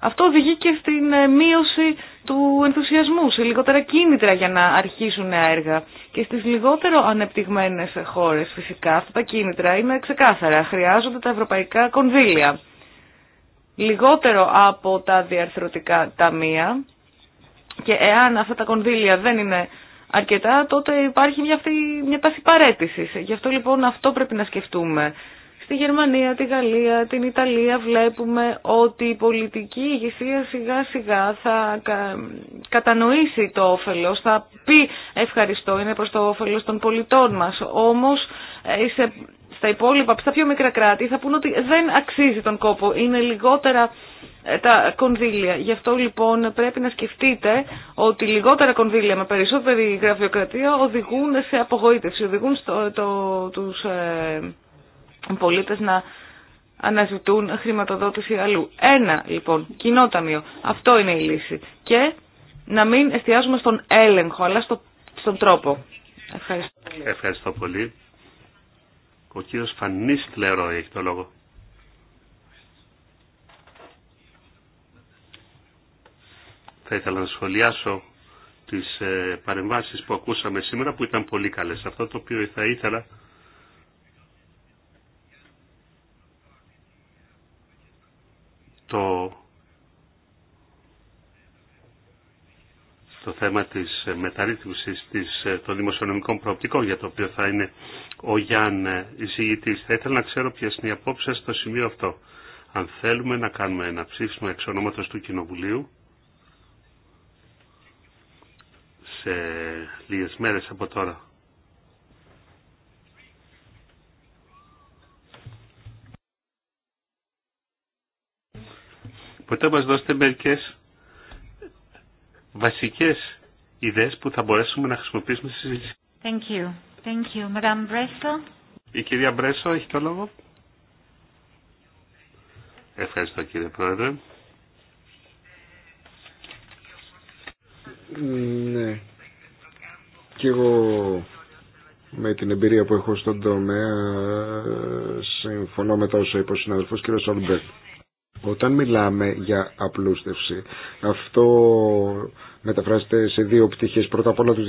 Αυτό οδηγεί και στην ε, μείωση του ενθουσιασμού, σε λιγότερα κίνητρα για να αρχίσουν έργα και στις λιγότερο ανεπτυγμένες χώρες. Φυσικά αυτά τα κίνητρα είναι ξεκάθαρα. Χρειάζονται τα ευρωπαϊκά κονδύλια. Λιγότερο από τα διαρθρωτικά ταμεία και εάν αυτά τα κονδύλια δεν είναι αρκετά τότε υπάρχει μια, αυτή, μια τάση παρέτησης. Γι' αυτό λοιπόν αυτό πρέπει να σκεφτούμε. Στη Γερμανία, τη Γαλλία, την Ιταλία βλέπουμε ότι η πολιτική ηγεσία σιγά σιγά θα κατανοήσει το όφελος, θα πει ευχαριστώ, είναι προς το όφελος των πολιτών μας. Όμως ε, στα υπόλοιπα, στα πιο μικρά κράτη θα πούν ότι δεν αξίζει τον κόπο, είναι λιγότερα ε, τα κονδύλια. Γι' αυτό λοιπόν πρέπει να σκεφτείτε ότι λιγότερα κονδύλια με περισσότερη γραφειοκρατία οδηγούν σε απογοήτευση, οδηγούν στο, το, τους... Ε, πολίτες να αναζητούν χρηματοδότηση αλλού. Ένα λοιπόν κοινό ταμείο. Αυτό είναι η λύση. Και να μην εστιάζουμε στον έλεγχο αλλά στο, στον τρόπο. Ευχαριστώ. Ευχαριστώ πολύ. Ο κύριος Φανής έχει το λόγο. Θα ήθελα να σχολιάσω τις ε, παρεμβάσεις που ακούσαμε σήμερα που ήταν πολύ καλές. Αυτό το οποίο θα ήθελα το, το θέμα της μεταρρύθμισης της, ε, των δημοσιονομικών προοπτικών για το οποίο θα είναι ο η ε, εισηγητής. Θα ήθελα να ξέρω ποιες είναι οι απόψεις στο σημείο αυτό. Αν θέλουμε να κάνουμε ένα ψήφισμα εξ ονόματος του Κοινοβουλίου σε λίγες μέρες από τώρα Οπότε μας δώσετε μερικές βασικές ιδέες που θα μπορέσουμε να χρησιμοποιήσουμε στη συζήτηση. Thank you. Thank you. Madame Bresso. Η κυρία Μπρέσο έχει το λόγο. Ευχαριστώ κύριε Πρόεδρε. Ναι. Και εγώ με την εμπειρία που έχω στον τομέα συμφωνώ με τα όσα είπε ο συναδελφός κύριος Σόλμπερτ. Όταν μιλάμε για απλούστευση, αυτό μεταφράζεται σε δύο πτυχές. Πρώτα απ' όλα τη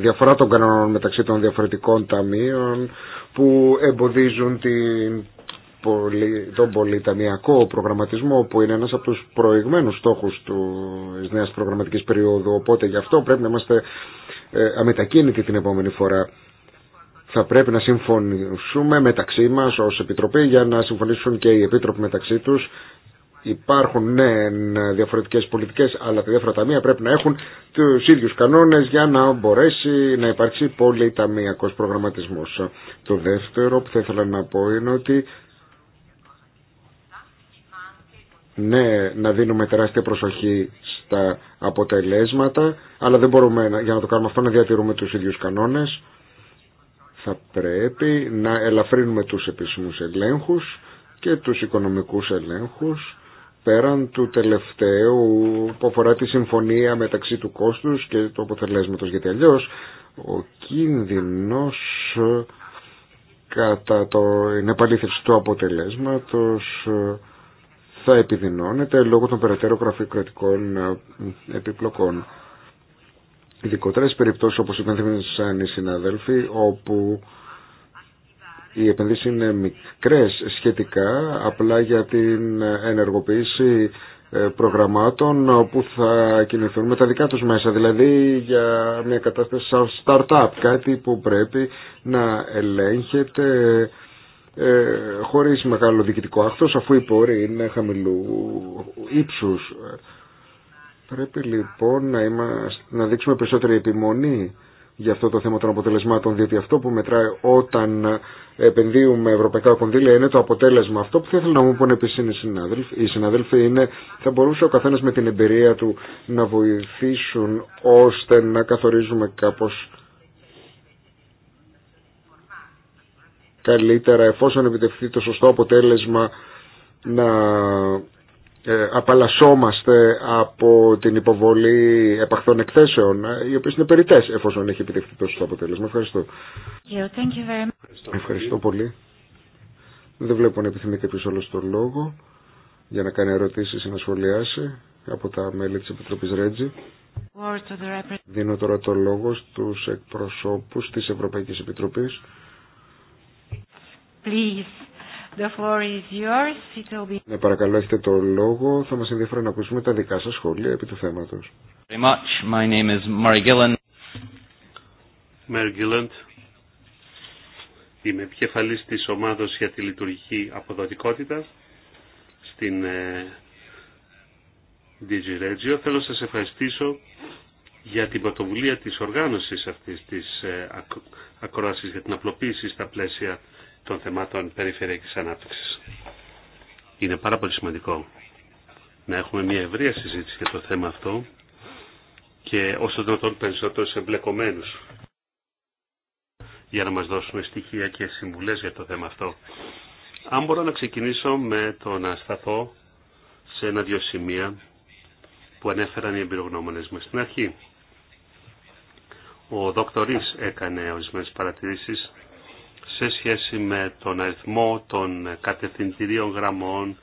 διαφορά των κανόνων μεταξύ των διαφορετικών ταμείων που εμποδίζουν την πολυ, τον πολυταμιακό προγραμματισμό που είναι ένας από τους προηγμένους στόχους της νέας προγραμματικής περίοδου. Οπότε γι' αυτό πρέπει να είμαστε ε, αμετακίνητοι την επόμενη φορά θα πρέπει να συμφωνήσουμε μεταξύ μας ως Επιτροπή για να συμφωνήσουν και οι Επίτροποι μεταξύ τους Υπάρχουν ναι, ναι, διαφορετικές πολιτικές, αλλά τα διάφορα ταμεία πρέπει να έχουν τους ίδιους κανόνες για να μπορέσει να υπάρξει πολυταμιακός προγραμματισμός. Το δεύτερο που θα ήθελα να πω είναι ότι ναι, να δίνουμε τεράστια προσοχή στα αποτελέσματα, αλλά δεν μπορούμε για να το κάνουμε αυτό να διατηρούμε τους ίδιους κανόνες. Θα πρέπει να ελαφρύνουμε τους επίσημους ελέγχους και τους οικονομικούς ελέγχους πέραν του τελευταίου που αφορά τη συμφωνία μεταξύ του κόστους και του αποτελέσματος γιατί αλλιώς ο κίνδυνος ε, κατά το επαλήθευση του αποτελέσματος ε, θα επιδεινώνεται λόγω των περαιτέρω γραφειοκρατικών ε, επιπλοκών. Ειδικότερα σε περιπτώσεις όπως σαν οι συναδέλφοι όπου οι επενδύσεις είναι μικρές σχετικά απλά για την ενεργοποίηση ε, προγραμμάτων που θα κινηθούν με τα δικά τους μέσα δηλαδή για μια κατάσταση σαν startup κάτι που πρέπει να ελέγχεται ε, χωρίς μεγάλο διοικητικό άκτος αφού οι πόροι είναι χαμηλού ύψους πρέπει λοιπόν να, είμαστε, να δείξουμε περισσότερη επιμονή για αυτό το θέμα των αποτελεσμάτων, διότι αυτό που μετράει όταν επενδύουμε ευρωπαϊκά κονδύλια είναι το αποτέλεσμα. Αυτό που θα ήθελα να μου πούνε επίση οι συναδέλφοι είναι θα μπορούσε ο καθένα με την εμπειρία του να βοηθήσουν ώστε να καθορίζουμε κάπω καλύτερα εφόσον επιτευχθεί το σωστό αποτέλεσμα να ε, απαλλασσόμαστε από την υποβολή επαχθών εκθέσεων, ε, οι οποίες είναι περιττές εφόσον έχει επιτευχθεί τόσο το αποτέλεσμα. Ευχαριστώ. Ευχαριστώ, πολύ. Δεν βλέπω να επιθυμεί κάποιος όλος τον λόγο για να κάνει ερωτήσεις ή να σχολιάσει από τα μέλη της Επιτροπής Ρέτζι. Δίνω τώρα το λόγο στους εκπροσώπους της Ευρωπαϊκής Επιτροπής. Please. The floor is yours. Ναι, παρακαλώ, έχετε το λόγο. Θα μας ενδιαφέρει να ακούσουμε τα δικά σας σχόλια επί του θέματος. My name is Είμαι επικεφαλής της ομάδος για τη λειτουργική αποδοτικότητα στην ε, DigiRegio. Θέλω να σας ευχαριστήσω για την πρωτοβουλία της οργάνωσης αυτής της ε, ακρόασης για την απλοποίηση στα πλαίσια των θεμάτων περιφερειακής ανάπτυξης. Είναι πάρα πολύ σημαντικό να έχουμε μια ευρεία συζήτηση για το θέμα αυτό και όσο δυνατόν περισσότερους εμπλεκομένους για να μας δώσουν στοιχεία και συμβουλές για το θέμα αυτό. Αν μπορώ να ξεκινήσω με το να σταθώ σε ένα-δυο σημεία που ανέφεραν οι εμπειρογνώμονες μας στην αρχή. Ο Δόκτορης έκανε ορισμένε παρατηρήσεις σε σχέση με τον αριθμό των κατευθυντηρίων γραμμών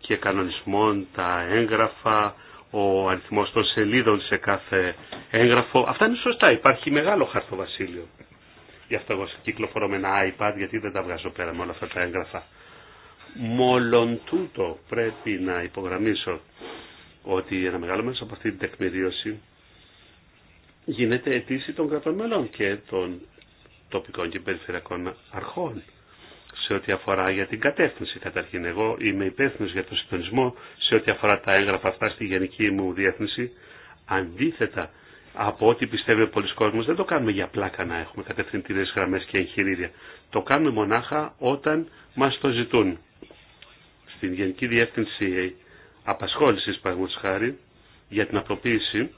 και κανονισμών, τα έγγραφα, ο αριθμός των σελίδων σε κάθε έγγραφο. Αυτά είναι σωστά. Υπάρχει μεγάλο χαρτοβασίλειο. Γι' αυτό εγώ κυκλοφορώ με ένα iPad γιατί δεν τα βγάζω πέρα με όλα αυτά τα έγγραφα. Μόλον τούτο πρέπει να υπογραμμίσω ότι ένα μεγάλο μέρος από αυτή την τεκμηρίωση γίνεται αιτήση των κρατών μελών και των τοπικών και περιφερειακών αρχών σε ό,τι αφορά για την κατεύθυνση καταρχήν. Εγώ είμαι υπεύθυνο για τον συντονισμό σε ό,τι αφορά τα έγγραφα αυτά στη γενική μου διεύθυνση. Αντίθετα από ό,τι πιστεύει ο πολλοί κόσμο, δεν το κάνουμε για πλάκα να έχουμε κατευθυντήρε γραμμέ και εγχειρίδια. Το κάνουμε μονάχα όταν μα το ζητούν. Στην Γενική Διεύθυνση Απασχόληση, παραδείγματο χάρη, για την απλοποίηση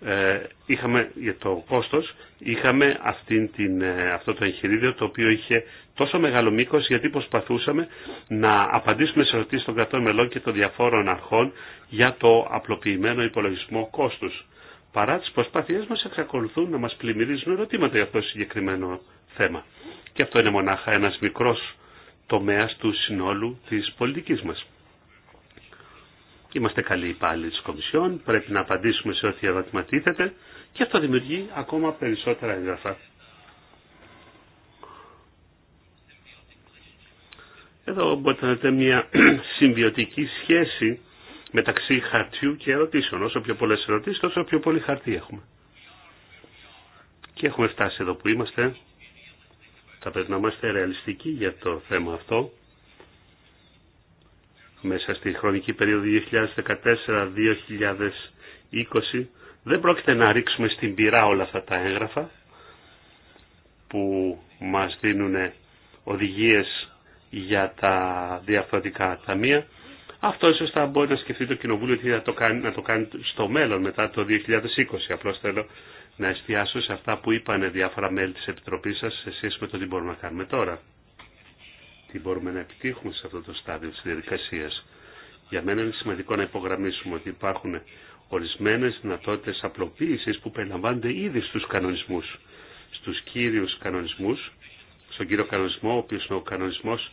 ε, είχαμε, για το κόστος, είχαμε αυτήν την, ε, αυτό το εγχειρίδιο το οποίο είχε τόσο μεγάλο μήκος γιατί προσπαθούσαμε να απαντήσουμε σε ερωτήσεις των κρατών μελών και των διαφόρων αρχών για το απλοποιημένο υπολογισμό κόστους. Παρά τις προσπάθειές μας εξακολουθούν να μας πλημμυρίζουν ερωτήματα για αυτό το συγκεκριμένο θέμα. Και αυτό είναι μονάχα ένας μικρός τομέας του συνόλου της πολιτικής μας. Είμαστε καλοί υπάλληλοι της Κομισιόν, πρέπει να απαντήσουμε σε ό,τι ερώτημα και αυτό δημιουργεί ακόμα περισσότερα έγγραφα. Εδώ μπορείτε να δείτε μια συμβιωτική σχέση μεταξύ χαρτιού και ερωτήσεων. Όσο πιο πολλές ερωτήσεις, τόσο πιο πολύ χαρτί έχουμε. Και έχουμε φτάσει εδώ που είμαστε. Θα πρέπει να είμαστε ρεαλιστικοί για το θέμα αυτό μέσα στη χρονική περίοδο 2014-2020 δεν πρόκειται να ρίξουμε στην πυρά όλα αυτά τα έγγραφα που μας δίνουν οδηγίες για τα διαφορετικά ταμεία. Αυτό ίσως θα μπορεί να σκεφτεί το Κοινοβούλιο τι θα το κάνει, να το κάνει στο μέλλον μετά το 2020. Απλώς θέλω να εστιάσω σε αυτά που είπανε διάφορα μέλη της Επιτροπής σας σε σχέση με το τι μπορούμε να κάνουμε τώρα τι μπορούμε να επιτύχουμε σε αυτό το στάδιο της διαδικασίας. Για μένα είναι σημαντικό να υπογραμμίσουμε ότι υπάρχουν ορισμένες δυνατότητες απλοποίησης που περιλαμβάνονται ήδη στους κανονισμούς, στους κύριους κανονισμούς, στον κύριο κανονισμό, ο οποίος είναι ο κανονισμός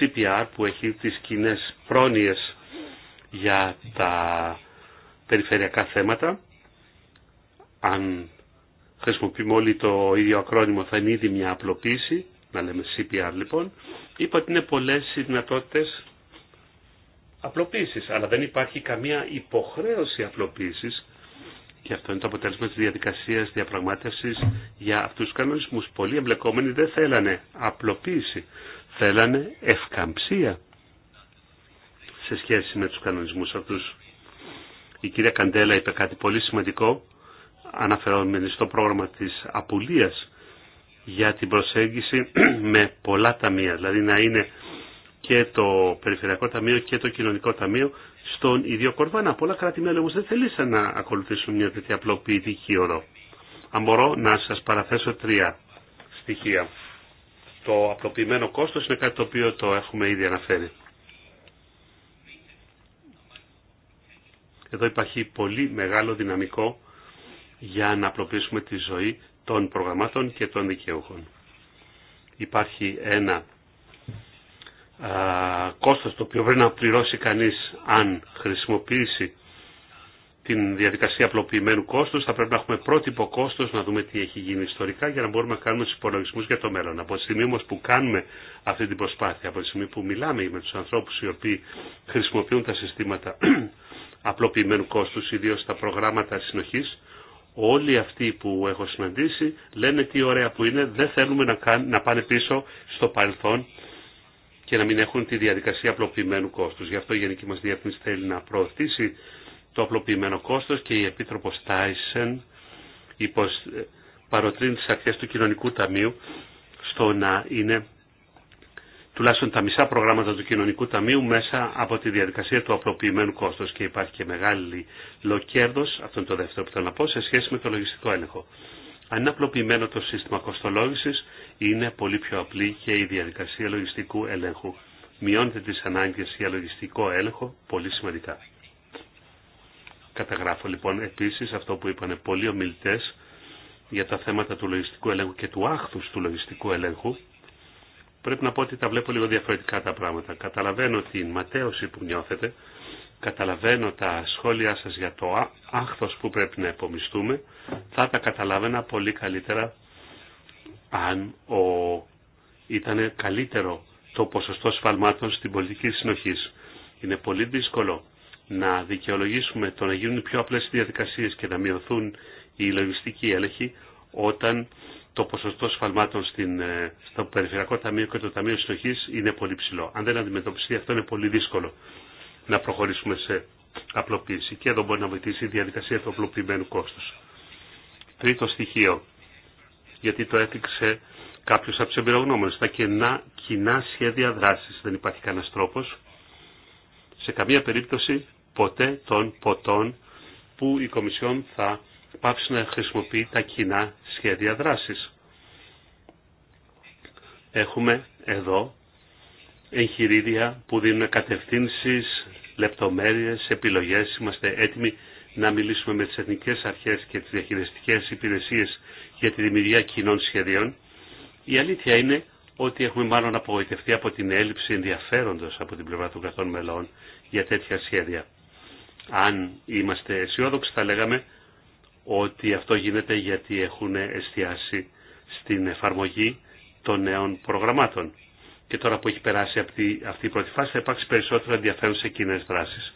CPR που έχει τις κοινέ πρόνοιες για τα περιφερειακά θέματα. Αν χρησιμοποιούμε όλοι το ίδιο ακρόνιμο θα είναι ήδη μια απλοποίηση να λέμε CPR λοιπόν, είπα ότι είναι πολλές οι δυνατότητες απλοποίησης, αλλά δεν υπάρχει καμία υποχρέωση απλοποίησης και αυτό είναι το αποτέλεσμα της διαδικασίας διαπραγμάτευσης για αυτούς τους κανονισμούς. Πολλοί εμπλεκόμενοι δεν θέλανε απλοποίηση, θέλανε ευκαμψία σε σχέση με τους κανονισμούς αυτούς. Η κυρία Καντέλα είπε κάτι πολύ σημαντικό, αναφερόμενη στο πρόγραμμα της απουλίας για την προσέγγιση με πολλά ταμεία, δηλαδή να είναι και το Περιφερειακό Ταμείο και το Κοινωνικό Ταμείο στον ίδιο κορβάνα. Πολλά κράτη-μέλη όμως δεν θέλησαν να ακολουθήσουν μια τέτοια απλοποιητική οδό. Αν μπορώ να σας παραθέσω τρία στοιχεία. Το απλοποιημένο κόστος είναι κάτι το οποίο το έχουμε ήδη αναφέρει. Εδώ υπάρχει πολύ μεγάλο δυναμικό για να απλοποιήσουμε τη ζωή των προγραμμάτων και των δικαιούχων. Υπάρχει ένα α, κόστος το οποίο πρέπει να πληρώσει κανείς αν χρησιμοποιήσει την διαδικασία απλοποιημένου κόστους, θα πρέπει να έχουμε πρότυπο κόστος, να δούμε τι έχει γίνει ιστορικά για να μπορούμε να κάνουμε του υπολογισμούς για το μέλλον. Από τη στιγμή όμως που κάνουμε αυτή την προσπάθεια, από τη στιγμή που μιλάμε με τους ανθρώπους οι οποίοι χρησιμοποιούν τα συστήματα απλοποιημένου κόστους, ιδίως τα προγράμματα συνοχής, Όλοι αυτοί που έχω συναντήσει λένε τι ωραία που είναι, δεν θέλουμε να πάνε πίσω στο παρελθόν και να μην έχουν τη διαδικασία απλοποιημένου κόστους. Γι' αυτό η Γενική μας Διεύθυνση θέλει να προωθήσει το απλοποιημένο κόστος και η Επίτροπος Τάισεν παροτρύνει τις αρχές του Κοινωνικού Ταμείου στο να είναι τουλάχιστον τα μισά προγράμματα του κοινωνικού ταμείου μέσα από τη διαδικασία του απλοποιημένου κόστο και υπάρχει και μεγάλη λοκέρδο αυτό είναι το δεύτερο που θέλω να πω, σε σχέση με το λογιστικό έλεγχο. Αν είναι απλοποιημένο το σύστημα κοστολόγηση, είναι πολύ πιο απλή και η διαδικασία λογιστικού ελέγχου. Μειώνεται τι ανάγκε για λογιστικό έλεγχο πολύ σημαντικά. Καταγράφω λοιπόν επίση αυτό που είπαν πολλοί ομιλητέ για τα θέματα του λογιστικού ελέγχου και του άχθου του λογιστικού ελέγχου πρέπει να πω ότι τα βλέπω λίγο διαφορετικά τα πράγματα. Καταλαβαίνω την ματέωση που νιώθετε, καταλαβαίνω τα σχόλιά σας για το άχθος που πρέπει να επομιστούμε, θα τα καταλάβαινα πολύ καλύτερα αν ο... ήταν καλύτερο το ποσοστό σφαλμάτων στην πολιτική συνοχή. Είναι πολύ δύσκολο να δικαιολογήσουμε το να γίνουν πιο απλές διαδικασίες και να μειωθούν οι λογιστικοί έλεγχοι όταν το ποσοστό σφαλμάτων στην, ε, στο Περιφερειακό Ταμείο και το Ταμείο Συνοχή είναι πολύ ψηλό. Αν δεν αντιμετωπιστεί αυτό είναι πολύ δύσκολο να προχωρήσουμε σε απλοποίηση. Και εδώ μπορεί να βοηθήσει η διαδικασία του απλοποιημένου κόστου. Τρίτο στοιχείο, γιατί το έθιξε κάποιο από του εμπειρογνώμονε, τα κοινά σχέδια δράση. Δεν υπάρχει κανένα τρόπο. Σε καμία περίπτωση ποτέ των ποτών που η Κομισιόν θα πάψει να χρησιμοποιεί τα κοινά σχέδια δράσης. Έχουμε εδώ εγχειρίδια που δίνουν κατευθύνσεις, λεπτομέρειες, επιλογές. Είμαστε έτοιμοι να μιλήσουμε με τις εθνικές αρχές και τις διαχειριστικές υπηρεσίες για τη δημιουργία κοινών σχεδίων. Η αλήθεια είναι ότι έχουμε μάλλον απογοητευτεί από την έλλειψη ενδιαφέροντος από την πλευρά των καθών μελών για τέτοια σχέδια. Αν είμαστε αισιόδοξοι θα λέγαμε ότι αυτό γίνεται γιατί έχουν εστιάσει στην εφαρμογή των νέων προγραμμάτων. Και τώρα που έχει περάσει αυτή, αυτή η πρώτη φάση θα υπάρξει περισσότερο ενδιαφέρον σε κοινέ δράσεις.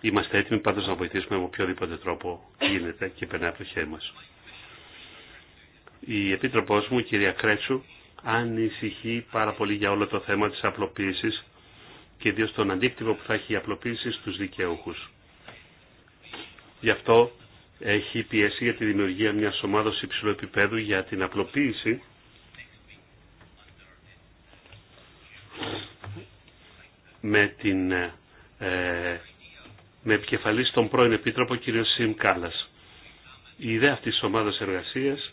Είμαστε έτοιμοι πάντως να βοηθήσουμε με οποιοδήποτε τρόπο γίνεται και περνάει από το χέρι μας. Η Επίτροπός μου, κυρία Κρέτσου, ανησυχεί πάρα πολύ για όλο το θέμα της απλοποίησης και ιδίω τον αντίκτυπο που θα έχει η απλοποίηση στους δικαιούχους. Γι' αυτό έχει πιέσει για τη δημιουργία μιας ομάδας υψηλού επίπεδου για την απλοποίηση με την ε, με επικεφαλής τον πρώην Επίτροπο κ. Σιμ Κάλλας. Η ιδέα αυτής της ομάδας εργασίας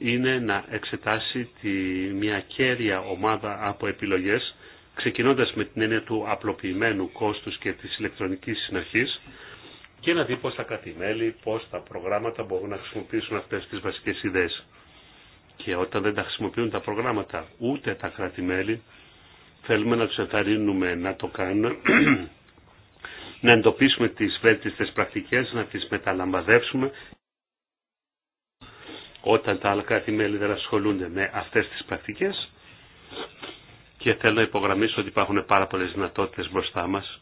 είναι να εξετάσει τη, μια κέρια ομάδα από επιλογές ξεκινώντας με την έννοια του απλοποιημένου κόστους και της ηλεκτρονικής συνοχής και να δει πώς τα κράτη-μέλη, πώς τα προγράμματα μπορούν να χρησιμοποιήσουν αυτές τις βασικές ιδέες. Και όταν δεν τα χρησιμοποιούν τα προγράμματα, ούτε τα κρατημέλη, θέλουμε να τους ενθαρρύνουμε να το κάνουν, να εντοπίσουμε τις βέλτιστες πρακτικές, να τις μεταλαμπαδεύσουμε όταν τα άλλα δεν ασχολούνται με αυτές τις πρακτικές και θέλω να υπογραμμίσω ότι υπάρχουν πάρα πολλές δυνατότητες μπροστά μας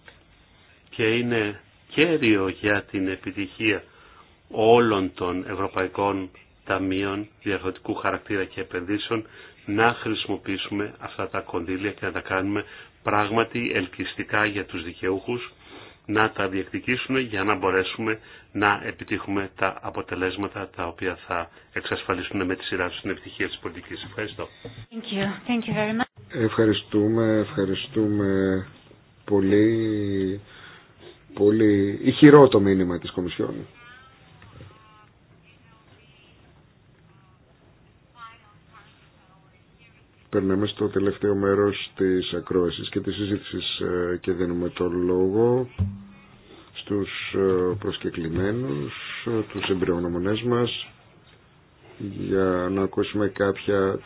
και είναι κέριο για την επιτυχία όλων των ευρωπαϊκών ταμείων διαφορετικού χαρακτήρα και επενδύσεων να χρησιμοποιήσουμε αυτά τα κονδύλια και να τα κάνουμε πράγματι ελκυστικά για τους δικαιούχους να τα διεκδικήσουμε για να μπορέσουμε να επιτύχουμε τα αποτελέσματα τα οποία θα εξασφαλίσουν με τη σειρά τους την επιτυχία της πολιτικής. Ευχαριστώ. Ευχαριστούμε, ευχαριστούμε πολύ πολύ ηχηρό το μήνυμα της Κομισιόν. Περνάμε στο τελευταίο μέρος της ακρόασης και της συζήτηση ε, και δίνουμε το λόγο στους ε, προσκεκλημένους, ε, τους εμπειρογνωμονές μας για να ακούσουμε κάποια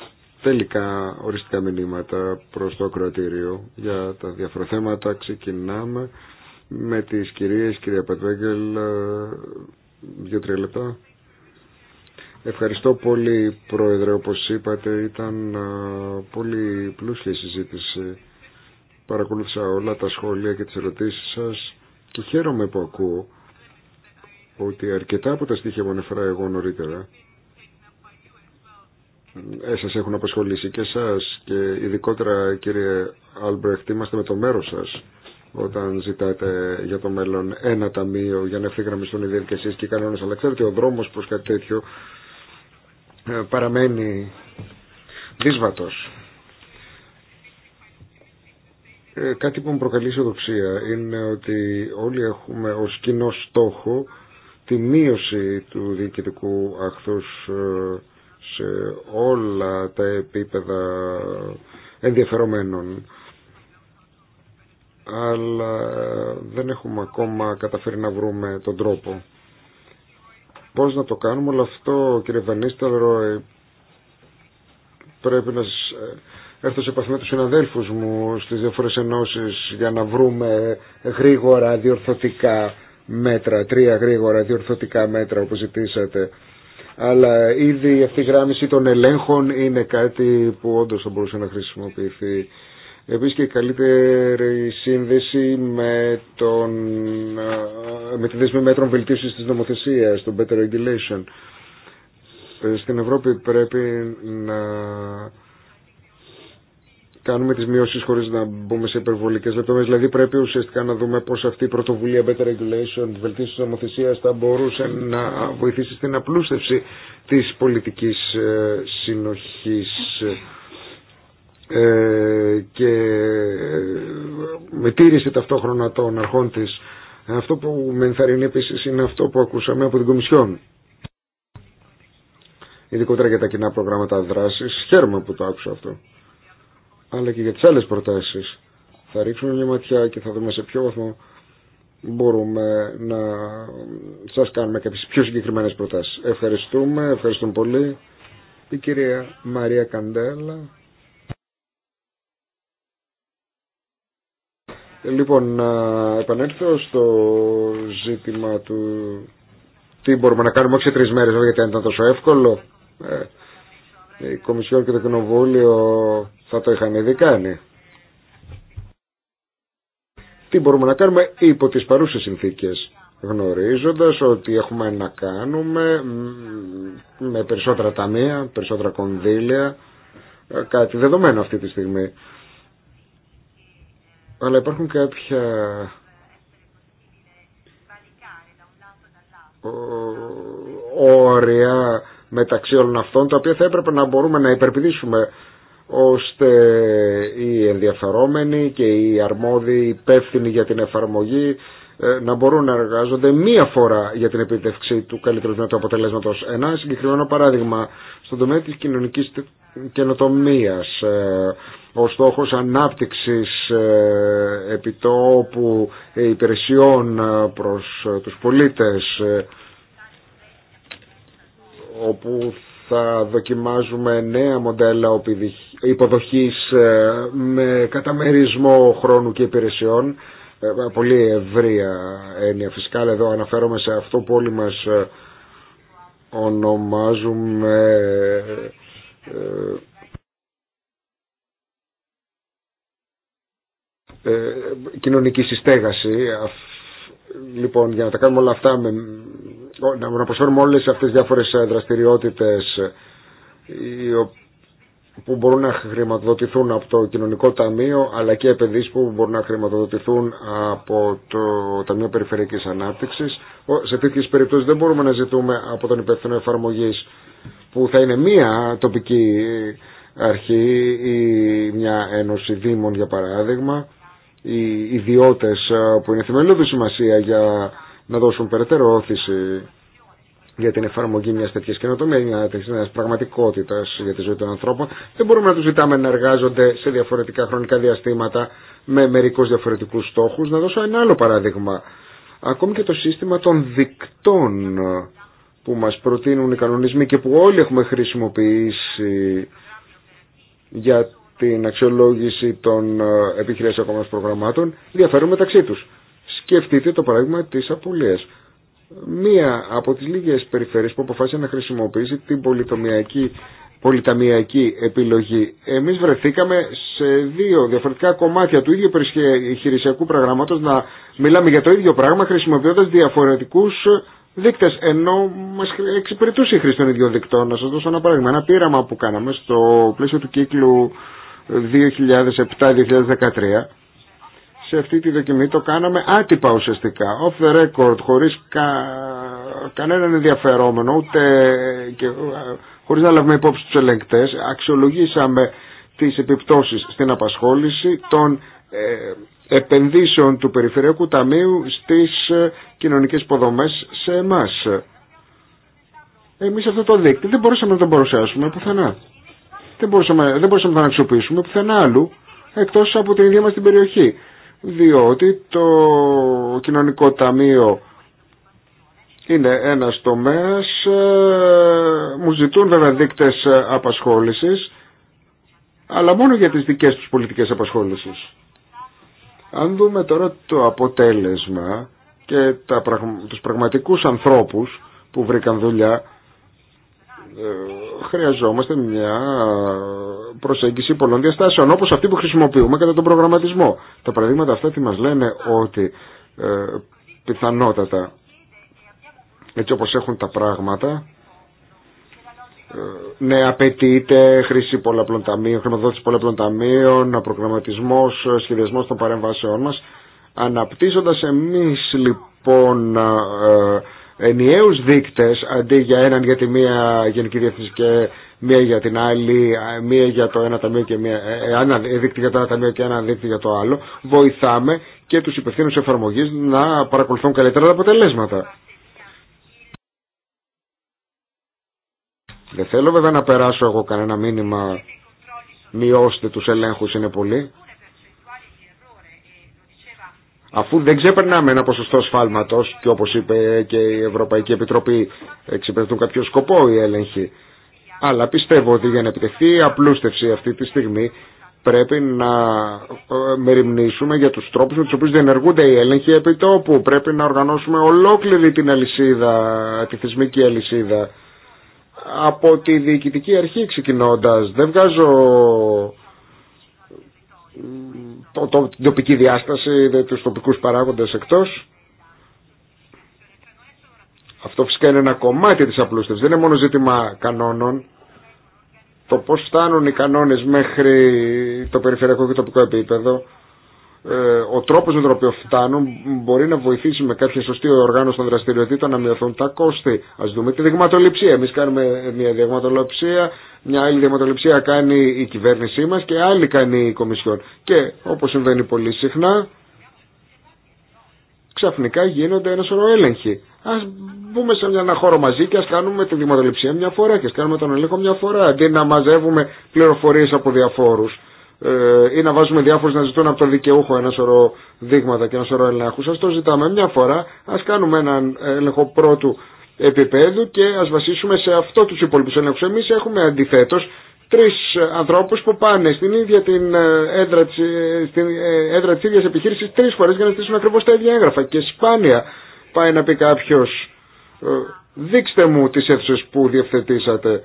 τελικά οριστικά μηνύματα προς το ακροατήριο για τα διάφορα θέματα. Ξεκινάμε με τις κυρίες, κυρία Πετρέγγελ, ε, δύο-τρία λεπτά. Ευχαριστώ πολύ, Πρόεδρε, όπως είπατε, ήταν ε, πολύ πλούσια η συζήτηση. Παρακολούθησα όλα τα σχόλια και τις ερωτήσεις σας και χαίρομαι που ακούω ότι αρκετά από τα στοιχεία που ανέφερα εγώ νωρίτερα ε, έχουν απασχολήσει και σας και ειδικότερα κύριε Αλμπρεχτ είμαστε με το μέρο σας όταν ζητάτε για το μέλλον ένα ταμείο για να ευθυγραμμιστούν οι διευκαισίε και οι κανόνε. Αλλά ξέρετε, ο δρόμο προ κάτι τέτοιο ε, παραμένει δύσβατο. Ε, κάτι που μου προκαλεί ισοδοξία είναι ότι όλοι έχουμε ω κοινό στόχο τη μείωση του διοικητικού αχθούς ε, σε όλα τα επίπεδα ενδιαφερομένων αλλά ε, δεν έχουμε ακόμα καταφέρει να βρούμε τον τρόπο. Πώς να το κάνουμε όλο αυτό, κύριε Ρόι, πρέπει να ε, έρθω σε επαφή με τους συναδέλφους μου στις διάφορες ενώσεις για να βρούμε γρήγορα διορθωτικά μέτρα, τρία γρήγορα διορθωτικά μέτρα όπως ζητήσατε. Αλλά ήδη αυτή η γράμμιση των ελέγχων είναι κάτι που όντως θα μπορούσε να χρησιμοποιηθεί Επίσης και η καλύτερη σύνδεση με, τον, ε, με τη δέσμη μέτρων βελτίωσης της νομοθεσίας, το Better Regulation. Ε, στην Ευρώπη πρέπει να κάνουμε τις μειώσεις χωρίς να μπούμε σε υπερβολικές λεπτομέρειες. Δηλαδή πρέπει ουσιαστικά να δούμε πώς αυτή η πρωτοβουλία Better Regulation, βελτίωση της νομοθεσίας, θα μπορούσε να βοηθήσει στην απλούστευση της πολιτικής ε, συνοχής ε, και ε, με τήρηση ταυτόχρονα των αρχών της. Αυτό που με ενθαρρύνει επίσης είναι αυτό που ακούσαμε από την Κομισιόν. Ειδικότερα για τα κοινά προγράμματα δράσης. Χαίρομαι που το άκουσα αυτό. Αλλά και για τις άλλες προτάσεις. Θα ρίξουμε μια ματιά και θα δούμε σε ποιο βαθμό μπορούμε να σας κάνουμε κάποιες πιο συγκεκριμένες προτάσεις. Ευχαριστούμε, ευχαριστούμε πολύ. Η κυρία Μαρία Καντέλα. Λοιπόν, να επανέλθω στο ζήτημα του τι μπορούμε να κάνουμε όχι σε τρει μέρε, γιατί αν ήταν τόσο εύκολο, ε, η Κομισιόν και το Κοινοβούλιο θα το είχαν ήδη κάνει. Τι μπορούμε να κάνουμε υπό τις παρούσες συνθήκες, γνωρίζοντας ότι έχουμε να κάνουμε με περισσότερα ταμεία, περισσότερα κονδύλια, ε, κάτι δεδομένο αυτή τη στιγμή αλλά υπάρχουν κάποια όρια μεταξύ όλων αυτών τα οποία θα έπρεπε να μπορούμε να υπερπηδήσουμε ώστε οι ενδιαφερόμενοι και οι αρμόδιοι υπεύθυνοι για την εφαρμογή ε, να μπορούν να εργάζονται μία φορά για την επίτευξη του καλύτερου δυνατού αποτελέσματος. Ένα συγκεκριμένο παράδειγμα στον τομέα της κοινωνική καινοτομίας, ε, ο στόχος ανάπτυξης ε, επιτόπου ε, υπηρεσιών προς τους πολίτες, όπου θα δοκιμάζουμε νέα μοντέλα υποδοχής με καταμερισμό χρόνου και υπηρεσιών. Πολύ ευρία έννοια φυσικά, εδώ αναφέρομαι σε αυτό που όλοι μας ονομάζουμε ε, ε, κοινωνική συστέγαση. Λοιπόν, για να τα κάνουμε όλα αυτά, με, να προσφέρουμε όλες αυτές τις διάφορες ε, δραστηριότητες που μπορούν να χρηματοδοτηθούν από το Κοινωνικό Ταμείο, αλλά και επενδύσεις που μπορούν να χρηματοδοτηθούν από το Ταμείο Περιφερειακής Ανάπτυξης. Σε τέτοιες περιπτώσεις δεν μπορούμε να ζητούμε από τον υπεύθυνο εφαρμογής που θα είναι μία τοπική αρχή ή μια ένωση δήμων για παράδειγμα οι ιδιώτες ε, που είναι θεμελιώδη σημασία για να δώσουν περαιτέρω όθηση για την εφαρμογή μιας τέτοιας καινοτομία, μια πραγματικότητας για τη ζωή των ανθρώπων. Δεν μπορούμε να τους ζητάμε να εργάζονται σε διαφορετικά χρονικά διαστήματα με μερικούς διαφορετικούς στόχους. Να δώσω ένα άλλο παράδειγμα. Ακόμη και το σύστημα των δικτών που μας προτείνουν οι κανονισμοί και που όλοι έχουμε χρησιμοποιήσει για την αξιολόγηση των ε, επιχειρήσεων μας προγραμμάτων διαφέρουν μεταξύ τους. Σκεφτείτε το παράδειγμα της απολίας. Μία από τις λίγες περιφέρειες που αποφάσισε να χρησιμοποιήσει την πολυτομιακή πολυταμιακή επιλογή. Εμείς βρεθήκαμε σε δύο διαφορετικά κομμάτια του ίδιου περιχειρησιακού προγράμματος να μιλάμε για το ίδιο πράγμα χρησιμοποιώντας διαφορετικούς δείκτες, ενώ μα εξυπηρετούσε η χρήση των ίδιων δικτών. Να σα δώσω ένα παράδειγμα, ένα πείραμα που κάναμε στο πλαίσιο του κύκλου 2007-2013. Σε αυτή τη δοκιμή το κάναμε άτυπα ουσιαστικά, off the record, χωρίς κανέναν ενδιαφερόμενο, ούτε χωρίς να λάβουμε υπόψη τους ελεγκτές, αξιολογήσαμε τις επιπτώσεις στην απασχόληση των ε, επενδύσεων του Περιφερειακού Ταμείου στις ε, κοινωνικές υποδομές σε εμάς. Εμείς αυτό το δίκτυο δεν μπορούσαμε να το παρουσιάσουμε πουθενά. Δεν μπορούσαμε, δεν μπορούσαμε να το αξιοποιήσουμε πουθενά άλλου εκτός από την ίδια μας την περιοχή. Διότι το κοινωνικό ταμείο είναι ένας τομέας, ε, μου ζητούν βέβαια δείκτες ε, απασχόλησης, αλλά μόνο για τις δικές τους πολιτικές απασχόλησης. Αν δούμε τώρα το αποτέλεσμα και τα, τους πραγματικούς ανθρώπους που βρήκαν δουλειά, ε, χρειαζόμαστε μια προσέγγιση πολλών διαστάσεων όπως αυτή που χρησιμοποιούμε κατά τον προγραμματισμό. Τα παραδείγματα αυτά τι μας λένε ότι ε, πιθανότατα έτσι όπως έχουν τα πράγματα ε, ναι, απαιτείται χρήση πολλαπλών ταμείων, χρηματοδότηση πολλαπλών ταμείων, προγραμματισμό, σχεδιασμό των παρεμβάσεών μα. Αναπτύσσοντα εμεί λοιπόν ε, ενιαίου δείκτε αντί για έναν για τη μία γενική διεύθυνση και μία για την άλλη, μία για το ένα ταμείο και μία, ε, ένα δείκτη για το ένα ταμείο και ένα δείκτη για το άλλο, βοηθάμε και του υπευθύνου εφαρμογή να παρακολουθούν καλύτερα τα αποτελέσματα. Δεν θέλω βέβαια να περάσω εγώ κανένα μήνυμα μειώστε τους ελέγχους είναι πολύ. Αφού δεν ξεπερνάμε ένα ποσοστό σφάλματος και όπως είπε και η Ευρωπαϊκή Επιτροπή εξυπηρετούν κάποιο σκοπό οι έλεγχοι. Αλλά πιστεύω ότι για να επιτευχθεί η απλούστευση αυτή τη στιγμή πρέπει να ε, μεριμνήσουμε για τους τρόπους με τους οποίους διενεργούνται οι έλεγχοι επί τόπου. Πρέπει να οργανώσουμε ολόκληρη την αλυσίδα, τη θεσμική αλυσίδα από τη διοικητική αρχή ξεκινώντας. Δεν βγάζω το, το, την τοπική διάσταση, δε, τους τοπικούς παράγοντες εκτός. Αυτό φυσικά είναι ένα κομμάτι της απλούστευσης. Δεν είναι μόνο ζήτημα κανόνων. Το πώς φτάνουν οι κανόνες μέχρι το περιφερειακό και τοπικό επίπεδο ε, ο τρόπο με τον οποίο φτάνουν μπορεί να βοηθήσει με κάποια σωστή οργάνωση των δραστηριοτήτων να μειωθούν τα κόστη. Α δούμε τη δειγματοληψία. Εμεί κάνουμε μια δειγματοληψία, μια άλλη δειγματοληψία κάνει η κυβέρνησή μα και άλλη κάνει η Κομισιόν. Και όπω συμβαίνει πολύ συχνά, ξαφνικά γίνονται ένα σωρό έλεγχοι. Ας μπούμε σε ένα χώρο μαζί και α κάνουμε τη δειγματοληψία μια φορά και α κάνουμε τον έλεγχο μια φορά, αντί να μαζεύουμε πληροφορίε από διαφόρου. Ε, ή να βάζουμε διάφορους να ζητούν από τον δικαιούχο ένα σωρό δείγματα και ένα σωρό ελέγχου. Σας το ζητάμε μια φορά, ας κάνουμε έναν έλεγχο πρώτου επίπεδου και ας βασίσουμε σε αυτό τους υπόλοιπους ελέγχους. Εμείς έχουμε αντιθέτως τρεις ανθρώπους που πάνε στην ίδια την ε, έδρα ε, στην έδρα της ίδιας επιχείρησης τρεις φορές για να στήσουν ακριβώς τα ίδια έγγραφα και σπάνια πάει να πει κάποιος δείξτε μου τις αίθουσες που διευθετήσατε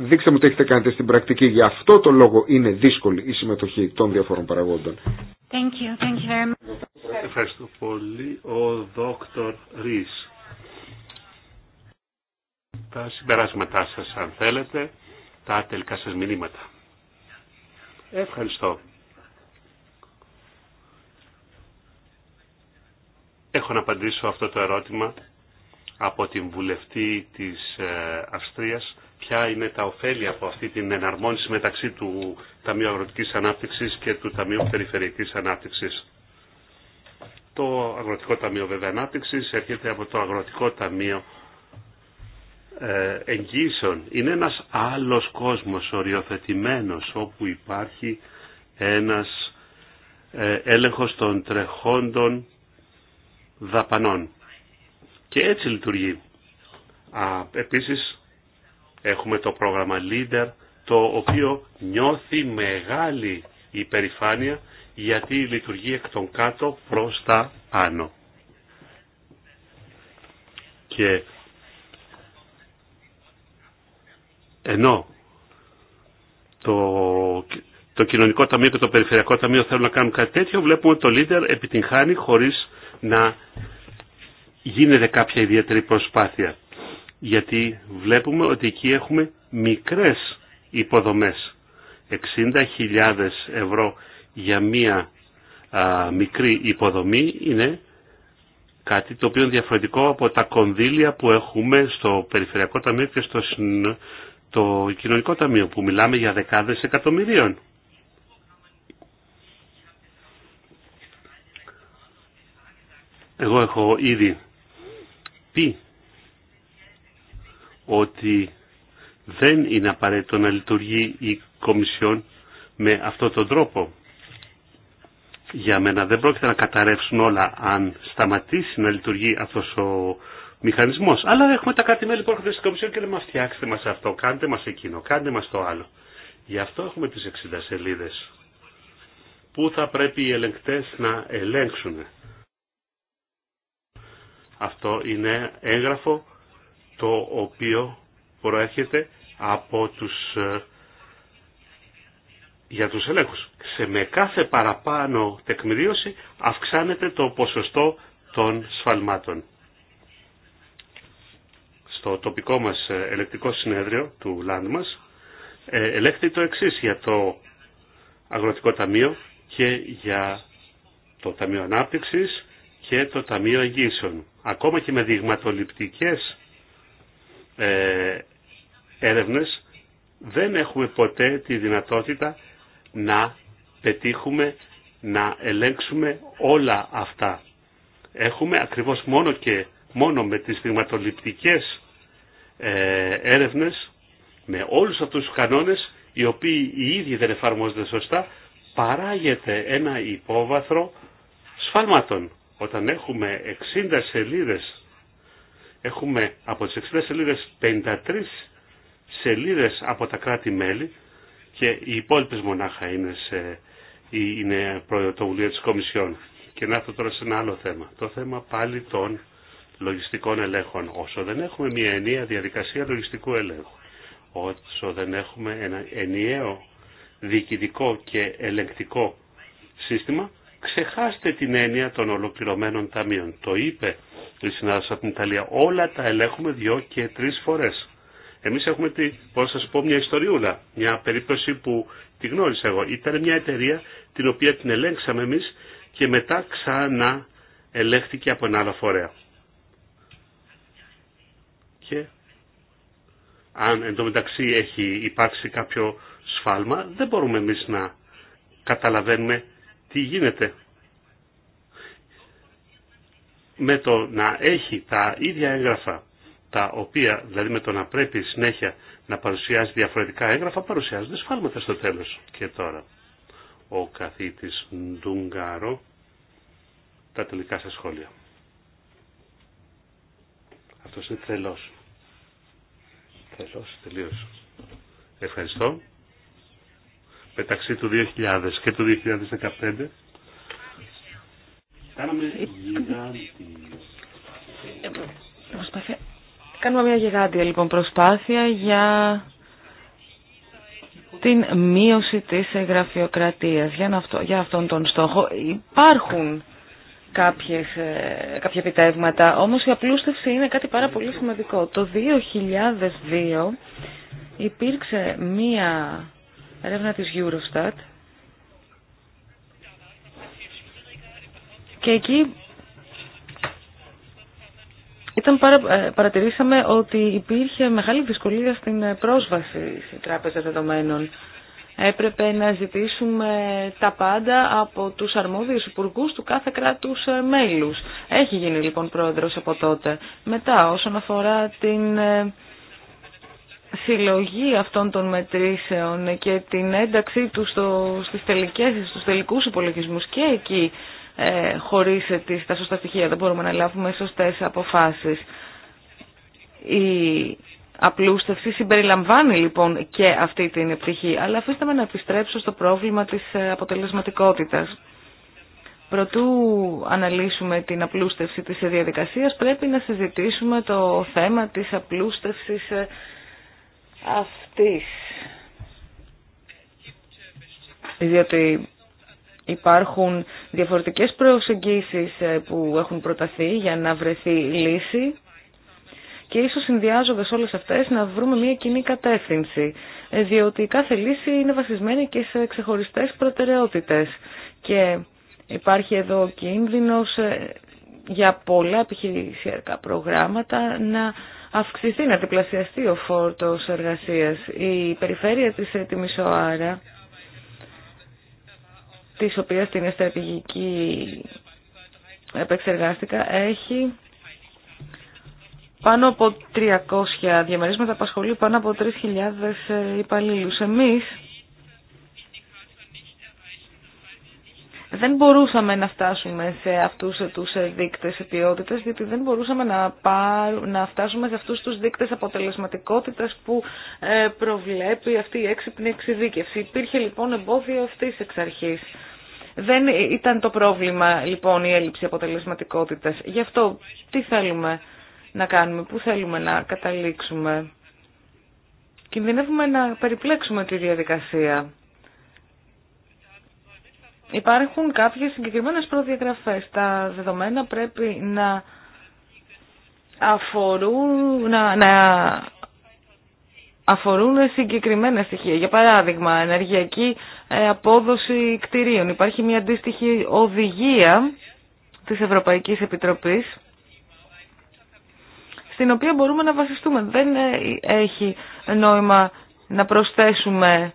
Δείξτε μου τι έχετε κάνει στην πρακτική. Γι' αυτό το λόγο είναι δύσκολη η συμμετοχή των διαφόρων παραγόντων. Thank you. Thank you very much. Ευχαριστώ πολύ. Ο Δόκτωρ Ρης. Τα συμπεράσματά σας αν θέλετε, τα τελικά σας μηνύματα. Ευχαριστώ. Έχω να απαντήσω αυτό το ερώτημα από την βουλευτή της ε, Αυστρίας ποια είναι τα ωφέλη από αυτή την εναρμόνιση μεταξύ του Ταμείου Αγροτικής Ανάπτυξης και του Ταμείου Περιφερειακής Ανάπτυξης. Το Αγροτικό Ταμείο Βέβαια Ανάπτυξης έρχεται από το Αγροτικό Ταμείο ε, Εγγύσεων. Είναι ένας άλλος κόσμος οριοθετημένος όπου υπάρχει ένας ε, έλεγχος των τρεχόντων δαπανών. Και έτσι λειτουργεί. Α, επίσης Έχουμε το πρόγραμμα Leader, το οποίο νιώθει μεγάλη υπερηφάνεια γιατί λειτουργεί εκ των κάτω προς τα πάνω. Και ενώ το, το Κοινωνικό Ταμείο και το Περιφερειακό Ταμείο θέλουν να κάνουν κάτι τέτοιο, βλέπουμε ότι το Leader επιτυγχάνει χωρίς να γίνεται κάποια ιδιαίτερη προσπάθεια γιατί βλέπουμε ότι εκεί έχουμε μικρές υποδομές. 60.000 ευρώ για μία μικρή υποδομή είναι κάτι το οποίο είναι διαφορετικό από τα κονδύλια που έχουμε στο Περιφερειακό Ταμείο και στο το Κοινωνικό Ταμείο που μιλάμε για δεκάδες εκατομμυρίων. Εγώ έχω ήδη πει ότι δεν είναι απαραίτητο να λειτουργεί η Κομισιόν με αυτόν τον τρόπο. Για μένα δεν πρόκειται να καταρρεύσουν όλα αν σταματήσει να λειτουργεί αυτός ο μηχανισμός. Αλλά έχουμε τα κάτι μέλη που έρχονται στην Κομισιόν και λέμε μα φτιάξτε μας αυτό, κάντε μας εκείνο, κάντε μας το άλλο. Γι' αυτό έχουμε τις 60 σελίδες που θα πρέπει οι ελεγκτές να ελέγξουν. Αυτό είναι έγγραφο το οποίο προέρχεται από τους, ε, για τους ελέγχους. Σε με κάθε παραπάνω τεκμηρίωση αυξάνεται το ποσοστό των σφαλμάτων. Στο τοπικό μας ε, ελεκτικό συνέδριο του Λάντ μας ε, ελέγχθη το εξής για το Αγροτικό Ταμείο και για το Ταμείο Ανάπτυξης και το Ταμείο Εγγύσεων. Ακόμα και με δειγματοληπτικές ε, έρευνες δεν έχουμε ποτέ τη δυνατότητα να πετύχουμε να ελέγξουμε όλα αυτά. Έχουμε ακριβώς μόνο και μόνο με τις στιγματοληπτικές ε, έρευνες, με όλους αυτούς τους κανόνες, οι οποίοι οι ίδιοι δεν εφαρμόζονται σωστά, παράγεται ένα υπόβαθρο σφάλματων. Όταν έχουμε 60 σελίδες Έχουμε από τις 60 σελίδες 53 σελίδες από τα κράτη-μέλη και οι υπόλοιπε μονάχα είναι, σε, είναι πρωτοβουλία της Κομισιόν. Και να έρθω τώρα σε ένα άλλο θέμα. Το θέμα πάλι των λογιστικών ελέγχων. Όσο δεν έχουμε μια ενιαία διαδικασία λογιστικού ελέγχου, όσο δεν έχουμε ένα ενιαίο διοικητικό και ελεγκτικό σύστημα, ξεχάστε την έννοια των ολοκληρωμένων ταμείων. Το είπε η συνάδελφος από την Ιταλία. Όλα τα ελέγχουμε δύο και τρεις φορές. Εμείς έχουμε, τη, μπορώ να σας πω μια ιστοριούλα, μια περίπτωση που τη γνώρισα εγώ. Ήταν μια εταιρεία την οποία την ελέγξαμε εμείς και μετά ξανά ελέγχθηκε από ένα άλλο φορέα. Και αν μεταξύ έχει υπάρξει κάποιο σφάλμα, δεν μπορούμε εμείς να καταλαβαίνουμε τι γίνεται με το να έχει τα ίδια έγγραφα τα οποία, δηλαδή με το να πρέπει συνέχεια να παρουσιάζει διαφορετικά έγγραφα, παρουσιάζονται σφάλματα στο τέλος. Και τώρα, ο καθήτης Ντουγκάρο, τα τελικά σας σχόλια. Αυτός είναι τελός. Τελός, τελείως. Ευχαριστώ. Μεταξύ του 2000 και του 2015, Κάναμε ε, Κάνουμε μια γιγάντια λοιπόν προσπάθεια για την μείωση της εγγραφειοκρατίας. Για, αυτό, για αυτόν τον στόχο υπάρχουν κάποιες, ε, κάποια επιτεύγματα, όμως η απλούστευση είναι κάτι πάρα πολύ σημαντικό. Το 2002 υπήρξε μία έρευνα της Eurostat Και εκεί ήταν ε, παρατηρήσαμε ότι υπήρχε μεγάλη δυσκολία στην πρόσβαση στην τράπεζα δεδομένων. Έπρεπε να ζητήσουμε τα πάντα από τους αρμόδιους υπουργούς του κάθε κράτους ε, μέλους. Έχει γίνει λοιπόν πρόεδρος από τότε. Μετά όσον αφορά την ε, συλλογή αυτών των μετρήσεων και την ένταξή τους στο, στις τελικές, στους τελικούς υπολογισμούς και εκεί ε, χωρίς τις, τα σωστά στοιχεία. Δεν μπορούμε να λάβουμε σωστές αποφάσεις. Η απλούστευση συμπεριλαμβάνει λοιπόν και αυτή την πτυχή. Αλλά αφήστε με να επιστρέψω στο πρόβλημα της ε, αποτελεσματικότητας. Προτού αναλύσουμε την απλούστευση της διαδικασίας, πρέπει να συζητήσουμε το θέμα της απλούστευσης ε, αυτής. Διότι Υπάρχουν διαφορετικές προσεγγίσεις ε, που έχουν προταθεί για να βρεθεί λύση και ίσως συνδυάζοντα όλες αυτές να βρούμε μια κοινή κατεύθυνση, ε, διότι κάθε λύση είναι βασισμένη και σε ξεχωριστές προτεραιότητες και υπάρχει εδώ κίνδυνος ε, για πολλά επιχειρησιακά προγράμματα να αυξηθεί, να διπλασιαστεί ο φόρτος εργασίας. Η περιφέρεια της Τιμισοάρα της οποίας την στρατηγική επεξεργάστηκα, έχει πάνω από 300 διαμερίσματα, απασχολεί πάνω από 3.000 ε, υπαλλήλους. Εμείς δεν μπορούσαμε να φτάσουμε σε αυτού τους δείκτες ποιότητα, διότι δεν μπορούσαμε να, να φτάσουμε σε αυτού του δείκτες αποτελεσματικότητα που ε, προβλέπει αυτή η έξυπνη εξειδίκευση. Υπήρχε λοιπόν εμπόδιο αυτή εξ αρχή. Δεν ήταν το πρόβλημα λοιπόν η έλλειψη αποτελεσματικότητα. Γι' αυτό τι θέλουμε να κάνουμε, πού θέλουμε να καταλήξουμε. Κινδυνεύουμε να περιπλέξουμε τη διαδικασία υπάρχουν κάποιες συγκεκριμένες προδιαγραφές. Τα δεδομένα πρέπει να αφορούν, να, να αφορούν συγκεκριμένα στοιχεία. Για παράδειγμα, ενεργειακή ε, απόδοση κτηρίων. Υπάρχει μια αντίστοιχη οδηγία της Ευρωπαϊκής Επιτροπής στην οποία μπορούμε να βασιστούμε. Δεν ε, έχει νόημα να προσθέσουμε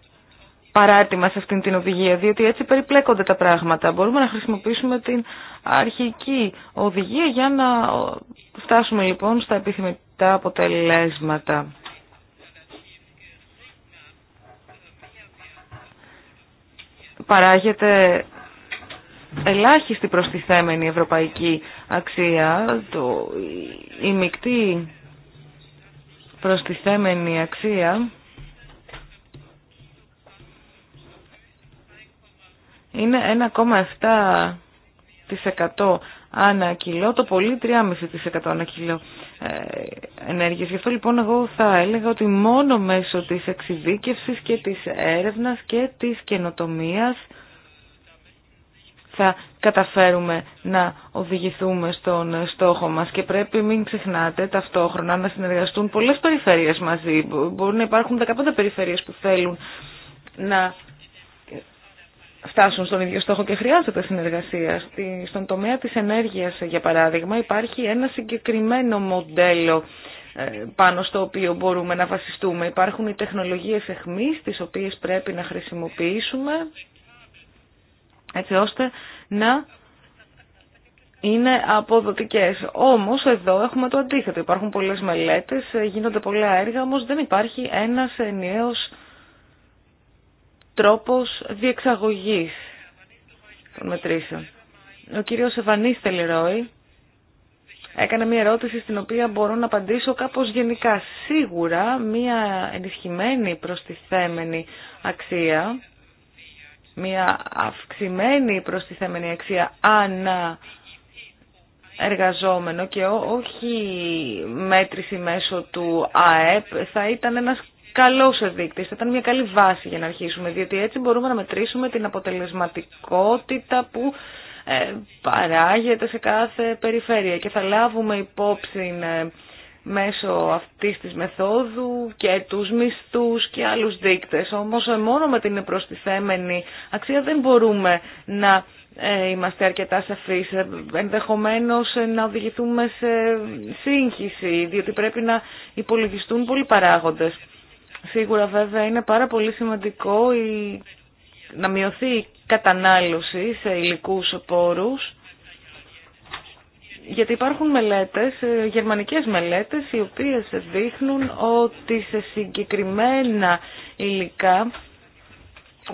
παράρτημα σε αυτήν την οδηγία, διότι έτσι περιπλέκονται τα πράγματα. Μπορούμε να χρησιμοποιήσουμε την αρχική οδηγία για να φτάσουμε λοιπόν στα επιθυμητά αποτελέσματα. Παράγεται ελάχιστη προστιθέμενη ευρωπαϊκή αξία, το, η μεικτή προστιθέμενη αξία είναι 1,7% ανά κιλό, το πολύ 3,5% ανά κιλό ενέργειας. Γι' αυτό λοιπόν εγώ θα έλεγα ότι μόνο μέσω της εξειδίκευσης και της έρευνας και της καινοτομίας θα καταφέρουμε να οδηγηθούμε στον στόχο μας και πρέπει μην ξεχνάτε ταυτόχρονα να συνεργαστούν πολλές περιφέρειες μαζί. Μπορεί να υπάρχουν 15 περιφέρειες που θέλουν να φτάσουν στον ίδιο στόχο και χρειάζεται συνεργασία. Στον τομέα της ενέργειας, για παράδειγμα, υπάρχει ένα συγκεκριμένο μοντέλο ε, πάνω στο οποίο μπορούμε να βασιστούμε. Υπάρχουν οι τεχνολογίες εχμής, τις οποίες πρέπει να χρησιμοποιήσουμε, έτσι ώστε να είναι αποδοτικές. Όμως εδώ έχουμε το αντίθετο. Υπάρχουν πολλές μελέτες, ε, γίνονται πολλά έργα, όμως δεν υπάρχει ένας ενιαίος τρόπος διεξαγωγής των μετρήσεων. Ο κύριος Ευανίστελ Ρόι έκανε μια ερώτηση στην οποία μπορώ να απαντήσω κάπως γενικά. Σίγουρα μια ενισχυμένη προστιθέμενη αξία, μια αυξημένη προστιθέμενη αξία ανά εργαζόμενο και όχι μέτρηση μέσω του ΑΕΠ θα ήταν ένας Καλό σε δείκτης, θα ήταν μια καλή βάση για να αρχίσουμε, διότι έτσι μπορούμε να μετρήσουμε την αποτελεσματικότητα που ε, παράγεται σε κάθε περιφέρεια και θα λάβουμε υπόψη ε, μέσω αυτής της μεθόδου και τους μισθούς και άλλους δείκτες. Όμως ε, μόνο με την προστιθέμενη αξία δεν μπορούμε να είμαστε αρκετά σαφείς. Ενδεχομένως να οδηγηθούμε σε σύγχυση, διότι πρέπει να υπολογιστούν πολλοί παράγοντες. Σίγουρα βέβαια είναι πάρα πολύ σημαντικό η... να μειωθεί η κατανάλωση σε υλικούς πόρους γιατί υπάρχουν μελέτες, ε, γερμανικές μελέτες, οι οποίες δείχνουν ότι σε συγκεκριμένα υλικά,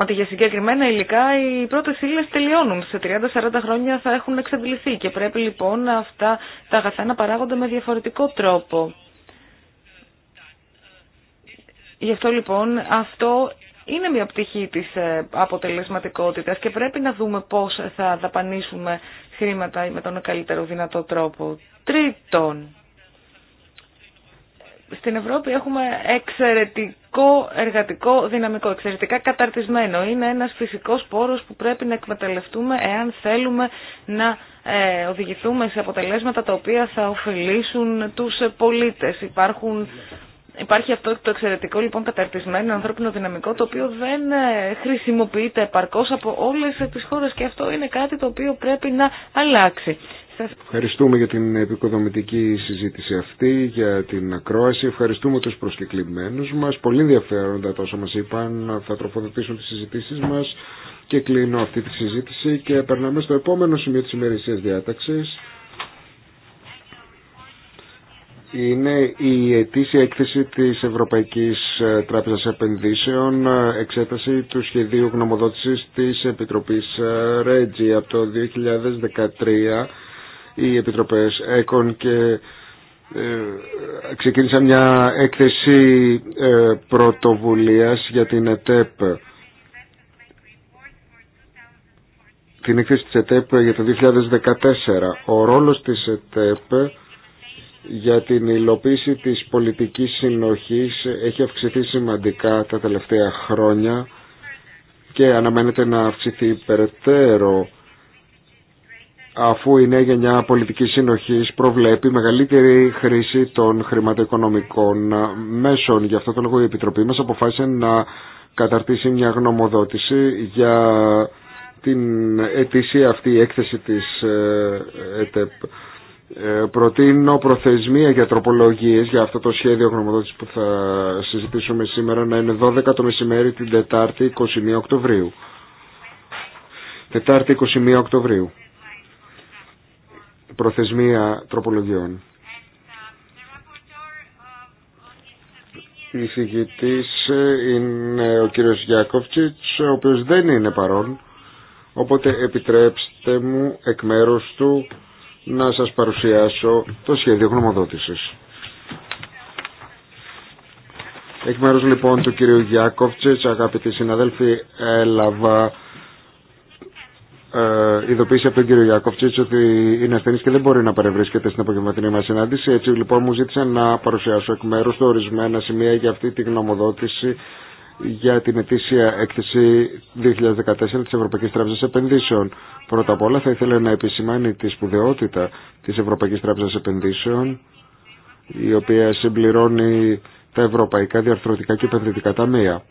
ότι για συγκεκριμένα υλικά οι πρώτες ύλες τελειώνουν. Σε 30-40 χρόνια θα έχουν εξαντληθεί και πρέπει λοιπόν αυτά τα αγαθά να παράγονται με διαφορετικό τρόπο. Γι' αυτό λοιπόν αυτό είναι μια πτυχή της ε, αποτελεσματικότητας και πρέπει να δούμε πώς θα δαπανίσουμε χρήματα με τον καλύτερο δυνατό τρόπο. Τρίτον, στην Ευρώπη έχουμε εξαιρετικό εργατικό δυναμικό, εξαιρετικά καταρτισμένο. Είναι ένας φυσικός πόρος που πρέπει να εκμεταλλευτούμε εάν θέλουμε να ε, οδηγηθούμε σε αποτελέσματα τα οποία θα ωφελήσουν τους πολίτες. Υπάρχουν Υπάρχει αυτό το εξαιρετικό λοιπόν καταρτισμένο ανθρώπινο δυναμικό το οποίο δεν ε, χρησιμοποιείται επαρκώς από όλες ε, τις χώρες και αυτό είναι κάτι το οποίο πρέπει να αλλάξει. Ευχαριστούμε για την επικοδομητική συζήτηση αυτή, για την ακρόαση. Ευχαριστούμε τους προσκεκλημένους μας. Πολύ ενδιαφέροντα τόσο μας είπαν, θα τροφοδοτήσουν τις συζητήσεις μας και κλείνω αυτή τη συζήτηση και περνάμε στο επόμενο σημείο της ημερησίας διάταξης είναι η ετήσια έκθεση της Ευρωπαϊκής Τράπεζας Επενδύσεων εξέταση του σχεδίου γνωμοδότησης της Επιτροπής Ρέτζι από το 2013 οι Επιτροπές ΕΚΟΝ και ε, ξεκίνησαν μια έκθεση ε, πρωτοβουλίας για την ΕΤΕΠ την έκθεση της ΕΤΕΠ για το 2014 ο ρόλος της ΕΤΕΠ για την υλοποίηση της πολιτικής συνοχής έχει αυξηθεί σημαντικά τα τελευταία χρόνια και αναμένεται να αυξηθεί περαιτέρω αφού η νέα γενιά πολιτικής συνοχής προβλέπει μεγαλύτερη χρήση των χρηματοοικονομικών μέσων. Γι' αυτό το λόγο η Επιτροπή μας αποφάσισε να καταρτήσει μια γνωμοδότηση για την ετήσια αυτή η έκθεση της ε, ΕΤΕΠ. Ε, προτείνω προθεσμία για τροπολογίες για αυτό το σχέδιο γνωμοδότηση που θα συζητήσουμε σήμερα να είναι 12 το μεσημέρι την Τετάρτη 21 Οκτωβρίου. Τετάρτη 21 Οκτωβρίου. Προθεσμία τροπολογιών. Η συγκητής είναι ο κύριος Γιάκοφτσιτς, ο οποίος δεν είναι παρόν, οπότε επιτρέψτε μου εκ μέρους του να σας παρουσιάσω το σχέδιο γνωμοδότησης. Εκ μέρους λοιπόν του κυρίου Γιάκοφτσης, αγαπητοί συναδέλφοι, έλαβα ε, ειδοποίηση από τον κύριο Γιάκοφτσιτ ότι είναι ασθενή και δεν μπορεί να παρευρίσκεται στην απογευματινή μας συνάντηση. Έτσι λοιπόν μου ζήτησε να παρουσιάσω εκ μέρους του ορισμένα σημεία για αυτή τη γνωμοδότηση για την ετήσια έκθεση 2014 της Ευρωπαϊκής Τράπεζας Επενδύσεων. Πρώτα απ' όλα θα ήθελα να επισημάνει τη σπουδαιότητα της Ευρωπαϊκής Τράπεζας Επενδύσεων η οποία συμπληρώνει τα ευρωπαϊκά διαρθρωτικά και επενδυτικά ταμεία.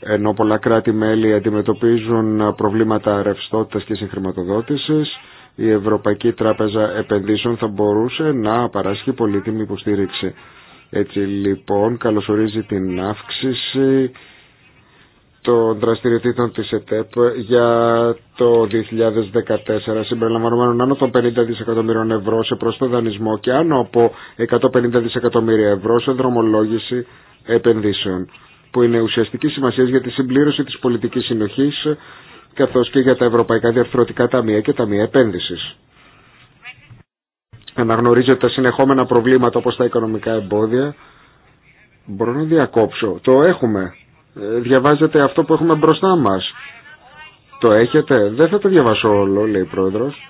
Ενώ πολλά κράτη-μέλη αντιμετωπίζουν προβλήματα ρευστότητας και συγχρηματοδότησης, η Ευρωπαϊκή Τράπεζα Επενδύσεων θα μπορούσε να παράσχει πολύτιμη υποστήριξη έτσι λοιπόν καλωσορίζει την αύξηση των δραστηριοτήτων της ΕΤΕΠ για το 2014 συμπεριλαμβανομένων άνω των 50 δισεκατομμυρίων ευρώ σε το δανεισμό και άνω από 150 δισεκατομμύρια ευρώ σε δρομολόγηση επενδύσεων που είναι ουσιαστική σημασία για τη συμπλήρωση της πολιτικής συνοχής καθώς και για τα ευρωπαϊκά διαρθρωτικά ταμεία και ταμεία επένδυσης να τα συνεχόμενα προβλήματα όπως τα οικονομικά εμπόδια μπορώ να διακόψω. Το έχουμε. Ε, διαβάζετε αυτό που έχουμε μπροστά μας. Το έχετε. Δεν θα το διαβάσω όλο, λέει η Πρόεδρος.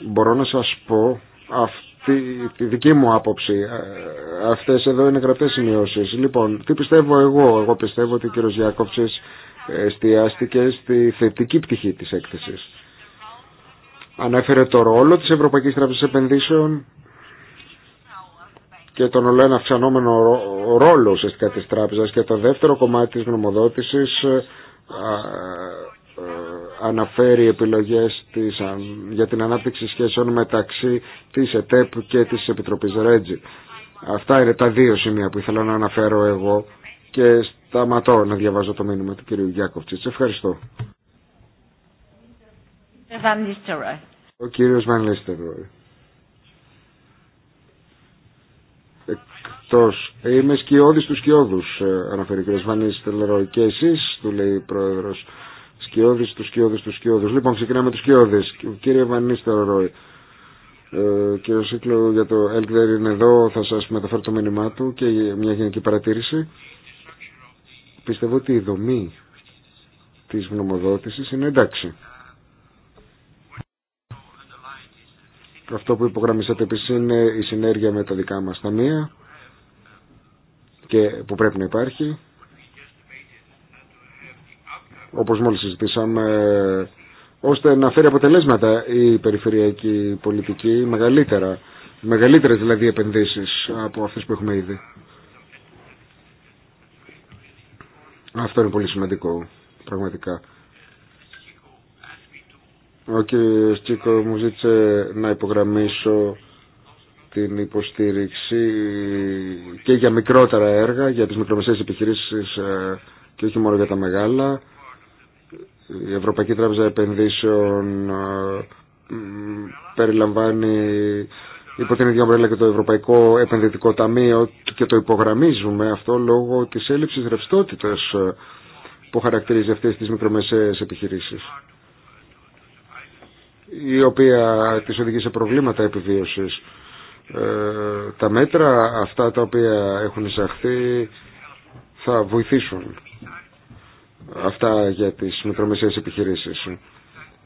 Μπορώ να σας πω αυτή τη δική μου άποψη. Ε, αυτές εδώ είναι γραπτές σημειώσεις. Λοιπόν, τι πιστεύω εγώ. Εγώ πιστεύω ότι ο κύριος Γιάκοψης εστιάστηκε στη θετική πτυχή της έκθεσης. Ανέφερε το ρόλο της Ευρωπαϊκής Τράπεζας Επενδύσεων και τον ολένα αυξανόμενο ρόλο ουσιαστικά της τράπεζας και το δεύτερο κομμάτι της γνωμοδότησης ε, ε, αναφέρει επιλογές της, για την ανάπτυξη σχέσεων μεταξύ της ΕΤΕΠ και της Επιτροπής Ρέτζι. Αυτά είναι τα δύο σημεία που ήθελα να αναφέρω εγώ και σταματώ να διαβάζω το μήνυμα του κ. Γιάκοφτσιτς. Ευχαριστώ. Ο κύριος Βαν Εκτό. Εκτός. Είμαι σκιώδης του σκιώδους, ε, αναφέρει ο κύριος Βαν Και εσείς, του λέει ο πρόεδρος, σκιώδης του σκιώδους του σκιώδους. Λοιπόν, ξεκινάμε του σκιώδες. Κύριε Βαν Λίστεροι. Ε, κύριο Σίκλο για το Έλκδερ είναι εδώ, θα σας μεταφέρω το μήνυμά του και μια γενική παρατήρηση. Πιστεύω ότι η δομή της γνωμοδότησης είναι εντάξει. Αυτό που υπογραμμίσατε επίσης είναι η συνέργεια με τα δικά μας ταμεία και που πρέπει να υπάρχει. Όπως μόλις συζητήσαμε, ώστε να φέρει αποτελέσματα η περιφερειακή πολιτική μεγαλύτερα, μεγαλύτερες δηλαδή επενδύσεις από αυτές που έχουμε ήδη. Αυτό είναι πολύ σημαντικό, πραγματικά. Ο κ. Στίκο μου ζήτησε να υπογραμμίσω την υποστήριξη και για μικρότερα έργα, για τις μικρομεσαίες επιχειρήσεις ε, και όχι μόνο για τα μεγάλα. Η Ευρωπαϊκή Τράπεζα Επενδύσεων ε, περιλαμβάνει υπό την ίδια ομπρέλα και το Ευρωπαϊκό Επενδυτικό Ταμείο και το υπογραμμίζουμε αυτό λόγω της έλλειψης ρευστότητας που χαρακτηρίζει αυτές τις μικρομεσαίες επιχειρήσεις η οποία τις οδηγεί σε προβλήματα επιβίωσης. Ε, τα μέτρα αυτά τα οποία έχουν εισαχθεί θα βοηθήσουν αυτά για τις μικρομεσαίες επιχειρήσεις.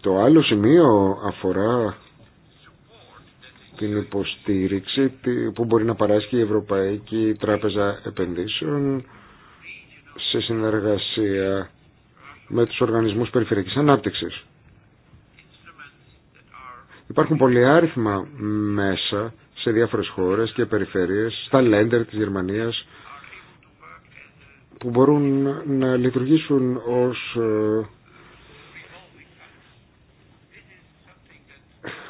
Το άλλο σημείο αφορά την υποστήριξη που μπορεί να παράσχει η Ευρωπαϊκή Τράπεζα Επενδύσεων σε συνεργασία με τους οργανισμούς περιφερειακής ανάπτυξης. Υπάρχουν πολλοί άριθμα μέσα σε διάφορες χώρες και περιφέρειες, στα Λέντερ της Γερμανίας, που μπορούν να λειτουργήσουν ως ε,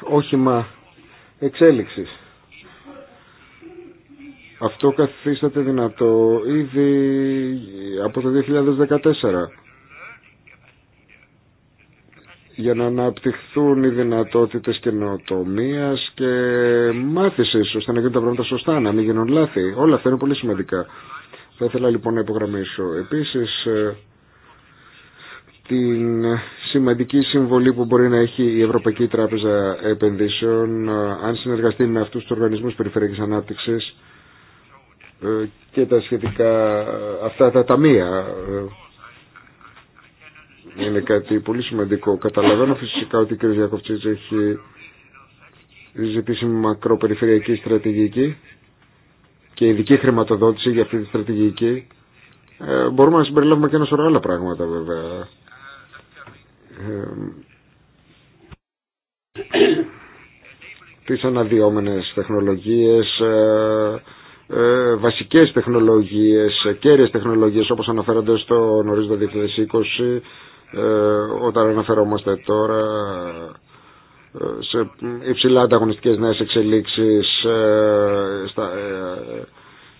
όχημα εξέλιξης. Αυτό καθίσταται δυνατό ήδη από το 2014 για να αναπτυχθούν οι δυνατότητες καινοτομία και μάθησης ώστε να γίνουν τα πράγματα σωστά, να μην γίνουν λάθη. Όλα αυτά είναι πολύ σημαντικά. Θα ήθελα λοιπόν να υπογραμμίσω επίσης ε, την σημαντική συμβολή που μπορεί να έχει η Ευρωπαϊκή Τράπεζα Επενδύσεων ε, αν συνεργαστεί με αυτούς τους οργανισμούς περιφερειακής ανάπτυξης ε, και τα σχετικά αυτά τα ταμεία είναι κάτι πολύ σημαντικό. Καταλαβαίνω φυσικά ότι ο κ. Γιακοφτσίτς έχει ζητήσει μακροπεριφερειακή στρατηγική και ειδική χρηματοδότηση για αυτή τη στρατηγική. Ε, μπορούμε να συμπεριλάβουμε και ένα σωρό άλλα πράγματα βέβαια. Ε, τις αναδυόμενες τεχνολογίες, ε, ε, βασικές τεχνολογίες, κέρυες τεχνολογίες όπως αναφέρονται στο νορίζοντα 2020, ε, όταν αναφερόμαστε τώρα ε, σε υψηλά ανταγωνιστικές νέες εξελίξεις ε, στα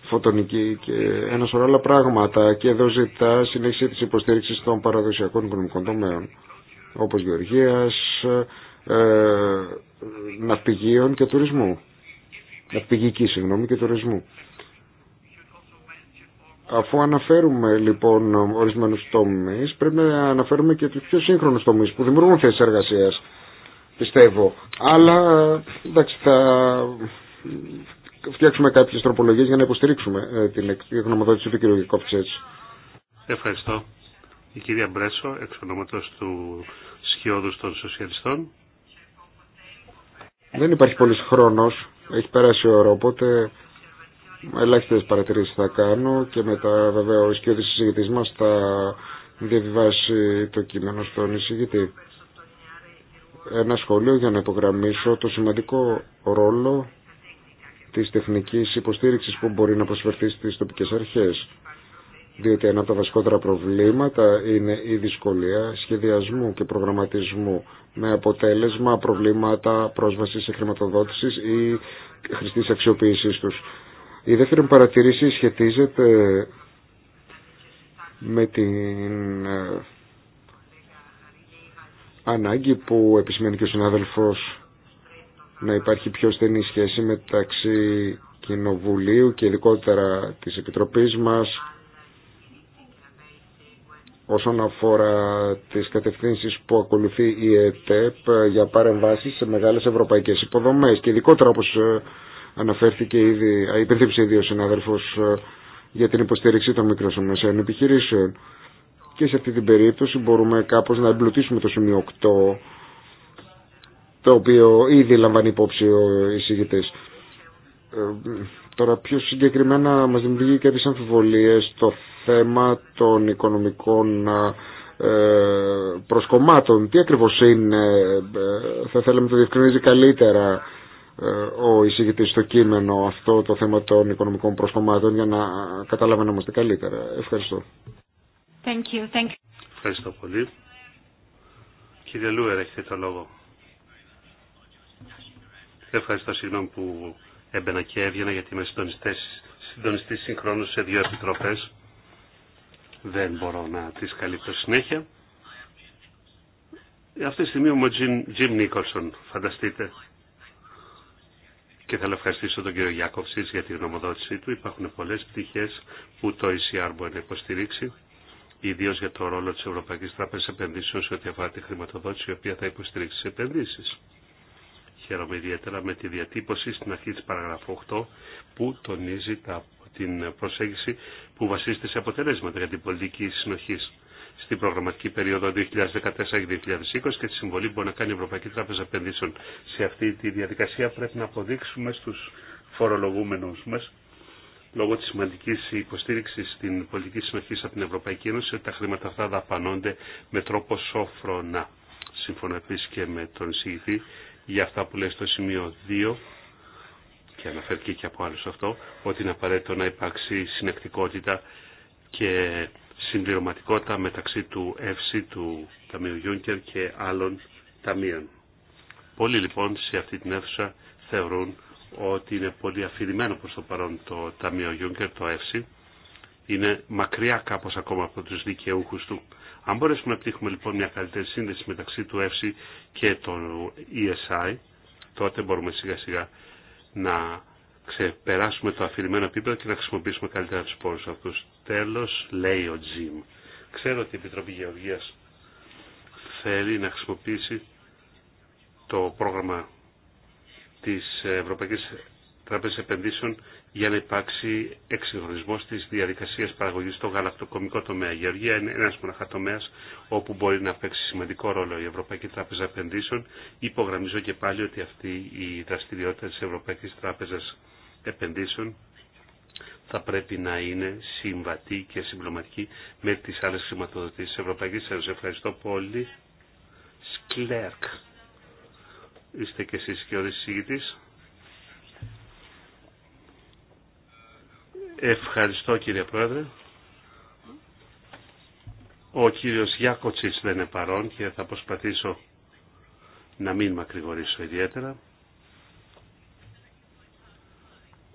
φωτονική και ένα σωρό άλλα πράγματα και εδώ ζητά συνέχιση της υποστήριξης των παραδοσιακών οικονομικών τομέων όπως γεωργίας, ναυπηγείων και τουρισμού ναυπηγική συγγνώμη και τουρισμού Αφού αναφέρουμε λοιπόν ορισμένου τομεί, πρέπει να αναφέρουμε και του πιο σύγχρονου τομεί που δημιουργούν θέσει εργασία. Πιστεύω. Αλλά εντάξει, θα φτιάξουμε κάποιε τροπολογίε για να υποστηρίξουμε ε, την γνωμοδότηση του κ. Κόφτσετ. Ευχαριστώ. Η κυρία Μπρέσο, εξ του Σκιώδου των Σοσιαλιστών. Δεν υπάρχει πολύ χρόνο. Έχει περάσει η ώρα, οπότε Ελάχιστε παρατηρήσει θα κάνω και μετά βέβαια ο ισχυρό συζητή μα θα διαβιβάσει το κείμενο στον εισηγητή. Ένα σχόλιο για να υπογραμμίσω το σημαντικό ρόλο της τεχνικής υποστήριξης που μπορεί να προσφερθεί στις τοπικές αρχές. Διότι ένα από τα βασικότερα προβλήματα είναι η δυσκολία σχεδιασμού και προγραμματισμού με αποτέλεσμα προβλήματα πρόσβασης σε χρηματοδότησης ή χρηστής αξιοποίησής τους. Η δεύτερη μου παρατηρήση σχετίζεται με την ε, ανάγκη που επισημαίνει και ο συνάδελφος να υπάρχει πιο στενή σχέση μεταξύ Κοινοβουλίου και ειδικότερα της Επιτροπής μας όσον αφορά τις κατευθύνσεις που ακολουθεί η ΕΤΕΠ για παρεμβάσεις σε μεγάλες ευρωπαϊκές υποδομές και ειδικότερα όπως ε, Αναφέρθηκε ήδη, υπενθύμψε ήδη ο συνάδελφος για την υποστήριξη των μικρών επιχειρήσεων. Και σε αυτή την περίπτωση μπορούμε κάπως να εμπλουτίσουμε το σημείο 8, το οποίο ήδη λαμβάνει υπόψη ο εισηγητής. Ε, τώρα πιο συγκεκριμένα μας δημιουργεί και τις αμφιβολίες το θέμα των οικονομικών ε, προσκομμάτων. Τι ακριβώς είναι, ε, θα θέλαμε να το διευκρινίζει καλύτερα ο εισηγητής στο κείμενο αυτό το θέμα των οικονομικών προσκομμάτων για να καταλαβαίνομαστε καλύτερα. Ευχαριστώ. Thank you. Thank you. Ευχαριστώ πολύ. Κύριε Λούερ, έχετε το λόγο. Ευχαριστώ, συγγνώμη που έμπαινα και έβγαινα γιατί είμαι συντονιστή συγχρόνω σε δύο επιτροπέ. Δεν μπορώ να τι καλύπτω συνέχεια. Αυτή τη στιγμή ο Τζιμ Νίκολσον, φανταστείτε, και θέλω να ευχαριστήσω τον κύριο Γιάκοψης για τη γνωμοδότησή του. Υπάρχουν πολλές πτυχές που το ECR μπορεί να υποστηρίξει, ιδίως για το ρόλο της Ευρωπαϊκής Τράπεζας Επενδύσεων σε ό,τι αφορά τη χρηματοδότηση, η οποία θα υποστηρίξει τις επενδύσεις. Χαίρομαι ιδιαίτερα με τη διατύπωση στην αρχή της παραγραφού 8 που τονίζει τα, την προσέγγιση που βασίζεται σε αποτελέσματα για την πολιτική συνοχής στην προγραμματική περίοδο 2014-2020 και τη συμβολή που μπορεί να κάνει η Ευρωπαϊκή Τράπεζα Επενδύσεων σε αυτή τη διαδικασία πρέπει να αποδείξουμε στους φορολογούμενους μας λόγω της σημαντικής υποστήριξη στην πολιτική συνοχή από την Ευρωπαϊκή Ένωση ότι τα χρήματα αυτά δαπανώνται με τρόπο σόφρονα. Σύμφωνα επίση και με τον εισηγητή για αυτά που λέει στο σημείο 2 και αναφέρθηκε και από άλλους αυτό ότι είναι απαραίτητο να υπάρξει συνεκτικότητα και συμπληρωματικότητα μεταξύ του ΕΦΣΥ, του Ταμείου Γιούνκερ και άλλων ταμείων. Πολλοί λοιπόν σε αυτή την αίθουσα θεωρούν ότι είναι πολύ αφηρημένο προς το παρόν το Ταμείο Γιούνκερ, το ΕΦΣΥ. Είναι μακριά κάπως ακόμα από τους δικαιούχους του. Αν μπορέσουμε να πτύχουμε λοιπόν μια καλύτερη σύνδεση μεταξύ του ΕΦΣΥ και του ESI, τότε μπορούμε σιγά σιγά να ξεπεράσουμε το αφηρημένο επίπεδο και να χρησιμοποιήσουμε καλύτερα του πόρου αυτού. Τέλο λέει ο Τζιμ. Ξέρω ότι η Επιτροπή Γεωργία θέλει να χρησιμοποιήσει το πρόγραμμα τη Ευρωπαϊκή Τράπεζα Επενδύσεων για να υπάρξει εξυγχρονισμό τη διαδικασία παραγωγή στο γαλακτοκομικό τομέα. Η Γεωργία είναι ένας τομέα όπου μπορεί να παίξει σημαντικό ρόλο η Ευρωπαϊκή Τράπεζα Επενδύσεων. Υπογραμμίζω και πάλι ότι αυτή η δραστηριότητα τη Ευρωπαϊκή Τράπεζα επενδύσεων θα πρέπει να είναι συμβατή και συμπληρωματική με τις άλλες χρηματοδοτήσεις της Ευρωπαϊκής Ένωσης. Ευχαριστώ πολύ. Σκλέρκ. Είστε και εσείς και ο Ευχαριστώ κύριε Πρόεδρε. Ο κύριος Γιάκοτσης δεν είναι παρόν και θα προσπαθήσω να μην μακρηγορήσω ιδιαίτερα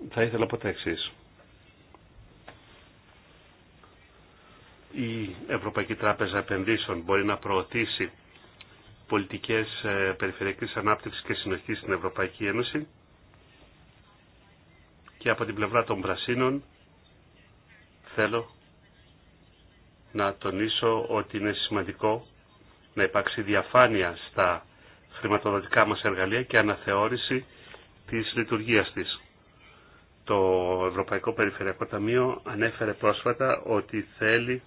θα ήθελα από τα εξής. Η Ευρωπαϊκή Τράπεζα Επενδύσεων μπορεί να προωθήσει πολιτικές ε, περιφερειακής ανάπτυξης και συνοχής στην Ευρωπαϊκή Ένωση και από την πλευρά των Πρασίνων θέλω να τονίσω ότι είναι σημαντικό να υπάρξει διαφάνεια στα χρηματοδοτικά μας εργαλεία και αναθεώρηση της λειτουργίας της. Το Ευρωπαϊκό Περιφερειακό Ταμείο ανέφερε πρόσφατα ότι θέλει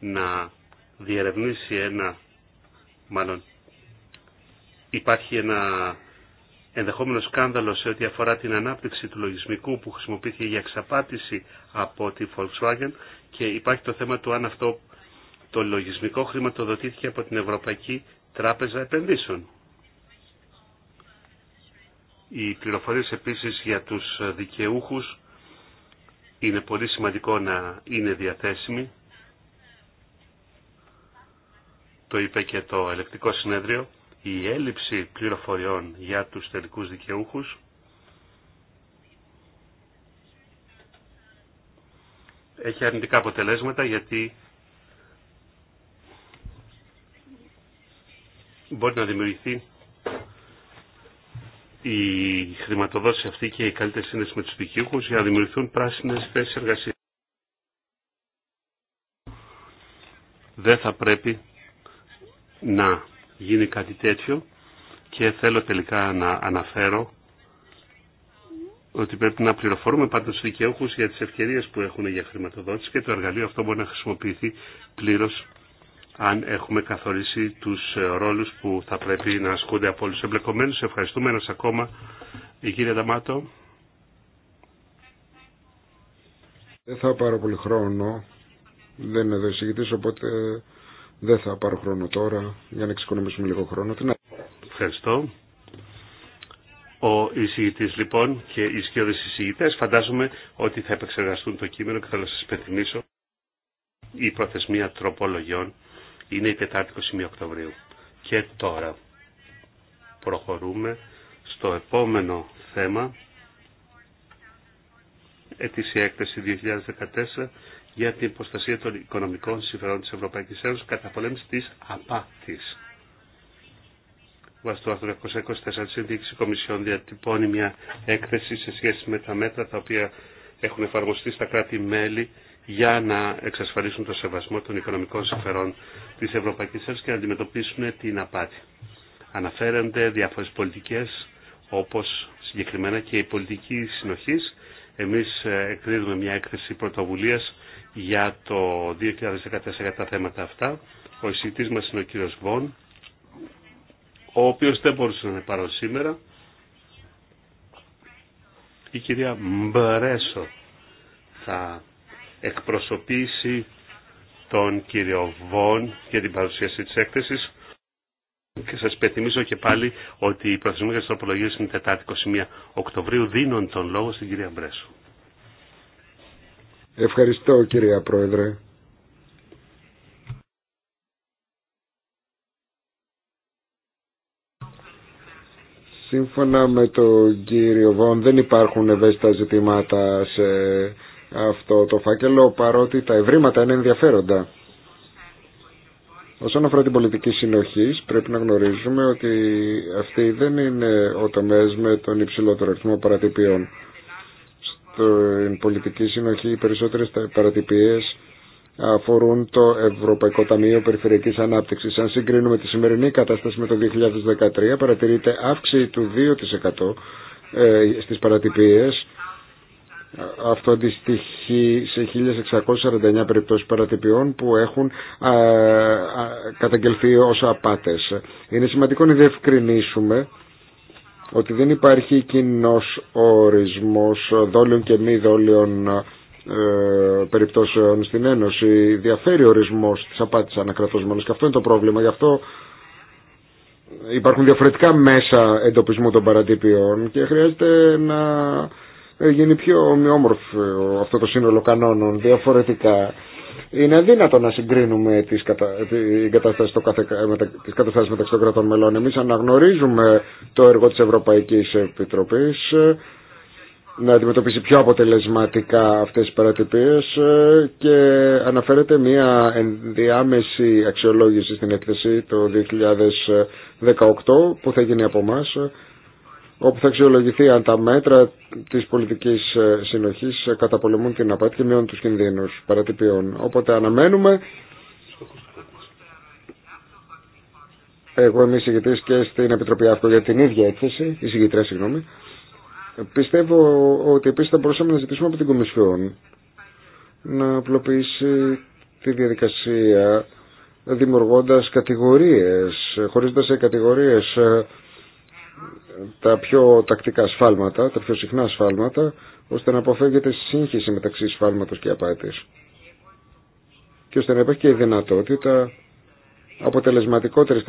να διερευνήσει ένα, μάλλον υπάρχει ένα ενδεχόμενο σκάνδαλο σε ό,τι αφορά την ανάπτυξη του λογισμικού που χρησιμοποιήθηκε για εξαπάτηση από τη Volkswagen και υπάρχει το θέμα του αν αυτό το λογισμικό χρηματοδοτήθηκε από την Ευρωπαϊκή Τράπεζα Επενδύσεων. Οι πληροφορίες επίσης για τους δικαιούχους είναι πολύ σημαντικό να είναι διαθέσιμοι. Το είπε και το ελεκτικό συνέδριο. Η έλλειψη πληροφοριών για τους τελικούς δικαιούχους έχει αρνητικά αποτελέσματα γιατί μπορεί να δημιουργηθεί η χρηματοδότηση αυτή και η καλύτερη σύνδεση με τους δικαιούχους για να δημιουργηθούν πράσινες θέσει εργασίας. Δεν θα πρέπει να γίνει κάτι τέτοιο και θέλω τελικά να αναφέρω ότι πρέπει να πληροφορούμε πάντως τους δικαιούχους για τις ευκαιρίες που έχουν για χρηματοδότηση και το εργαλείο αυτό μπορεί να χρησιμοποιηθεί πλήρως αν έχουμε καθορίσει τους ε, ρόλους που θα πρέπει να ασκούνται από όλους εμπλεκομένους. Ευχαριστούμε ένας ακόμα, η κυρία Νταμάτο. Δεν θα πάρω πολύ χρόνο, δεν είναι εδώ οπότε ε, δεν θα πάρω χρόνο τώρα για να εξοικονομήσουμε λίγο χρόνο. Ευχαριστώ. Ο εισηγητή λοιπόν και οι σκιώδε εισηγητέ φαντάζομαι ότι θα επεξεργαστούν το κείμενο και θα σα υπενθυμίσω η προθεσμία τροπολογιών είναι η Τετάρτη 21 Οκτωβρίου. Και τώρα προχωρούμε στο επόμενο θέμα, ετήσια έκθεση 2014 για την υποστασία των οικονομικών συμφερόντων της Ευρωπαϊκής Ένωσης κατά πολέμηση της απάτης. Βάσει του άρθρου 224 της Συνδίκης, Κομισιόν διατυπώνει μια έκθεση σε σχέση με τα μέτρα τα οποία έχουν εφαρμοστεί στα κράτη-μέλη για να εξασφαλίσουν το σεβασμό των οικονομικών συμφερόντων. Τη Ευρωπαϊκή Ένωση και να αντιμετωπίσουν την απάτη. Αναφέρονται διαφορέ πολιτικέ όπω συγκεκριμένα και η πολιτική συνοχή. Εμεί ε, εκδίδουμε μια έκθεση πρωτοβουλία για το 2014 για τα θέματα αυτά. Ο εισηγητή μα είναι ο κύριο Βον, ο οποίο δεν μπορούσε να είναι παρόν σήμερα. Η κυρία Μπρέσο θα εκπροσωπήσει τον κύριο Βόν για την παρουσίαση της έκθεσης και σας υπενθυμίζω και πάλι ότι η προθεσμία για τις τροπολογίες είναι Τετάρτη 21 Οκτωβρίου δίνον τον λόγο στην κυρία Μπρέσου. Ευχαριστώ κυρία Πρόεδρε. Σύμφωνα με τον κύριο Βόν δεν υπάρχουν ευαίσθητα ζητήματα σε αυτό το φάκελο παρότι τα ευρήματα είναι ενδιαφέροντα. Όσον αφορά την πολιτική συνοχή, πρέπει να γνωρίζουμε ότι αυτή δεν είναι ο τομέα με τον υψηλότερο αριθμό παρατυπιών. Στην πολιτική συνοχή οι περισσότερε παρατυπίε αφορούν το Ευρωπαϊκό Ταμείο Περιφερειακής Ανάπτυξης. Αν συγκρίνουμε τη σημερινή κατάσταση με το 2013, παρατηρείται αύξηση του 2% ε, στι παρατυπίες αυτό αντιστοιχεί σε 1.649 περιπτώσεις παρατυπιών που έχουν καταγγελθεί ως απάτες. Είναι σημαντικό να διευκρινίσουμε ότι δεν υπάρχει κοινό ορισμός δόλων και μη δόλων ε, περιπτώσεων στην Ένωση. Διαφέρει ο ορισμός της απάτης ανακρατός και αυτό είναι το πρόβλημα. Γι' αυτό υπάρχουν διαφορετικά μέσα εντοπισμού των παρατυπιών και χρειάζεται να γίνει πιο ομοιόμορφο αυτό το σύνολο κανόνων διαφορετικά. Είναι αδύνατο να συγκρίνουμε τις, κατα... τις, καταστάσεις, το κάθε... τις καταστάσεις μεταξύ των κρατών μελών. Εμείς αναγνωρίζουμε το έργο της Ευρωπαϊκής Επιτροπής να αντιμετωπίσει πιο αποτελεσματικά αυτές τις παρατυπίες και αναφέρεται μια ενδιάμεση αξιολόγηση στην έκθεση το 2018 που θα γίνει από εμά όπου θα αξιολογηθεί αν τα μέτρα της πολιτικής ε, συνοχής ε, καταπολεμούν την απάτη και μειώνουν τους κινδύνους παρατυπιών. Οπότε αναμένουμε εγώ είμαι εισηγητής και στην Επιτροπή ΑΦΚΟ για την ίδια έκθεση, εισηγητρία συγγνώμη. Πιστεύω ότι επίση θα μπορούσαμε να ζητήσουμε από την Κομισιόν να απλοποιήσει τη διαδικασία δημιουργώντα κατηγορίες, χωρίζοντας σε κατηγορίες ε, τα πιο τακτικά σφάλματα, τα πιο συχνά σφάλματα, ώστε να αποφεύγεται σύγχυση μεταξύ σφάλματος και απάτης. Και ώστε να υπάρχει και η δυνατότητα αποτελεσματικότερης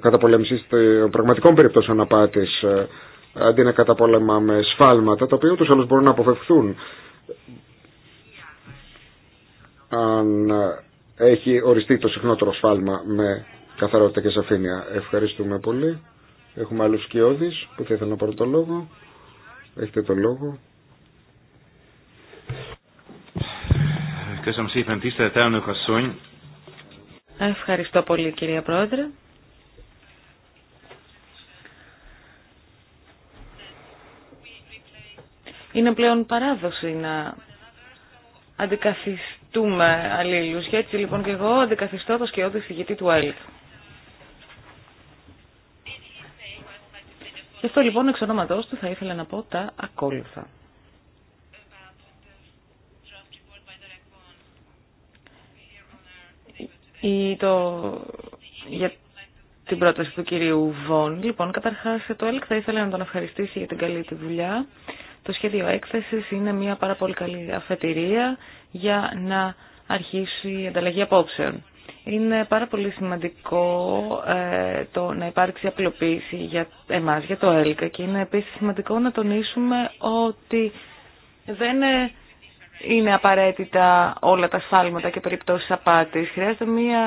καταπολέμησης των πραγματικών περιπτώσεων απάτης, ε, αντί να καταπολεμάμε σφάλματα, τα οποία ούτως άλλως μπορούν να αποφευχθούν. Αν ε, έχει οριστεί το συχνότερο σφάλμα με καθαρότητα και σαφήνεια. Ευχαριστούμε πολύ. Έχουμε άλλους σκιώδεις που θα ήθελα να πάρω το λόγο. Έχετε το λόγο. Ευχαριστώ πολύ κυρία Πρόεδρε. Είναι πλέον παράδοση να αντικαθιστούμε αλλήλους. Και έτσι λοιπόν και εγώ αντικαθιστώ το σκιώδη Γητή του ΑΕΛΚ. Γι' αυτό λοιπόν εξ ονόματός του θα ήθελα να πω τα ακόλουθα. Ή το... Για την πρόταση του κυρίου Βον. Λοιπόν, καταρχάς το ΕΛΚ θα ήθελα να τον ευχαριστήσει για την καλή τη δουλειά. Το σχέδιο έκθεσης είναι μια πάρα πολύ καλή αφετηρία για να αρχίσει η ανταλλαγή απόψεων. Είναι πάρα πολύ σημαντικό ε, το να υπάρξει απλοποίηση για εμάς, για το ΕΛΚΑ και είναι επίσης σημαντικό να τονίσουμε ότι δεν ε, είναι απαραίτητα όλα τα σφάλματα και περιπτώσεις απάτης. Χρειάζεται μία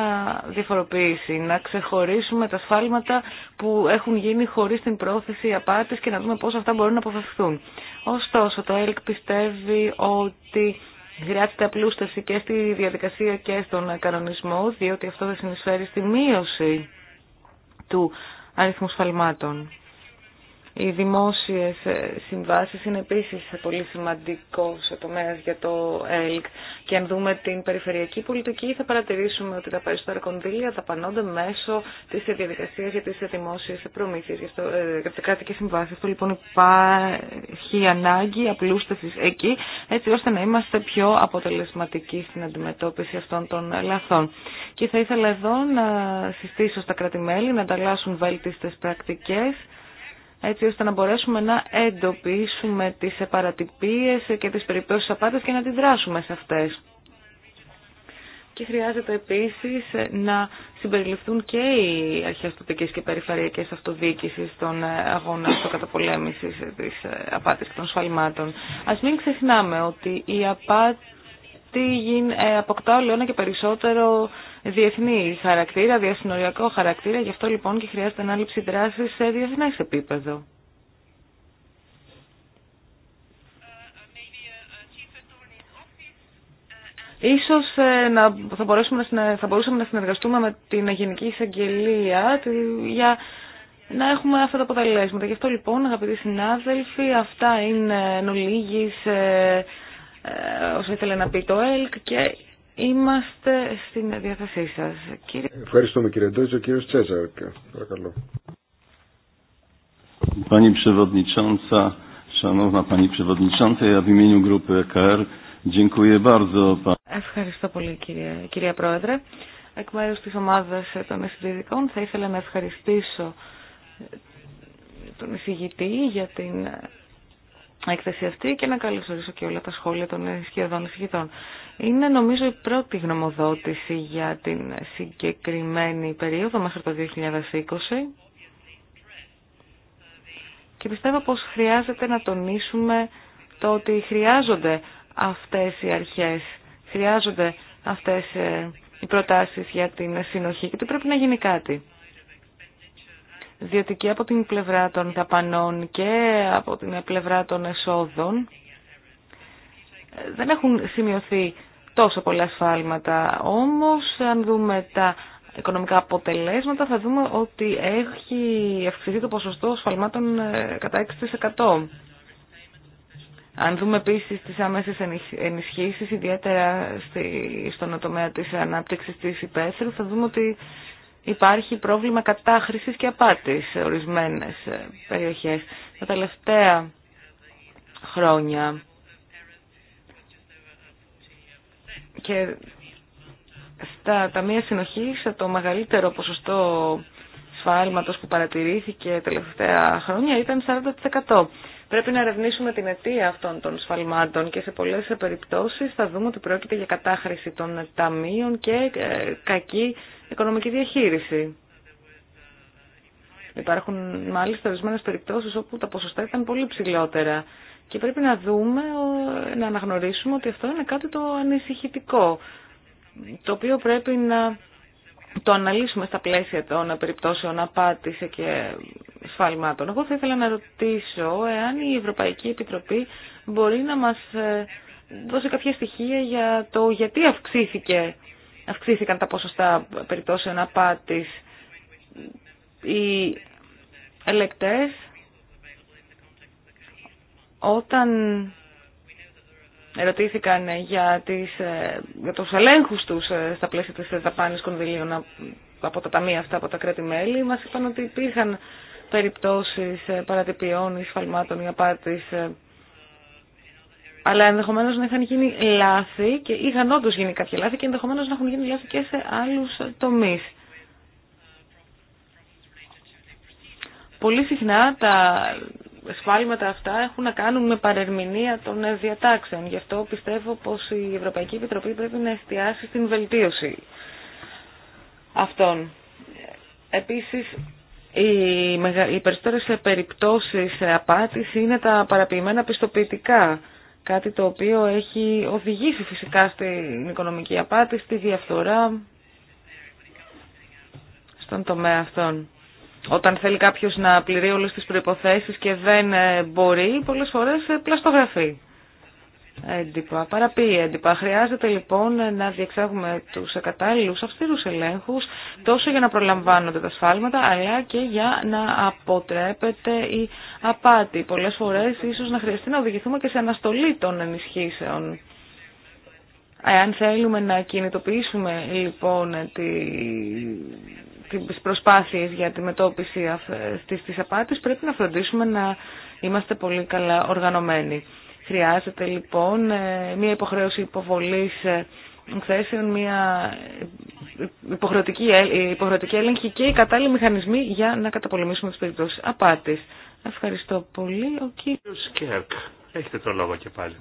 διαφοροποίηση, να ξεχωρίσουμε τα σφάλματα που έχουν γίνει χωρίς την πρόθεση απάτης και να δούμε πώς αυτά μπορούν να αποφευχθούν. Ωστόσο, το ΕΛΚ πιστεύει ότι Χρειάζεται απλούσταση και στη διαδικασία και στον κανονισμό, διότι αυτό θα συνεισφέρει στη μείωση του αριθμού σφαλμάτων. Οι δημόσιες ε, συμβάσεις είναι επίσης πολύ σημαντικό τομέα για το ΕΛΚ και αν δούμε την περιφερειακή πολιτική θα παρατηρήσουμε ότι τα περισσότερα κονδύλια πανώνται μέσω της διαδικασίας για τις δημόσιες προμήθειες ε, για, για τις κρατικές συμβάσεις. Αυτό λοιπόν υπάρχει ανάγκη απλούστασης εκεί έτσι ώστε να είμαστε πιο αποτελεσματικοί στην αντιμετώπιση αυτών των λαθών. Και θα ήθελα εδώ να συστήσω στα κρατημέλη να ανταλλάσσουν βέλτιστες πρακτικές έτσι ώστε να μπορέσουμε να εντοπίσουμε τις παρατυπίες και τις περιπτώσεις απάτης και να αντιδράσουμε σε αυτές. Και χρειάζεται επίσης να συμπεριληφθούν και οι αρχές και περιφερειακές αυτοδιοίκησης των αγώνων στο καταπολέμηση της απάτης και των σφαλμάτων. Ας μην ξεχνάμε ότι η απάτη αυτή ε, αποκτά όλο ένα και περισσότερο διεθνή χαρακτήρα, διασυνοριακό χαρακτήρα, γι' αυτό λοιπόν και χρειάζεται ανάληψη δράση σε διεθνές επίπεδο. Ίσως ε, να, θα, μπορούσαμε να συνεργαστούμε με την Γενική Εισαγγελία για να έχουμε αυτά τα αποτελέσματα. Γι' αυτό λοιπόν αγαπητοί συνάδελφοι αυτά είναι εν ε, ε, όσο ήθελε να πει το ΕΛΚ και είμαστε στην διάθεσή σας. Κύριε... Ευχαριστούμε κύριε Ντόιτζο. Κύριος Τσέζαρ, παρακαλώ. Πάνη Przewodnicząca, Szanowna Πάνη Przewodnicząca, ja w imieniu grupy EKR dziękuję Ευχαριστώ πολύ κύριε, κύριε Πρόεδρε. Εκ μέρους της ομάδας των συντηρητικών θα ήθελα να ευχαριστήσω τον εισηγητή για την έκθεση αυτή και να καλωσορίσω και όλα τα σχόλια των σχεδόν Είναι νομίζω η πρώτη γνωμοδότηση για την συγκεκριμένη περίοδο μέχρι το 2020 και πιστεύω πως χρειάζεται να τονίσουμε το ότι χρειάζονται αυτές οι αρχές, χρειάζονται αυτές ε, οι προτάσεις για την συνοχή και ότι πρέπει να γίνει κάτι διότι και από την πλευρά των δαπανών και από την πλευρά των εσόδων δεν έχουν σημειωθεί τόσο πολλά σφάλματα. Όμως, αν δούμε τα οικονομικά αποτελέσματα, θα δούμε ότι έχει αυξηθεί το ποσοστό σφαλμάτων ε, κατά 6%. Αν δούμε επίση τις άμεσε ενισχύσει, ιδιαίτερα στον τομέα της ανάπτυξης της υπαίθρου, θα δούμε ότι υπάρχει πρόβλημα κατάχρησης και απάτης σε ορισμένες ε, περιοχές. Τα τελευταία χρόνια και στα ταμεία συνοχής το μεγαλύτερο ποσοστό σφάλματος που παρατηρήθηκε τα τελευταία χρόνια ήταν 40%. Πρέπει να ερευνήσουμε την αιτία αυτών των σφαλμάτων και σε πολλές περιπτώσεις θα δούμε ότι πρόκειται για κατάχρηση των ταμείων και ε, κακή οικονομική διαχείριση. Υπάρχουν μάλιστα ορισμένε περιπτώσει όπου τα ποσοστά ήταν πολύ ψηλότερα και πρέπει να δούμε, να αναγνωρίσουμε ότι αυτό είναι κάτι το ανησυχητικό, το οποίο πρέπει να το αναλύσουμε στα πλαίσια των περιπτώσεων απάτη και σφάλματων. Εγώ θα ήθελα να ρωτήσω εάν η Ευρωπαϊκή Επιτροπή μπορεί να μας ε, δώσει κάποια στοιχεία για το γιατί αυξήθηκε αυξήθηκαν τα ποσοστά περιπτώσεων απάτης. Οι ελεκτές όταν ερωτήθηκαν για, τις, ε, για τους ελέγχους τους ε, στα πλαίσια της δαπάνης κονδυλίων από τα ταμεία αυτά, από τα κράτη-μέλη, μας είπαν ότι υπήρχαν περιπτώσεις ε, παρατυπιών, εισφαλμάτων ή απάτης αλλά ενδεχομένω να είχαν γίνει λάθη και είχαν όντω γίνει κάποια λάθη και ενδεχομένω να έχουν γίνει λάθη και σε άλλου τομείς. Πολύ συχνά τα σφάλματα αυτά έχουν να κάνουν με παρερμηνία των διατάξεων. Γι' αυτό πιστεύω πως η Ευρωπαϊκή Επιτροπή πρέπει να εστιάσει στην βελτίωση αυτών. Επίσης, οι περισσότερες περιπτώσεις απάτης είναι τα παραποιημένα πιστοποιητικά Κάτι το οποίο έχει οδηγήσει φυσικά στην οικονομική απάτη, στη διαφθορά, στον τομέα αυτών. Όταν θέλει κάποιος να πληρεί όλες τις προϋποθέσεις και δεν ε, μπορεί, πολλές φορές ε, πλαστογραφεί έντυπα, παραπεί έντυπα. Χρειάζεται λοιπόν να διεξάγουμε τους ακατάλληλους αυστηρούς ελέγχους τόσο για να προλαμβάνονται τα σφάλματα αλλά και για να αποτρέπεται η απάτη. Πολλές φορές ίσως να χρειαστεί να οδηγηθούμε και σε αναστολή των ενισχύσεων. Εάν θέλουμε να κινητοποιήσουμε λοιπόν τη, τις προσπάθειες για τη μετώπιση αυτής της απάτης πρέπει να φροντίσουμε να είμαστε πολύ καλά οργανωμένοι. Χρειάζεται λοιπόν ε, μια υποχρέωση υποβολής ε, θέσεων, μια υποχρεωτική, ε, υποχρεωτική έλεγχη και οι κατάλληλοι μηχανισμοί για να καταπολεμήσουμε τις περιπτώσεις απάτης. Ευχαριστώ πολύ. Ο κύριος Κέρκ. Έχετε το λόγο και πάλι.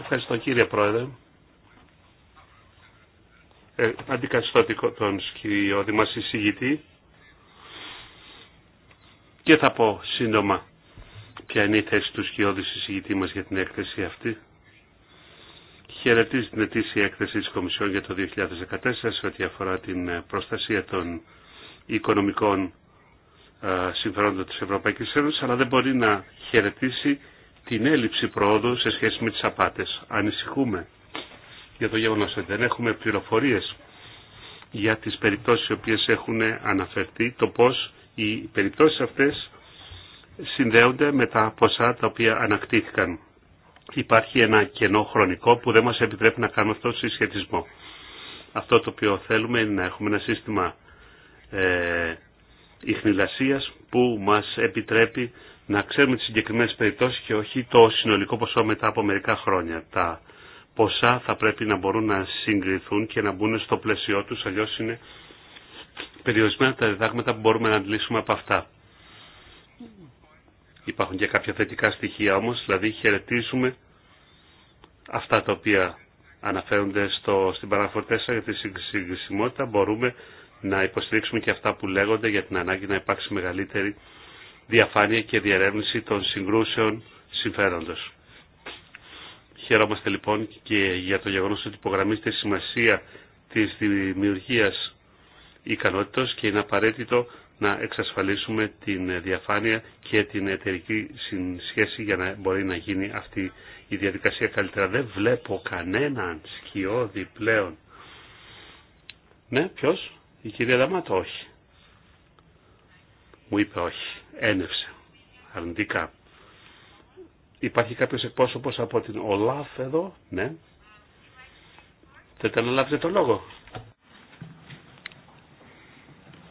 Ευχαριστώ κύριε Πρόεδρε. Ε, αντικαστώ τον σκηριώδη μας εισηγητή και θα πω σύντομα Ποια είναι η θέση του σκιώδης συζητητή μας για την έκθεση αυτή. Χαιρετίζει την ετήσια έκθεση της Κομισιόν για το 2014 σε ό,τι αφορά την ε, προστασία των οικονομικών ε, συμφερόντων της Ευρωπαϊκής Ένωσης, αλλά δεν μπορεί να χαιρετήσει την έλλειψη πρόοδου σε σχέση με τις απάτες. Ανησυχούμε για το γεγονός ότι δεν έχουμε πληροφορίες για τις περιπτώσεις οι οποίες έχουν αναφερθεί, το πώς οι περιπτώσεις αυτές συνδέονται με τα ποσά τα οποία ανακτήθηκαν. Υπάρχει ένα κενό χρονικό που δεν μας επιτρέπει να κάνουμε αυτό το συσχετισμό. Αυτό το οποίο θέλουμε είναι να έχουμε ένα σύστημα ε, ιχνηλασίας που μας επιτρέπει να ξέρουμε τις συγκεκριμένες περιπτώσεις και όχι το συνολικό ποσό μετά από μερικά χρόνια. Τα ποσά θα πρέπει να μπορούν να συγκριθούν και να μπουν στο πλαίσιό τους, αλλιώ είναι περιορισμένα τα διδάγματα που μπορούμε να αντλήσουμε από αυτά. Υπάρχουν και κάποια θετικά στοιχεία όμως, δηλαδή χαιρετίζουμε αυτά τα οποία αναφέρονται στο, στην παράφορ 4 για τη συγκρισιμότητα. Μπορούμε να υποστηρίξουμε και αυτά που λέγονται για την ανάγκη να υπάρξει μεγαλύτερη διαφάνεια και διερεύνηση των συγκρούσεων συμφέροντος. Χαιρόμαστε λοιπόν και για το γεγονός ότι υπογραμμίζεται η σημασία της δημιουργίας ικανότητας και είναι απαραίτητο να εξασφαλίσουμε την διαφάνεια και την εταιρική σχέση για να μπορεί να γίνει αυτή η διαδικασία καλύτερα. Δεν βλέπω κανέναν σκιώδη πλέον. Ναι, ποιος, η κυρία Δαμάτο, όχι. Μου είπε όχι, ένευσε, αρνητικά. Υπάρχει κάποιος εκπρόσωπος από την ΟΛΑΦ εδώ, ναι. Θέλετε να λάβετε το λόγο.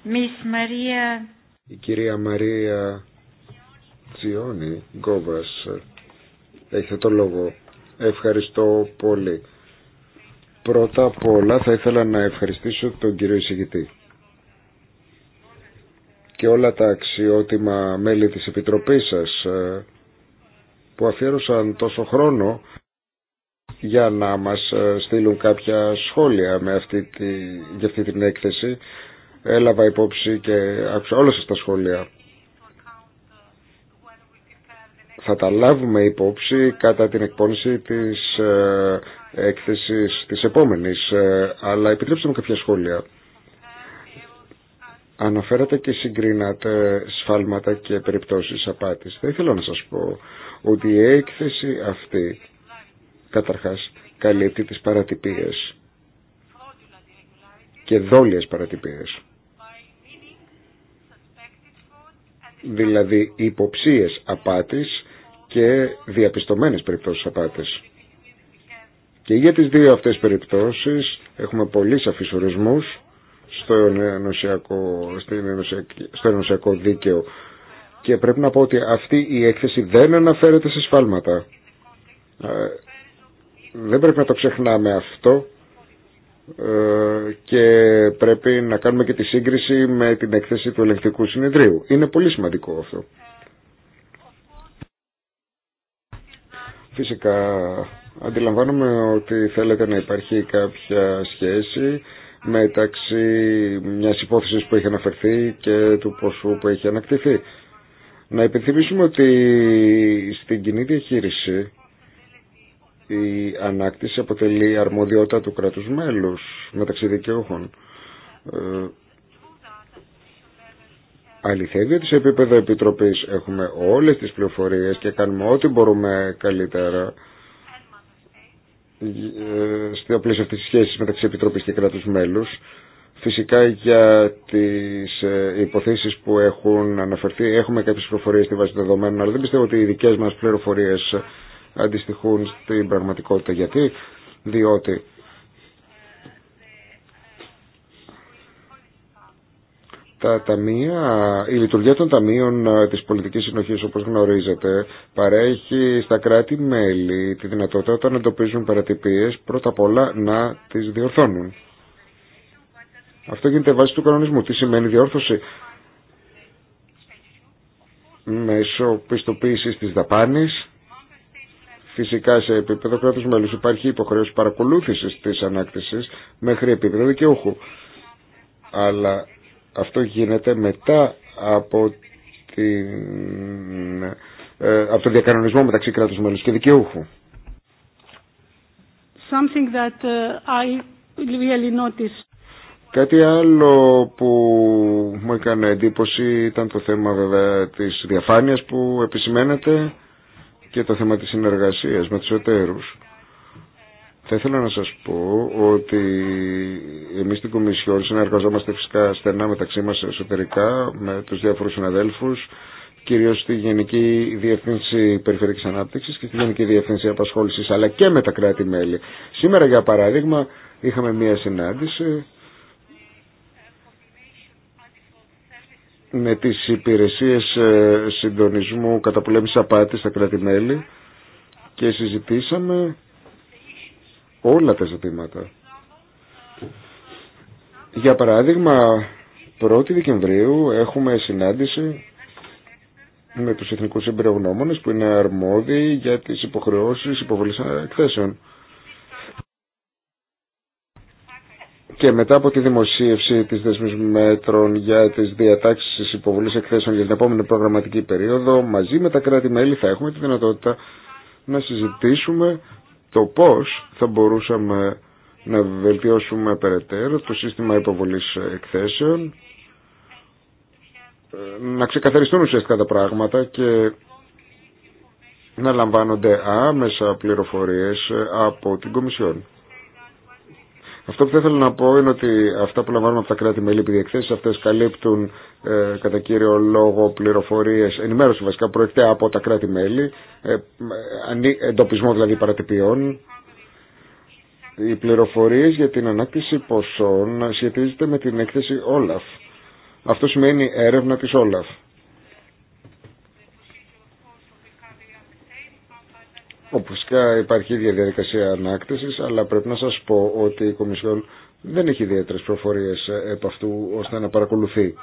Miss Maria... Η κυρία Μαρία Τσιόνι Γκόβας. Έχετε το λόγο. Ευχαριστώ πολύ. Πρώτα απ' όλα θα ήθελα να ευχαριστήσω τον κύριο εισηγητή και όλα τα αξιότιμα μέλη της Επιτροπής σας ε, που αφιέρωσαν τόσο χρόνο για να μας ε, στείλουν κάποια σχόλια με αυτή τη, για αυτή την έκθεση έλαβα υπόψη και άκουσα όλα σας τα σχόλια. Θα τα λάβουμε υπόψη κατά την εκπόνηση της ε, έκθεσης της επόμενης, ε, αλλά επιτρέψτε μου κάποια σχόλια. Αναφέρατε και συγκρίνατε σφάλματα και περιπτώσεις απάτης. Θα ήθελα να σας πω ότι η έκθεση αυτή καταρχάς καλύπτει τις παρατυπίες και δόλιες παρατυπίες. δηλαδή υποψίες απάτης και διαπιστωμένες περιπτώσεις απάτης. Και για τις δύο αυτές περιπτώσεις έχουμε πολύ σαφείς ορισμούς στο ενωσιακό, στο ενωσιακό δίκαιο και πρέπει να πω ότι αυτή η έκθεση δεν αναφέρεται σε σφάλματα. Ε, δεν πρέπει να το ξεχνάμε αυτό ε, και πρέπει να κάνουμε και τη σύγκριση με την έκθεση του ελεγκτικού συνεδρίου. Είναι πολύ σημαντικό αυτό. Φυσικά αντιλαμβάνομαι ότι θέλετε να υπάρχει κάποια σχέση μεταξύ μιας υπόθεσης που έχει αναφερθεί και του ποσού που έχει ανακτηθεί. Να υπενθυμίσουμε ότι στην κοινή διαχείριση η ανάκτηση αποτελεί αρμοδιότητα του κράτους μέλους μεταξύ δικαιούχων. Ε, αληθεύει ότι σε επίπεδο επιτροπής έχουμε όλες τις πληροφορίες και κάνουμε ό,τι μπορούμε καλύτερα ε, στο πλαίσιο αυτής της σχέσης μεταξύ Επιτροπής και κράτους μέλους φυσικά για τις ε, υποθέσεις που έχουν αναφερθεί έχουμε κάποιες πληροφορίες στη βάση δεδομένων αλλά δεν πιστεύω ότι οι δικές μας πληροφορίες αντιστοιχούν στην πραγματικότητα. Γιατί, διότι τα ταμεία, η λειτουργία των ταμείων ε, της πολιτικής συνοχής όπως γνωρίζετε παρέχει στα κράτη-μέλη τη δυνατότητα όταν εντοπίζουν παρατυπίες πρώτα απ' όλα να τις διορθώνουν. Αυτό γίνεται βάσει του κανονισμού. Τι σημαίνει διόρθωση μέσω πιστοποίησης της δαπάνης Φυσικά σε επίπεδο κράτους μέλους υπάρχει υποχρέωση παρακολούθησης της ανάκτησης μέχρι επίπεδο δικαιούχου. Αλλά αυτό γίνεται μετά από, την, ε, από τον διακανονισμό μεταξύ κράτους μέλους και δικαιούχου. Something that uh, I really noticed. Κάτι άλλο που μου έκανε εντύπωση ήταν το θέμα βέβαια της διαφάνειας που επισημαίνεται και το θέμα της συνεργασίας με τους εταίρους, θα ήθελα να σας πω ότι εμείς στην Κομισιόν συνεργαζόμαστε φυσικά στενά μεταξύ μας εσωτερικά με τους διάφορους συναδέλφους, κυρίως στη Γενική Διευθύνση Περιφερειακής Ανάπτυξης και στη Γενική Διευθύνση Απασχόλησης, αλλά και με τα κράτη-μέλη. Σήμερα, για παράδειγμα, είχαμε μία συνάντηση με τις υπηρεσίες ε, συντονισμού κατά καταπολέμησης απάτης στα κράτη-μέλη και συζητήσαμε όλα τα ζητήματα. Για παράδειγμα, 1η Δεκεμβρίου έχουμε συνάντηση με τους εθνικούς εμπειρογνώμονες που είναι αρμόδιοι για τις υποχρεώσεις υποβολής εκθέσεων. και μετά από τη δημοσίευση της δεσμής μέτρων για τις διατάξεις υποβολής εκθέσεων για την επόμενη προγραμματική περίοδο, μαζί με τα κράτη-μέλη θα έχουμε τη δυνατότητα να συζητήσουμε το πώς θα μπορούσαμε να βελτιώσουμε περαιτέρω το σύστημα υποβολής εκθέσεων, να ξεκαθαριστούν ουσιαστικά τα πράγματα και να λαμβάνονται άμεσα πληροφορίες από την Κομισιόν. Αυτό που θα ήθελα να πω είναι ότι αυτά που λαμβάνουμε από τα κράτη-μέλη, επειδή οι αυτέ καλύπτουν ε, κατά κύριο λόγο πληροφορίε, ενημέρωση βασικά προεκτέα από τα κράτη-μέλη, ε, εντοπισμό δηλαδή παρατυπιών. Οι πληροφορίε για την ανάκτηση ποσών σχετίζεται με την έκθεση Όλαφ. Αυτό σημαίνει έρευνα τη Όλαφ. Όπου φυσικά υπάρχει ίδια διαδικασία ανάκτηση, αλλά πρέπει να σα πω ότι η Κομισιόν δεν έχει ιδιαίτερε προφορίε ε, επ' αυτού ώστε να παρακολουθεί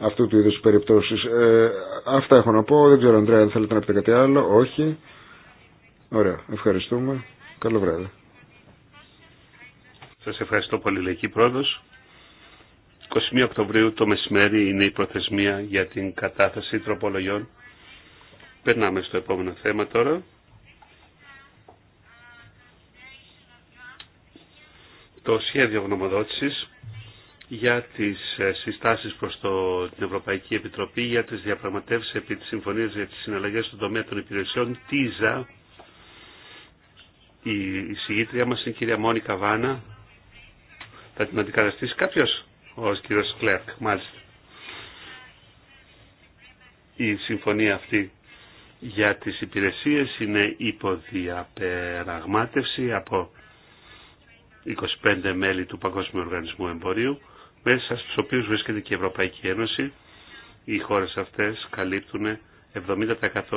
αυτού του είδου περιπτώσει. Ε, αυτά έχω να πω. Δεν ξέρω, Αντρέα, αν θέλετε να πείτε κάτι άλλο. Όχι. Ωραία. Ευχαριστούμε. Καλό βράδυ. Σα ευχαριστώ πολύ, Λεκή Πρόεδρο. 21 Οκτωβρίου το μεσημέρι είναι η προθεσμία για την κατάθεση τροπολογιών. Περνάμε στο επόμενο θέμα τώρα. Το σχέδιο γνωμοδότησης για τις ε, συστάσεις προς το, την Ευρωπαϊκή Επιτροπή για τις διαπραγματεύσεις επί της Συμφωνίας για τις Συναλλαγές στον τομέα των υπηρεσιών ΤΙΖΑ. Η, συγγήτρια μας είναι η κυρία Μόνικα Βάνα. Θα την αντικαταστήσει κάποιος, ο κύριος Κλέρκ, μάλιστα. Η συμφωνία αυτή για τις υπηρεσίες είναι υποδιαπεραγμάτευση από 25 μέλη του Παγκόσμιου Οργανισμού Εμπορίου, μέσα στους οποίους βρίσκεται και η Ευρωπαϊκή Ένωση. Οι χώρες αυτές καλύπτουν 70%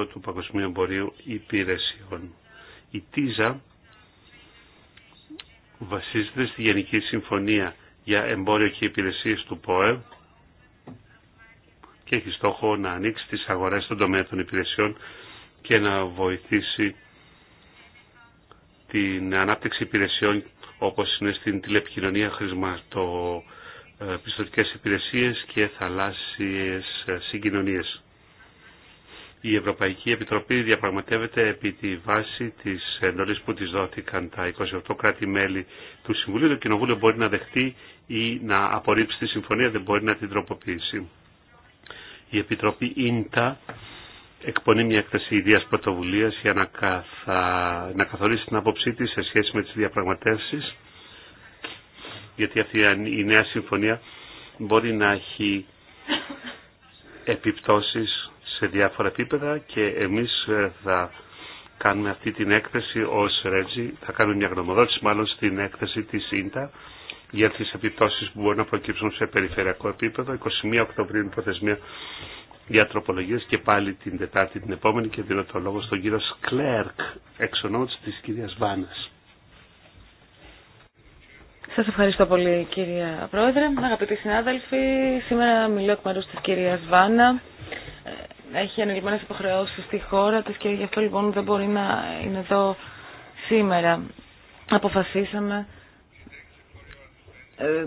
του Παγκοσμίου Εμπορίου Υπηρεσιών. Η ΤΙΖΑ βασίζεται στη Γενική Συμφωνία για Εμπόριο και Υπηρεσίες του ΠΟΕ και έχει στόχο να ανοίξει τις αγορές στον τομέα των υπηρεσιών και να βοηθήσει την ανάπτυξη υπηρεσιών όπως είναι στην τηλεπικοινωνία χρηματοπιστωτικές υπηρεσίες και θαλάσσιες συγκοινωνίες. Η Ευρωπαϊκή Επιτροπή διαπραγματεύεται επί τη βάση της εντολής που της δόθηκαν τα 28 κράτη-μέλη του Συμβουλίου. Το Κοινοβούλιο μπορεί να δεχτεί ή να απορρίψει τη συμφωνία, δεν μπορεί να την τροποποιήσει η Επιτροπή ΙΝΤΑ εκπονεί μια έκθεση ιδίας πρωτοβουλία για να, καθα... να καθορίσει την άποψή της σε σχέση με τις διαπραγματεύσεις γιατί αυτή η νέα συμφωνία μπορεί να έχει επιπτώσεις σε διάφορα επίπεδα και εμείς ε, θα κάνουμε αυτή την έκθεση ως Ρέτζι, θα κάνουμε μια γνωμοδότηση μάλλον στην έκθεση της ΙΝΤΑ για τις επιπτώσεις που μπορεί να προκύψουν σε περιφερειακό επίπεδο. 21 Οκτωβρίου είναι προθεσμία για τροπολογίες και πάλι την Τετάρτη την επόμενη και δίνω το λόγο στον κύριο Σκλέρκ, εξ ονόματος της κυρίας Βάνας. Σας ευχαριστώ πολύ κυρία Πρόεδρε. Αγαπητοί συνάδελφοι, σήμερα μιλώ εκ μέρους της κυρίας Βάνα. Ε, έχει ανελειμμένες υποχρεώσει στη χώρα της και γι' αυτό λοιπόν δεν μπορεί να είναι εδώ σήμερα. Αποφασίσαμε ε,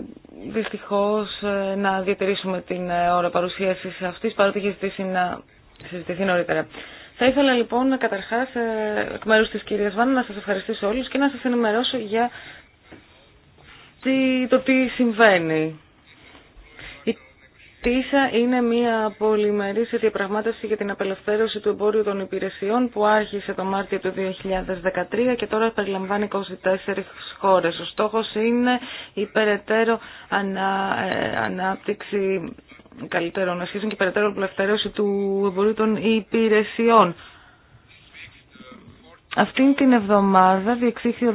δυστυχώς ε, να διατηρήσουμε την ε, ώρα παρουσίασης αυτής παρότι είχε ζητήσει να συζητηθεί νωρίτερα. Θα ήθελα λοιπόν καταρχάς εκ μέρου της κυρίας Βάνα να σας ευχαριστήσω όλους και να σας ενημερώσω για το τι συμβαίνει ΤΙΣΑ είναι μια πολυμερής διαπραγμάτευση για την απελευθέρωση του εμπόριου των υπηρεσιών που άρχισε το Μάρτιο του 2013 και τώρα περιλαμβάνει 24 χώρες. Ο στόχος είναι η περαιτέρω ανα, ε, ανάπτυξη καλύτερων ασχέσεων και περαιτέρω απελευθέρωση του εμπορίου των υπηρεσιών. Αυτή την εβδομάδα διεξήχθη ο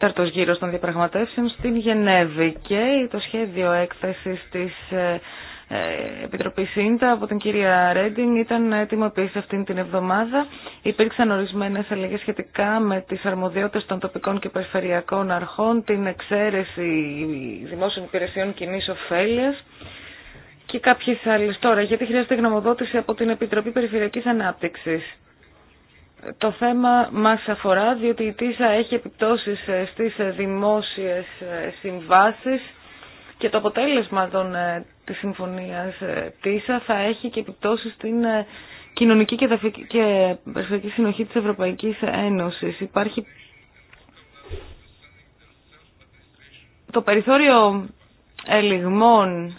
14 ο γύρος των διαπραγματεύσεων στην Γενέβη και το σχέδιο έκθεσης της ε, ε, Επιτροπή ΣΥΝΤΑ από την κυρία Ρέντινγκ ήταν έτοιμο επίση αυτήν την εβδομάδα. Υπήρξαν ορισμένε αλλαγέ σχετικά με τι αρμοδιότητε των τοπικών και περιφερειακών αρχών, την εξαίρεση δημόσιων υπηρεσιών κοινή ωφέλεια και κάποιε άλλε τώρα, γιατί χρειάζεται γνωμοδότηση από την Επιτροπή Περιφερειακή Ανάπτυξη. Το θέμα μας αφορά διότι η ΤΙΣΑ έχει επιπτώσεις ε, στις ε, δημόσιες συμβάσεις και το αποτέλεσμα των, ε, της συμφωνίας ε, ΤΙΣΑ θα έχει και επιπτώσεις στην ε, κοινωνική και, και περιφερειακή συνοχή της Ευρωπαϊκής Ένωσης. Υπάρχει το περιθώριο ελιγμών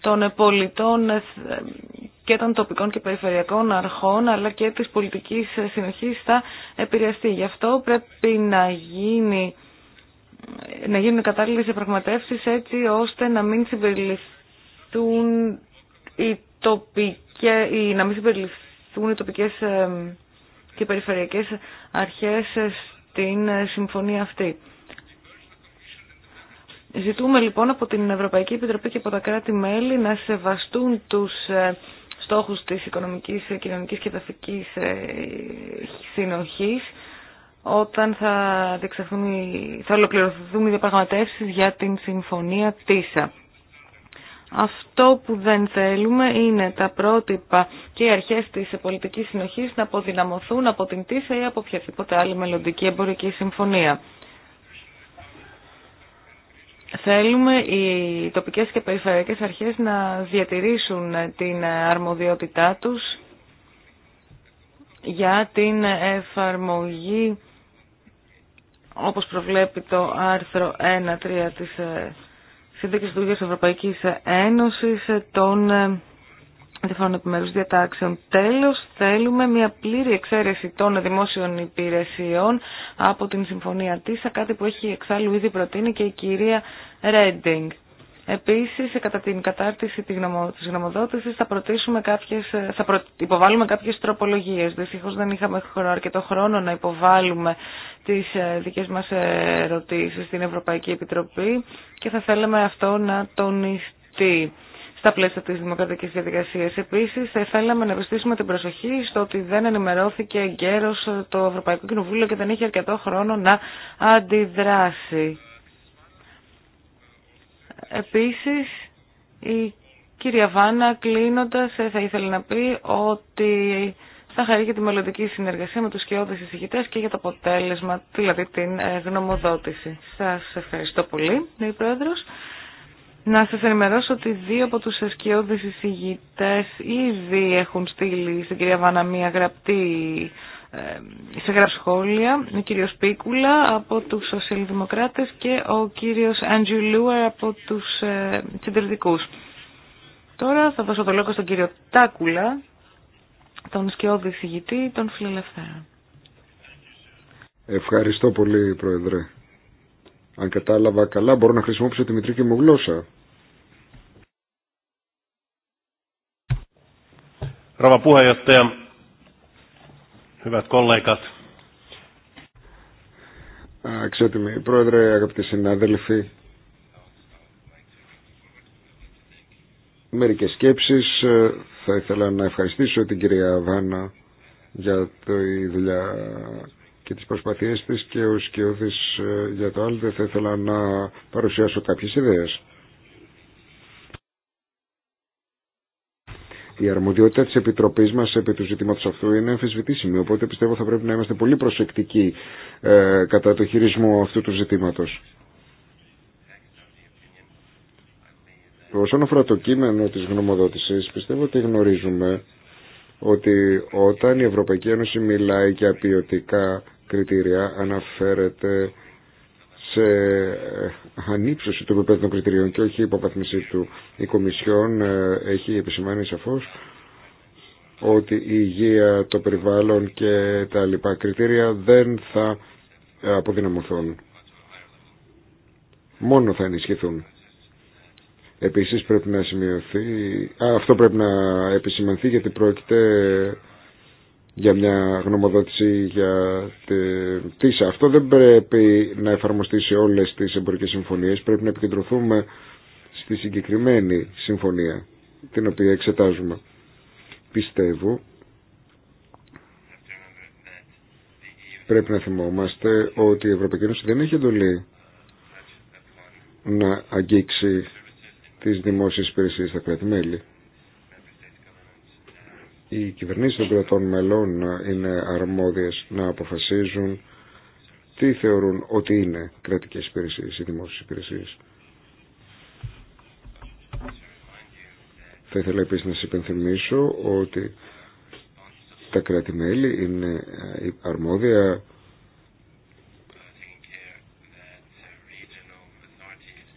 των πολιτών και των τοπικών και περιφερειακών αρχών αλλά και της πολιτικής συνοχής θα επηρεαστεί. Γι' αυτό πρέπει να γίνει να γίνουν κατάλληλες διαπραγματεύσεις έτσι ώστε να μην συμπεριληφθούν οι τοπικές, ή να μην συμπεριληφθούν οι τοπικές και περιφερειακές αρχές στην συμφωνία αυτή. Ζητούμε λοιπόν από την Ευρωπαϊκή Επιτροπή και από τα κράτη-μέλη να σεβαστούν τους ε, στόχους της οικονομικής, κοινωνικής και ταφικής ε, συνοχής όταν θα, θα ολοκληρωθούν οι διαπραγματεύσει για την συμφωνία ΤΙΣΑ. Αυτό που δεν θέλουμε είναι τα πρότυπα και οι αρχές της πολιτικής συνοχής να αποδυναμωθούν από την ΤΙΣΑ ή από οποιαδήποτε άλλη μελλοντική εμπορική συμφωνία. Θέλουμε οι τοπικές και περιφερειακές αρχές να διατηρήσουν την αρμοδιότητά τους για την εφαρμογή όπως προβλέπει το άρθρο 1.3 της Συνδέκης του Ευρωπαϊκή Ευρωπαϊκής Ένωσης ε, των ε, διαφόρων επιμέρους διατάξεων. Τέλος, θέλουμε μια πλήρη εξαίρεση των δημόσιων υπηρεσιών από την Συμφωνία ΤΙΣΑ, κάτι που έχει εξάλλου ήδη προτείνει και η κυρία Ρέντινγκ. Επίση, κατά την κατάρτιση τη γνωμοδότηση, θα, κάποιες, θα προ, υποβάλουμε κάποιε τροπολογίε. Δυστυχώ, δεν είχαμε αρκετό χρόνο να υποβάλουμε τι ε, δικέ μα ερωτήσει στην Ευρωπαϊκή Επιτροπή και θα θέλαμε αυτό να τονιστεί στα πλαίσια της δημοκρατικής διαδικασίας. Επίσης, θα θέλαμε να ευαισθήσουμε την προσοχή στο ότι δεν ενημερώθηκε εγκαίρως το Ευρωπαϊκό Κοινοβούλιο και δεν είχε αρκετό χρόνο να αντιδράσει. Επίσης, η κυρία Βάνα κλείνοντας ε, θα ήθελε να πει ότι θα χαρεί για τη μελλοντική συνεργασία με τους σκιώδες εισηγητές και για το αποτέλεσμα, δηλαδή την ε, γνωμοδότηση. Σας ευχαριστώ πολύ, λέει Πρόεδρος. Να σας ενημερώσω ότι δύο από τους σκιώδες εισηγητές ήδη έχουν στείλει στην κυρία Βάνα μία γραπτή ε, σε σχόλια, ο κύριος Πίκουλα από τους Σοσιαλδημοκράτες και ο κύριος Λούερ από τους ε, Τώρα θα δώσω το λόγο στον κύριο Τάκουλα, τον σκιώδη συγητή των Φιλελευθέρων. Ευχαριστώ πολύ, Πρόεδρε. Αν κατάλαβα καλά, μπορώ να χρησιμοποιήσω τη μητρική μου γλώσσα. Hyvät kollegat. Αξιότιμοι πρόεδρε, αγαπητοί συνάδελφοι, μερικές σκέψεις. Ε, θα ήθελα να ευχαριστήσω την κυρία Βάνα για τη δουλειά και τις προσπαθίες της και ο Σκιώδης ε, για το άλλο θα ήθελα να παρουσιάσω κάποιες ιδέες. Η αρμοδιότητα τη Επιτροπής μας επί του ζητήματο αυτού είναι αμφισβητήσιμη, οπότε πιστεύω θα πρέπει να είμαστε πολύ προσεκτικοί ε, κατά το χειρισμό αυτού του ζητήματος. Όσον αφορά το κείμενο της γνωμοδότησης, πιστεύω ότι γνωρίζουμε ότι όταν η Ευρωπαϊκή Ένωση μιλάει για ποιοτικά κριτήρια αναφέρεται σε ε, ανύψωση του επίπεδου των κριτηρίων και όχι υποβαθμισή του. Η Κομισιόν ε, έχει επισημάνει σαφώς ότι η υγεία, το περιβάλλον και τα λοιπά κριτήρια δεν θα αποδυναμωθούν. Μόνο θα ενισχυθούν. Επίσης πρέπει να σημειωθεί, αυτό πρέπει να επισημανθεί γιατί πρόκειται για μια γνωμοδότηση για ΤΙΣΑ. Αυτό δεν πρέπει να εφαρμοστεί σε όλες τις εμπορικές συμφωνίες. Πρέπει να επικεντρωθούμε στη συγκεκριμένη συμφωνία την οποία εξετάζουμε. Πιστεύω πρέπει να θυμόμαστε ότι η Ευρωπαϊκή Ένωση δεν έχει εντολή να αγγίξει τις δημόσιες υπηρεσίες στα κράτη-μέλη οι κυβερνήσεις των κρατών μελών είναι αρμόδιες να αποφασίζουν τι θεωρούν ότι είναι κρατικές υπηρεσίες ή δημόσιες υπηρεσίες. Θα ήθελα επίσης να σας υπενθυμίσω ότι τα κράτη-μέλη είναι αρμόδια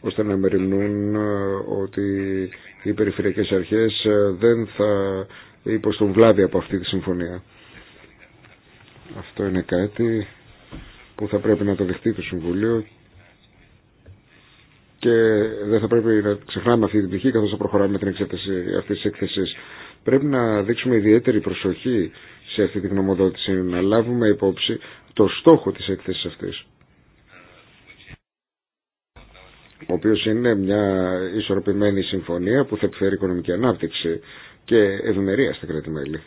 ώστε να μεριμνούν ότι οι περιφερειακές αρχές δεν θα ή τον βλάβη από αυτή τη συμφωνία. Αυτό είναι κάτι που θα πρέπει να το δεχτεί το Συμβουλίο και δεν θα πρέπει να ξεχνάμε αυτή την πτυχή καθώς θα προχωράμε την εξέταση αυτής της έκθεσης. Πρέπει να δείξουμε ιδιαίτερη προσοχή σε αυτή τη γνωμοδότηση, να λάβουμε υπόψη το στόχο της έκθεσης αυτής. Ο οποίος είναι μια ισορροπημένη συμφωνία που θα επιφέρει οικονομική ανάπτυξη και ευημερία στα κράτη-μέλη.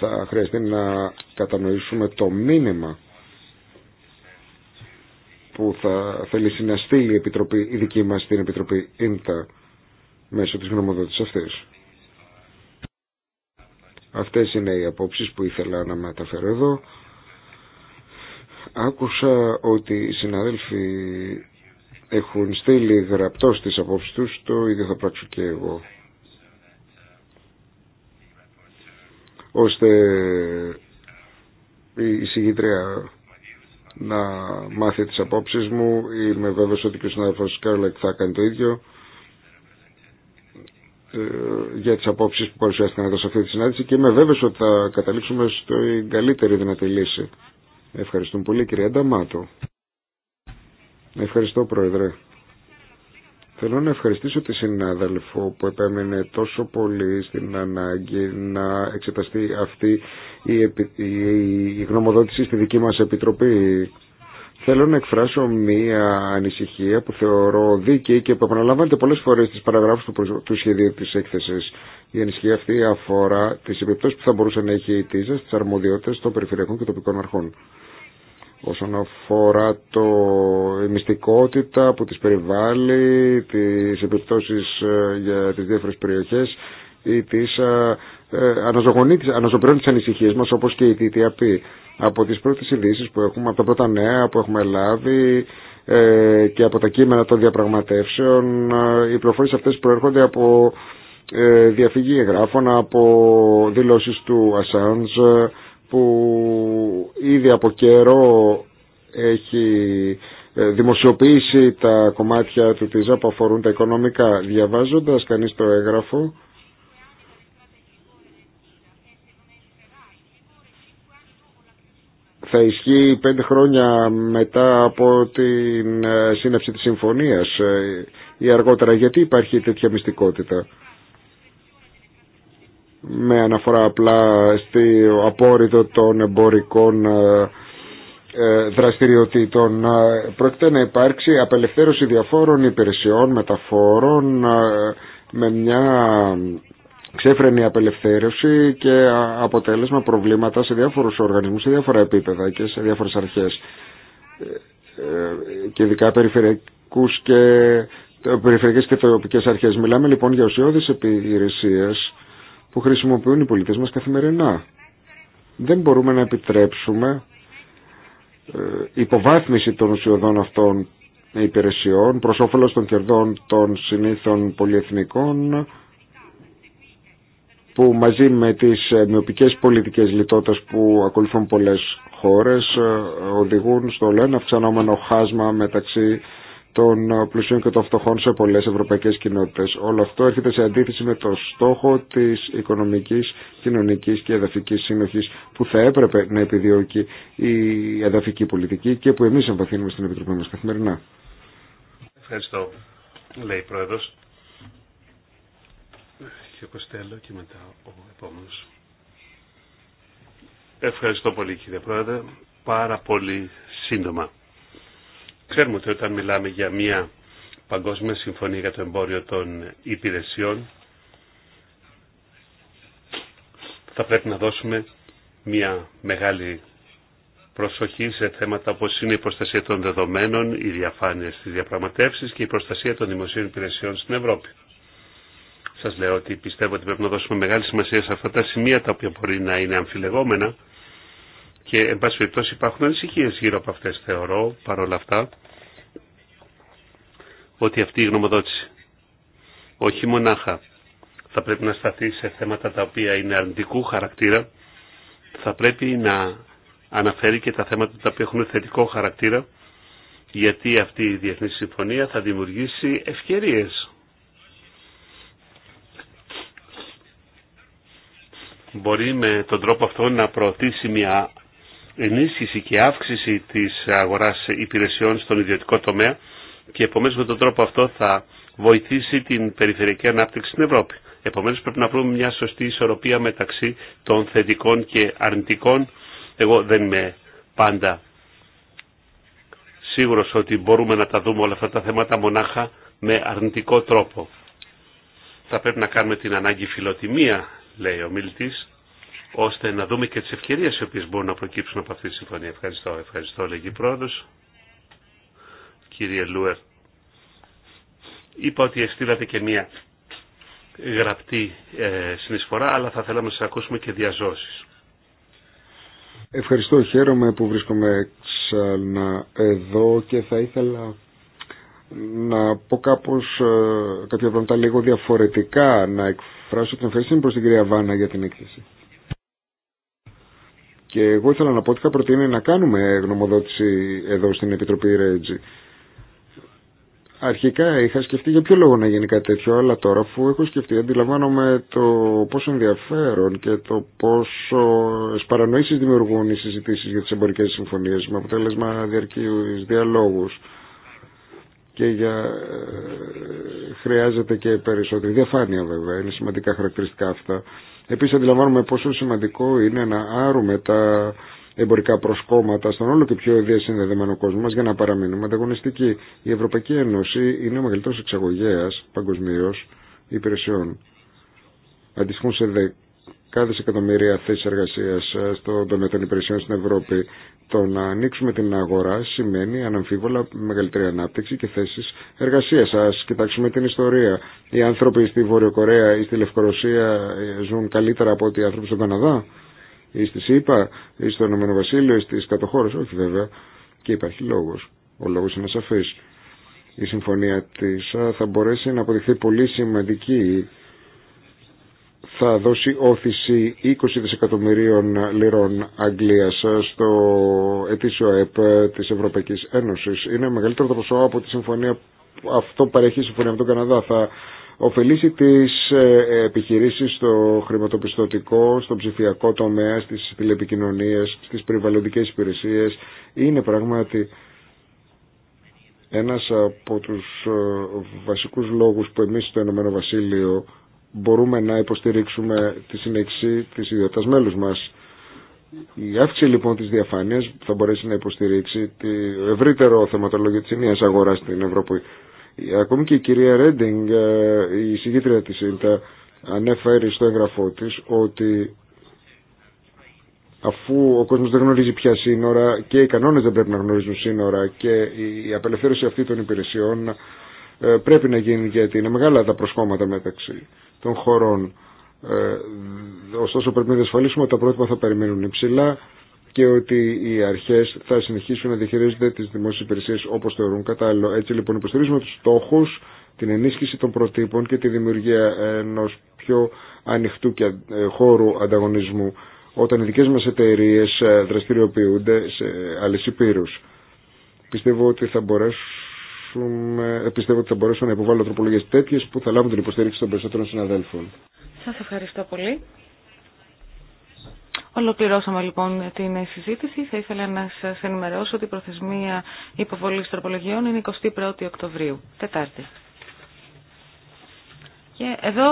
Θα χρειαστεί να κατανοήσουμε το μήνυμα που θα θέλει να στείλει η, Επιτροπή, η δική μας την Επιτροπή ΙΝΤΑ μέσω της γνωμοδότησης αυτής. Αυτές είναι οι απόψεις που ήθελα να μεταφέρω εδώ. Άκουσα ότι οι συναδέλφοι έχουν στείλει γραπτό στις απόψεις τους, το ίδιο θα πράξω και εγώ. Ώστε η εισηγήτρια να μάθει τις απόψεις μου. Είμαι βέβαιος ότι και ο συνάδελφος Κάρλεκ θα κάνει το ίδιο ε, για τις απόψεις που παρουσιάστηκαν εδώ σε αυτή τη συνάντηση και είμαι βέβαιος ότι θα καταλήξουμε στο καλύτερη δυνατή λύση. Ευχαριστούμε πολύ κύριε Νταμάτο. Ευχαριστώ Πρόεδρε. Θέλω να ευχαριστήσω τη συνάδελφο που επέμενε τόσο πολύ στην ανάγκη να εξεταστεί αυτή η γνωμοδότηση στη δική μας Επιτροπή. Θέλω να εκφράσω μία ανησυχία που θεωρώ δίκαιη και που επαναλαμβάνεται πολλές φορές στις παραγράφους του σχεδίου της έκθεσης. Η ανησυχία αυτή αφορά τις επιπτώσεις που θα μπορούσε να έχει η ΤΙΖΑ στις αρμοδιότητες των περιφερειακών και τοπικών αρχών όσον αφορά το η μυστικότητα που τις περιβάλλει, τις επιπτώσεις ε, για τις διάφορες περιοχές ή τις ε, ε, αναζωογονεί τις ανησυχίες μας όπως και η TTIP. Από τις πρώτες ειδήσει που έχουμε, από τα πρώτα νέα που έχουμε λάβει και από τα κείμενα των διαπραγματεύσεων, οι πληροφορίες αυτές προέρχονται από διαφυγή εγγράφων, από δηλώσεις του Assange, που ήδη από καιρό έχει ε, δημοσιοποιήσει τα κομμάτια του ΤΙΖΑ που αφορούν τα οικονομικά. Διαβάζοντας κανείς το έγγραφο, θα ισχύει πέντε χρόνια μετά από την ε, σύναψη της συμφωνίας ε, ή αργότερα. Γιατί υπάρχει τέτοια μυστικότητα με αναφορά απλά στο απόρριτο των εμπορικών ε, ε, δραστηριοτήτων. Ε, πρόκειται να υπάρξει απελευθέρωση διαφόρων υπηρεσιών, μεταφόρων με μια ξέφρενη απελευθέρωση και αποτέλεσμα προβλήματα σε διάφορους οργανισμούς, σε διάφορα επίπεδα και σε διάφορες αρχές και ειδικά περιφερειακούς και περιφερειακές και τοπικές αρχές. Μιλάμε λοιπόν για ουσιώδεις υπηρεσίες που χρησιμοποιούν οι πολίτες μας καθημερινά. Δεν μπορούμε να επιτρέψουμε ε, υποβάθμιση των ουσιοδών αυτών υπηρεσιών προς όφελος των κερδών των συνήθων πολυεθνικών που μαζί με τις μειοπικές πολιτικές λιτότητες που ακολουθούν πολλές χώρες ε, οδηγούν στο λένε αυξανόμενο χάσμα μεταξύ των ε, πλουσίων και των φτωχών σε πολλές ευρωπαϊκές κοινότητες. Όλο αυτό έρχεται σε αντίθεση με το στόχο της οικονομικής, κοινωνικής και εδαφικής συνοχής που θα έπρεπε να επιδιώκει η εδαφική πολιτική και που εμείς εμβαθύνουμε στην Επιτροπή μας καθημερινά. Ευχαριστώ, λέει η Πρόεδρος. Και Κωστέλο και μετά ο επόμενος. Ευχαριστώ πολύ κύριε Πρόεδρε. Πάρα πολύ σύντομα. Ξέρουμε ότι όταν μιλάμε για μια παγκόσμια συμφωνία για το εμπόριο των υπηρεσιών, θα πρέπει να δώσουμε μια μεγάλη προσοχή σε θέματα όπως είναι η προστασία των δεδομένων, η διαφάνεια στις διαπραγματεύσεις και η προστασία των δημοσίων υπηρεσιών στην Ευρώπη. Σας λέω ότι πιστεύω ότι πρέπει να δώσουμε μεγάλη σημασία σε αυτά τα σημεία τα οποία μπορεί να είναι αμφιλεγόμενα, και, εν πάση περιπτώσει, υπάρχουν ανησυχίε γύρω από αυτέ. Θεωρώ, παρόλα αυτά, ότι αυτή η γνωμοδότηση όχι μονάχα θα πρέπει να σταθεί σε θέματα τα οποία είναι αρνητικού χαρακτήρα, θα πρέπει να αναφέρει και τα θέματα τα οποία έχουν θετικό χαρακτήρα, γιατί αυτή η Διεθνή Συμφωνία θα δημιουργήσει ευκαιρίες. Μπορεί με τον τρόπο αυτό να προωθήσει μια ενίσχυση και αύξηση της αγοράς υπηρεσιών στον ιδιωτικό τομέα και επομένως με τον τρόπο αυτό θα βοηθήσει την περιφερειακή ανάπτυξη στην Ευρώπη. Επομένως πρέπει να βρούμε μια σωστή ισορροπία μεταξύ των θετικών και αρνητικών. Εγώ δεν είμαι πάντα σίγουρος ότι μπορούμε να τα δούμε όλα αυτά τα θέματα μονάχα με αρνητικό τρόπο. Θα πρέπει να κάνουμε την ανάγκη φιλοτιμία, λέει ο μιλητής, ώστε να δούμε και τις ευκαιρίες οι οποίες μπορούν να προκύψουν από αυτή τη συμφωνία. Ευχαριστώ. Ευχαριστώ, λέγει πρόεδρος. Κύριε Λούερ, είπα ότι εστήλατε και μία γραπτή ε, συνεισφορά, αλλά θα θέλαμε να σας ακούσουμε και διαζώσεις. Ευχαριστώ. Χαίρομαι που βρίσκομαι ξανά εδώ και θα ήθελα να πω κάπως ε, κάποια πράγματα λίγο διαφορετικά, να εκφράσω την ευχαριστή προς την κυρία Βάνα για την έκθεση. Και εγώ ήθελα να πω ότι θα προτείνει να κάνουμε γνωμοδότηση εδώ στην Επιτροπή Ρέτζη. Αρχικά είχα σκεφτεί για ποιο λόγο να γίνει κάτι τέτοιο, αλλά τώρα αφού έχω σκεφτεί αντιλαμβάνομαι το πόσο ενδιαφέρον και το πόσο παρανοήσει δημιουργούν οι συζητήσει για τι εμπορικέ συμφωνίε με αποτέλεσμα διαρκείου διαλόγου. και για... Ε, χρειάζεται και περισσότερη διαφάνεια βέβαια, είναι σημαντικά χαρακτηριστικά αυτά. Επίσης αντιλαμβάνουμε πόσο σημαντικό είναι να άρουμε τα εμπορικά προσκόμματα στον όλο και πιο διασυνδεδεμένο κόσμο μας για να παραμείνουμε ανταγωνιστικοί. Η Ευρωπαϊκή Ένωση είναι ο μεγαλύτερος εξαγωγέας παγκοσμίω υπηρεσιών. Αντιστοιχούν σε κάθε εκατομμύρια θέσει εργασία ε, στον τομέα των υπηρεσιών στην Ευρώπη. Το να ανοίξουμε την αγορά σημαίνει αναμφίβολα μεγαλύτερη ανάπτυξη και θέσει εργασία. Α κοιτάξουμε την ιστορία. Οι άνθρωποι στη Βόρειο Κορέα ή στη Λευκορωσία ε, ζουν καλύτερα από ότι οι άνθρωποι στον Καναδά ή στη ΣΥΠΑ ή στο Ηνωμένο Βασίλειο ή στι κατοχώρε. Όχι βέβαια. Και υπάρχει λόγο. Ο λόγο είναι σαφή. Η συμφωνία τη ε, θα μπορέσει να αποδειχθεί πολύ σημαντική θα δώσει όθηση 20 δισεκατομμυρίων λιρών Αγγλίας στο ετήσιο ΕΠ της Ευρωπαϊκής Ένωσης. Είναι μεγαλύτερο το ποσό από τη συμφωνία, αυτό παρέχει η συμφωνία με τον Καναδά. Θα ωφελήσει τις ε, επιχειρήσεις στο χρηματοπιστωτικό, στο ψηφιακό τομέα, στις τηλεπικοινωνίες, στις περιβαλλοντικές υπηρεσίες. Είναι πράγματι ένας από τους ε, βασικούς λόγους που εμείς στο Ηνωμένο Βασίλειο μπορούμε να υποστηρίξουμε τη συνέχιση τη ιδιότητας μέλους μας. Η αύξηση λοιπόν της διαφάνεια θα μπορέσει να υποστηρίξει το ευρύτερο θεματολόγιο τη ενίας αγορά στην Ευρώπη. Ακόμη και η κυρία Ρέντινγκ, ε, η συγκίτρια της ΙΝΤΑ, ανέφερε στο έγγραφό τη ότι αφού ο κόσμος δεν γνωρίζει πια σύνορα και οι κανόνες δεν πρέπει να γνωρίζουν σύνορα και η απελευθέρωση αυτή των υπηρεσιών ε, πρέπει να γίνει γιατί είναι μεγάλα τα προσκόμματα μεταξύ των χωρών. Ε, ωστόσο πρέπει να διασφαλίσουμε ότι τα πρότυπα θα περιμένουν υψηλά και ότι οι αρχές θα συνεχίσουν να διαχειρίζονται τις δημόσιες υπηρεσίες όπως θεωρούν κατάλληλο. Έτσι λοιπόν υποστηρίζουμε τους στόχους, την ενίσχυση των προτύπων και τη δημιουργία ενός πιο ανοιχτού και ε, χώρου ανταγωνισμού όταν οι δικές μας εταιρείε ε, δραστηριοποιούνται σε άλλες Πιστεύω ότι θα μπορέσουν μπορέσουμε, ε, πιστεύω ότι θα μπορέσω να υποβάλω τροπολογίες τέτοιες που θα λάβουν την υποστήριξη των περισσότερων συναδέλφων. Σας ευχαριστώ πολύ. Ολοκληρώσαμε λοιπόν την συζήτηση. Θα ήθελα να σας ενημερώσω ότι η προθεσμία υποβολής τροπολογιών είναι 21η Οκτωβρίου, Τετάρτη. Και εδώ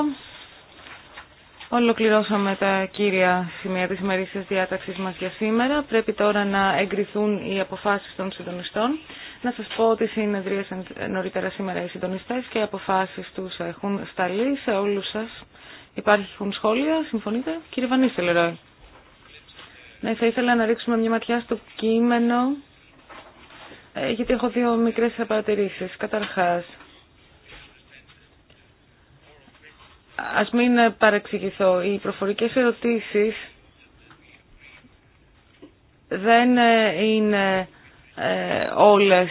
Ολοκληρώσαμε τα κύρια σημεία της ημερήσιας διάταξης μας για σήμερα. Πρέπει τώρα να εγκριθούν οι αποφάσεις των συντονιστών. Να σας πω ότι συνεδρίασαν νωρίτερα σήμερα οι συντονιστές και οι αποφάσεις τους έχουν σταλεί σε όλους σας. Υπάρχουν σχόλια, συμφωνείτε. Κύριε Βανίστε, Λερόι. Ναι, θα ήθελα να ρίξουμε μια ματιά στο κείμενο, ε, γιατί έχω δύο μικρές παρατηρήσεις. Καταρχάς, ας μην παρεξηγηθώ, οι προφορικές ερωτήσεις δεν ε, είναι ε, όλες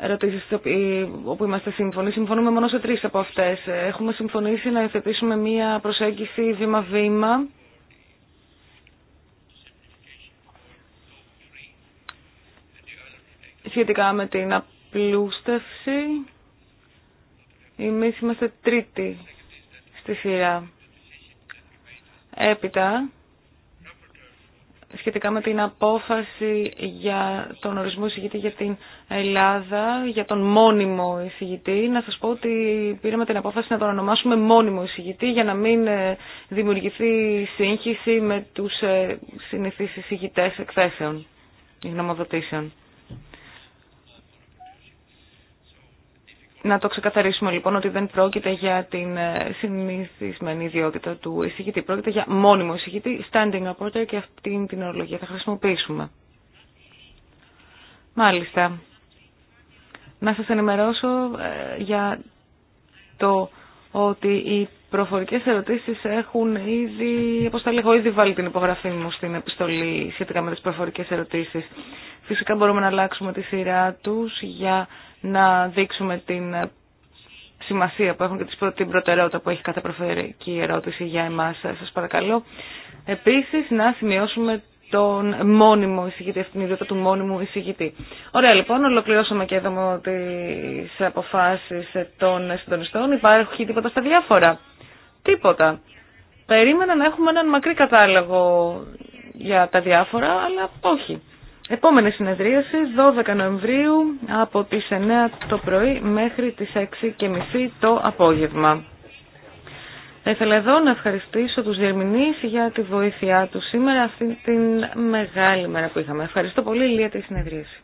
ερωτήσεις ε, όπου είμαστε σύμφωνοι. Συμφωνούμε μόνο σε τρεις από αυτές. Έχουμε συμφωνήσει να εθετήσουμε μία προσέγγιση βήμα-βήμα. Σχετικά με την απλούστευση, εμείς είμαστε τρίτη στη σειρά. Έπειτα, σχετικά με την απόφαση για τον ορισμό εισηγητή για την Ελλάδα, για τον μόνιμο εισηγητή. Να σας πω ότι πήραμε την απόφαση να τον ονομάσουμε μόνιμο εισηγητή για να μην ε, δημιουργηθεί σύγχυση με τους ε, συνηθείς εισηγητές εκθέσεων, γνωμοδοτήσεων. Να το ξεκαθαρίσουμε λοιπόν ότι δεν πρόκειται για την ε, συνηθισμένη ιδιότητα του εισηγητή. Πρόκειται για μόνιμο εισηγητή, standing reporter και αυτή την ορολογία θα χρησιμοποιήσουμε. Μάλιστα. Να σας ενημερώσω ε, για το ότι οι προφορικές ερωτήσεις έχουν ήδη, όπως τα λέγω, ήδη βάλει την υπογραφή μου στην επιστολή σχετικά με τις προφορικές ερωτήσεις. Φυσικά μπορούμε να αλλάξουμε τη σειρά τους για να δείξουμε την σημασία που έχουν και την προτεραιότητα που έχει κάθε προφορική ερώτηση για εμάς. Σας παρακαλώ. Επίσης, να σημειώσουμε τον μόνιμο εισηγητή, αυτήν την ιδιότητα του μόνιμου εισηγητή. Ωραία, λοιπόν, ολοκληρώσαμε και εδώ τι αποφάσει των συντονιστών. Υπάρχει τίποτα στα διάφορα. Τίποτα. Περίμενα να έχουμε έναν μακρύ κατάλογο για τα διάφορα, αλλά όχι. Επόμενη συνεδρίαση 12 Νοεμβρίου από τις 9 το πρωί μέχρι τις μισή το απόγευμα. Θα ήθελα εδώ να ευχαριστήσω τους διερμηνείς για τη βοήθειά τους σήμερα αυτή την μεγάλη μέρα που είχαμε. Ευχαριστώ πολύ Λία τη συνεδρίαση.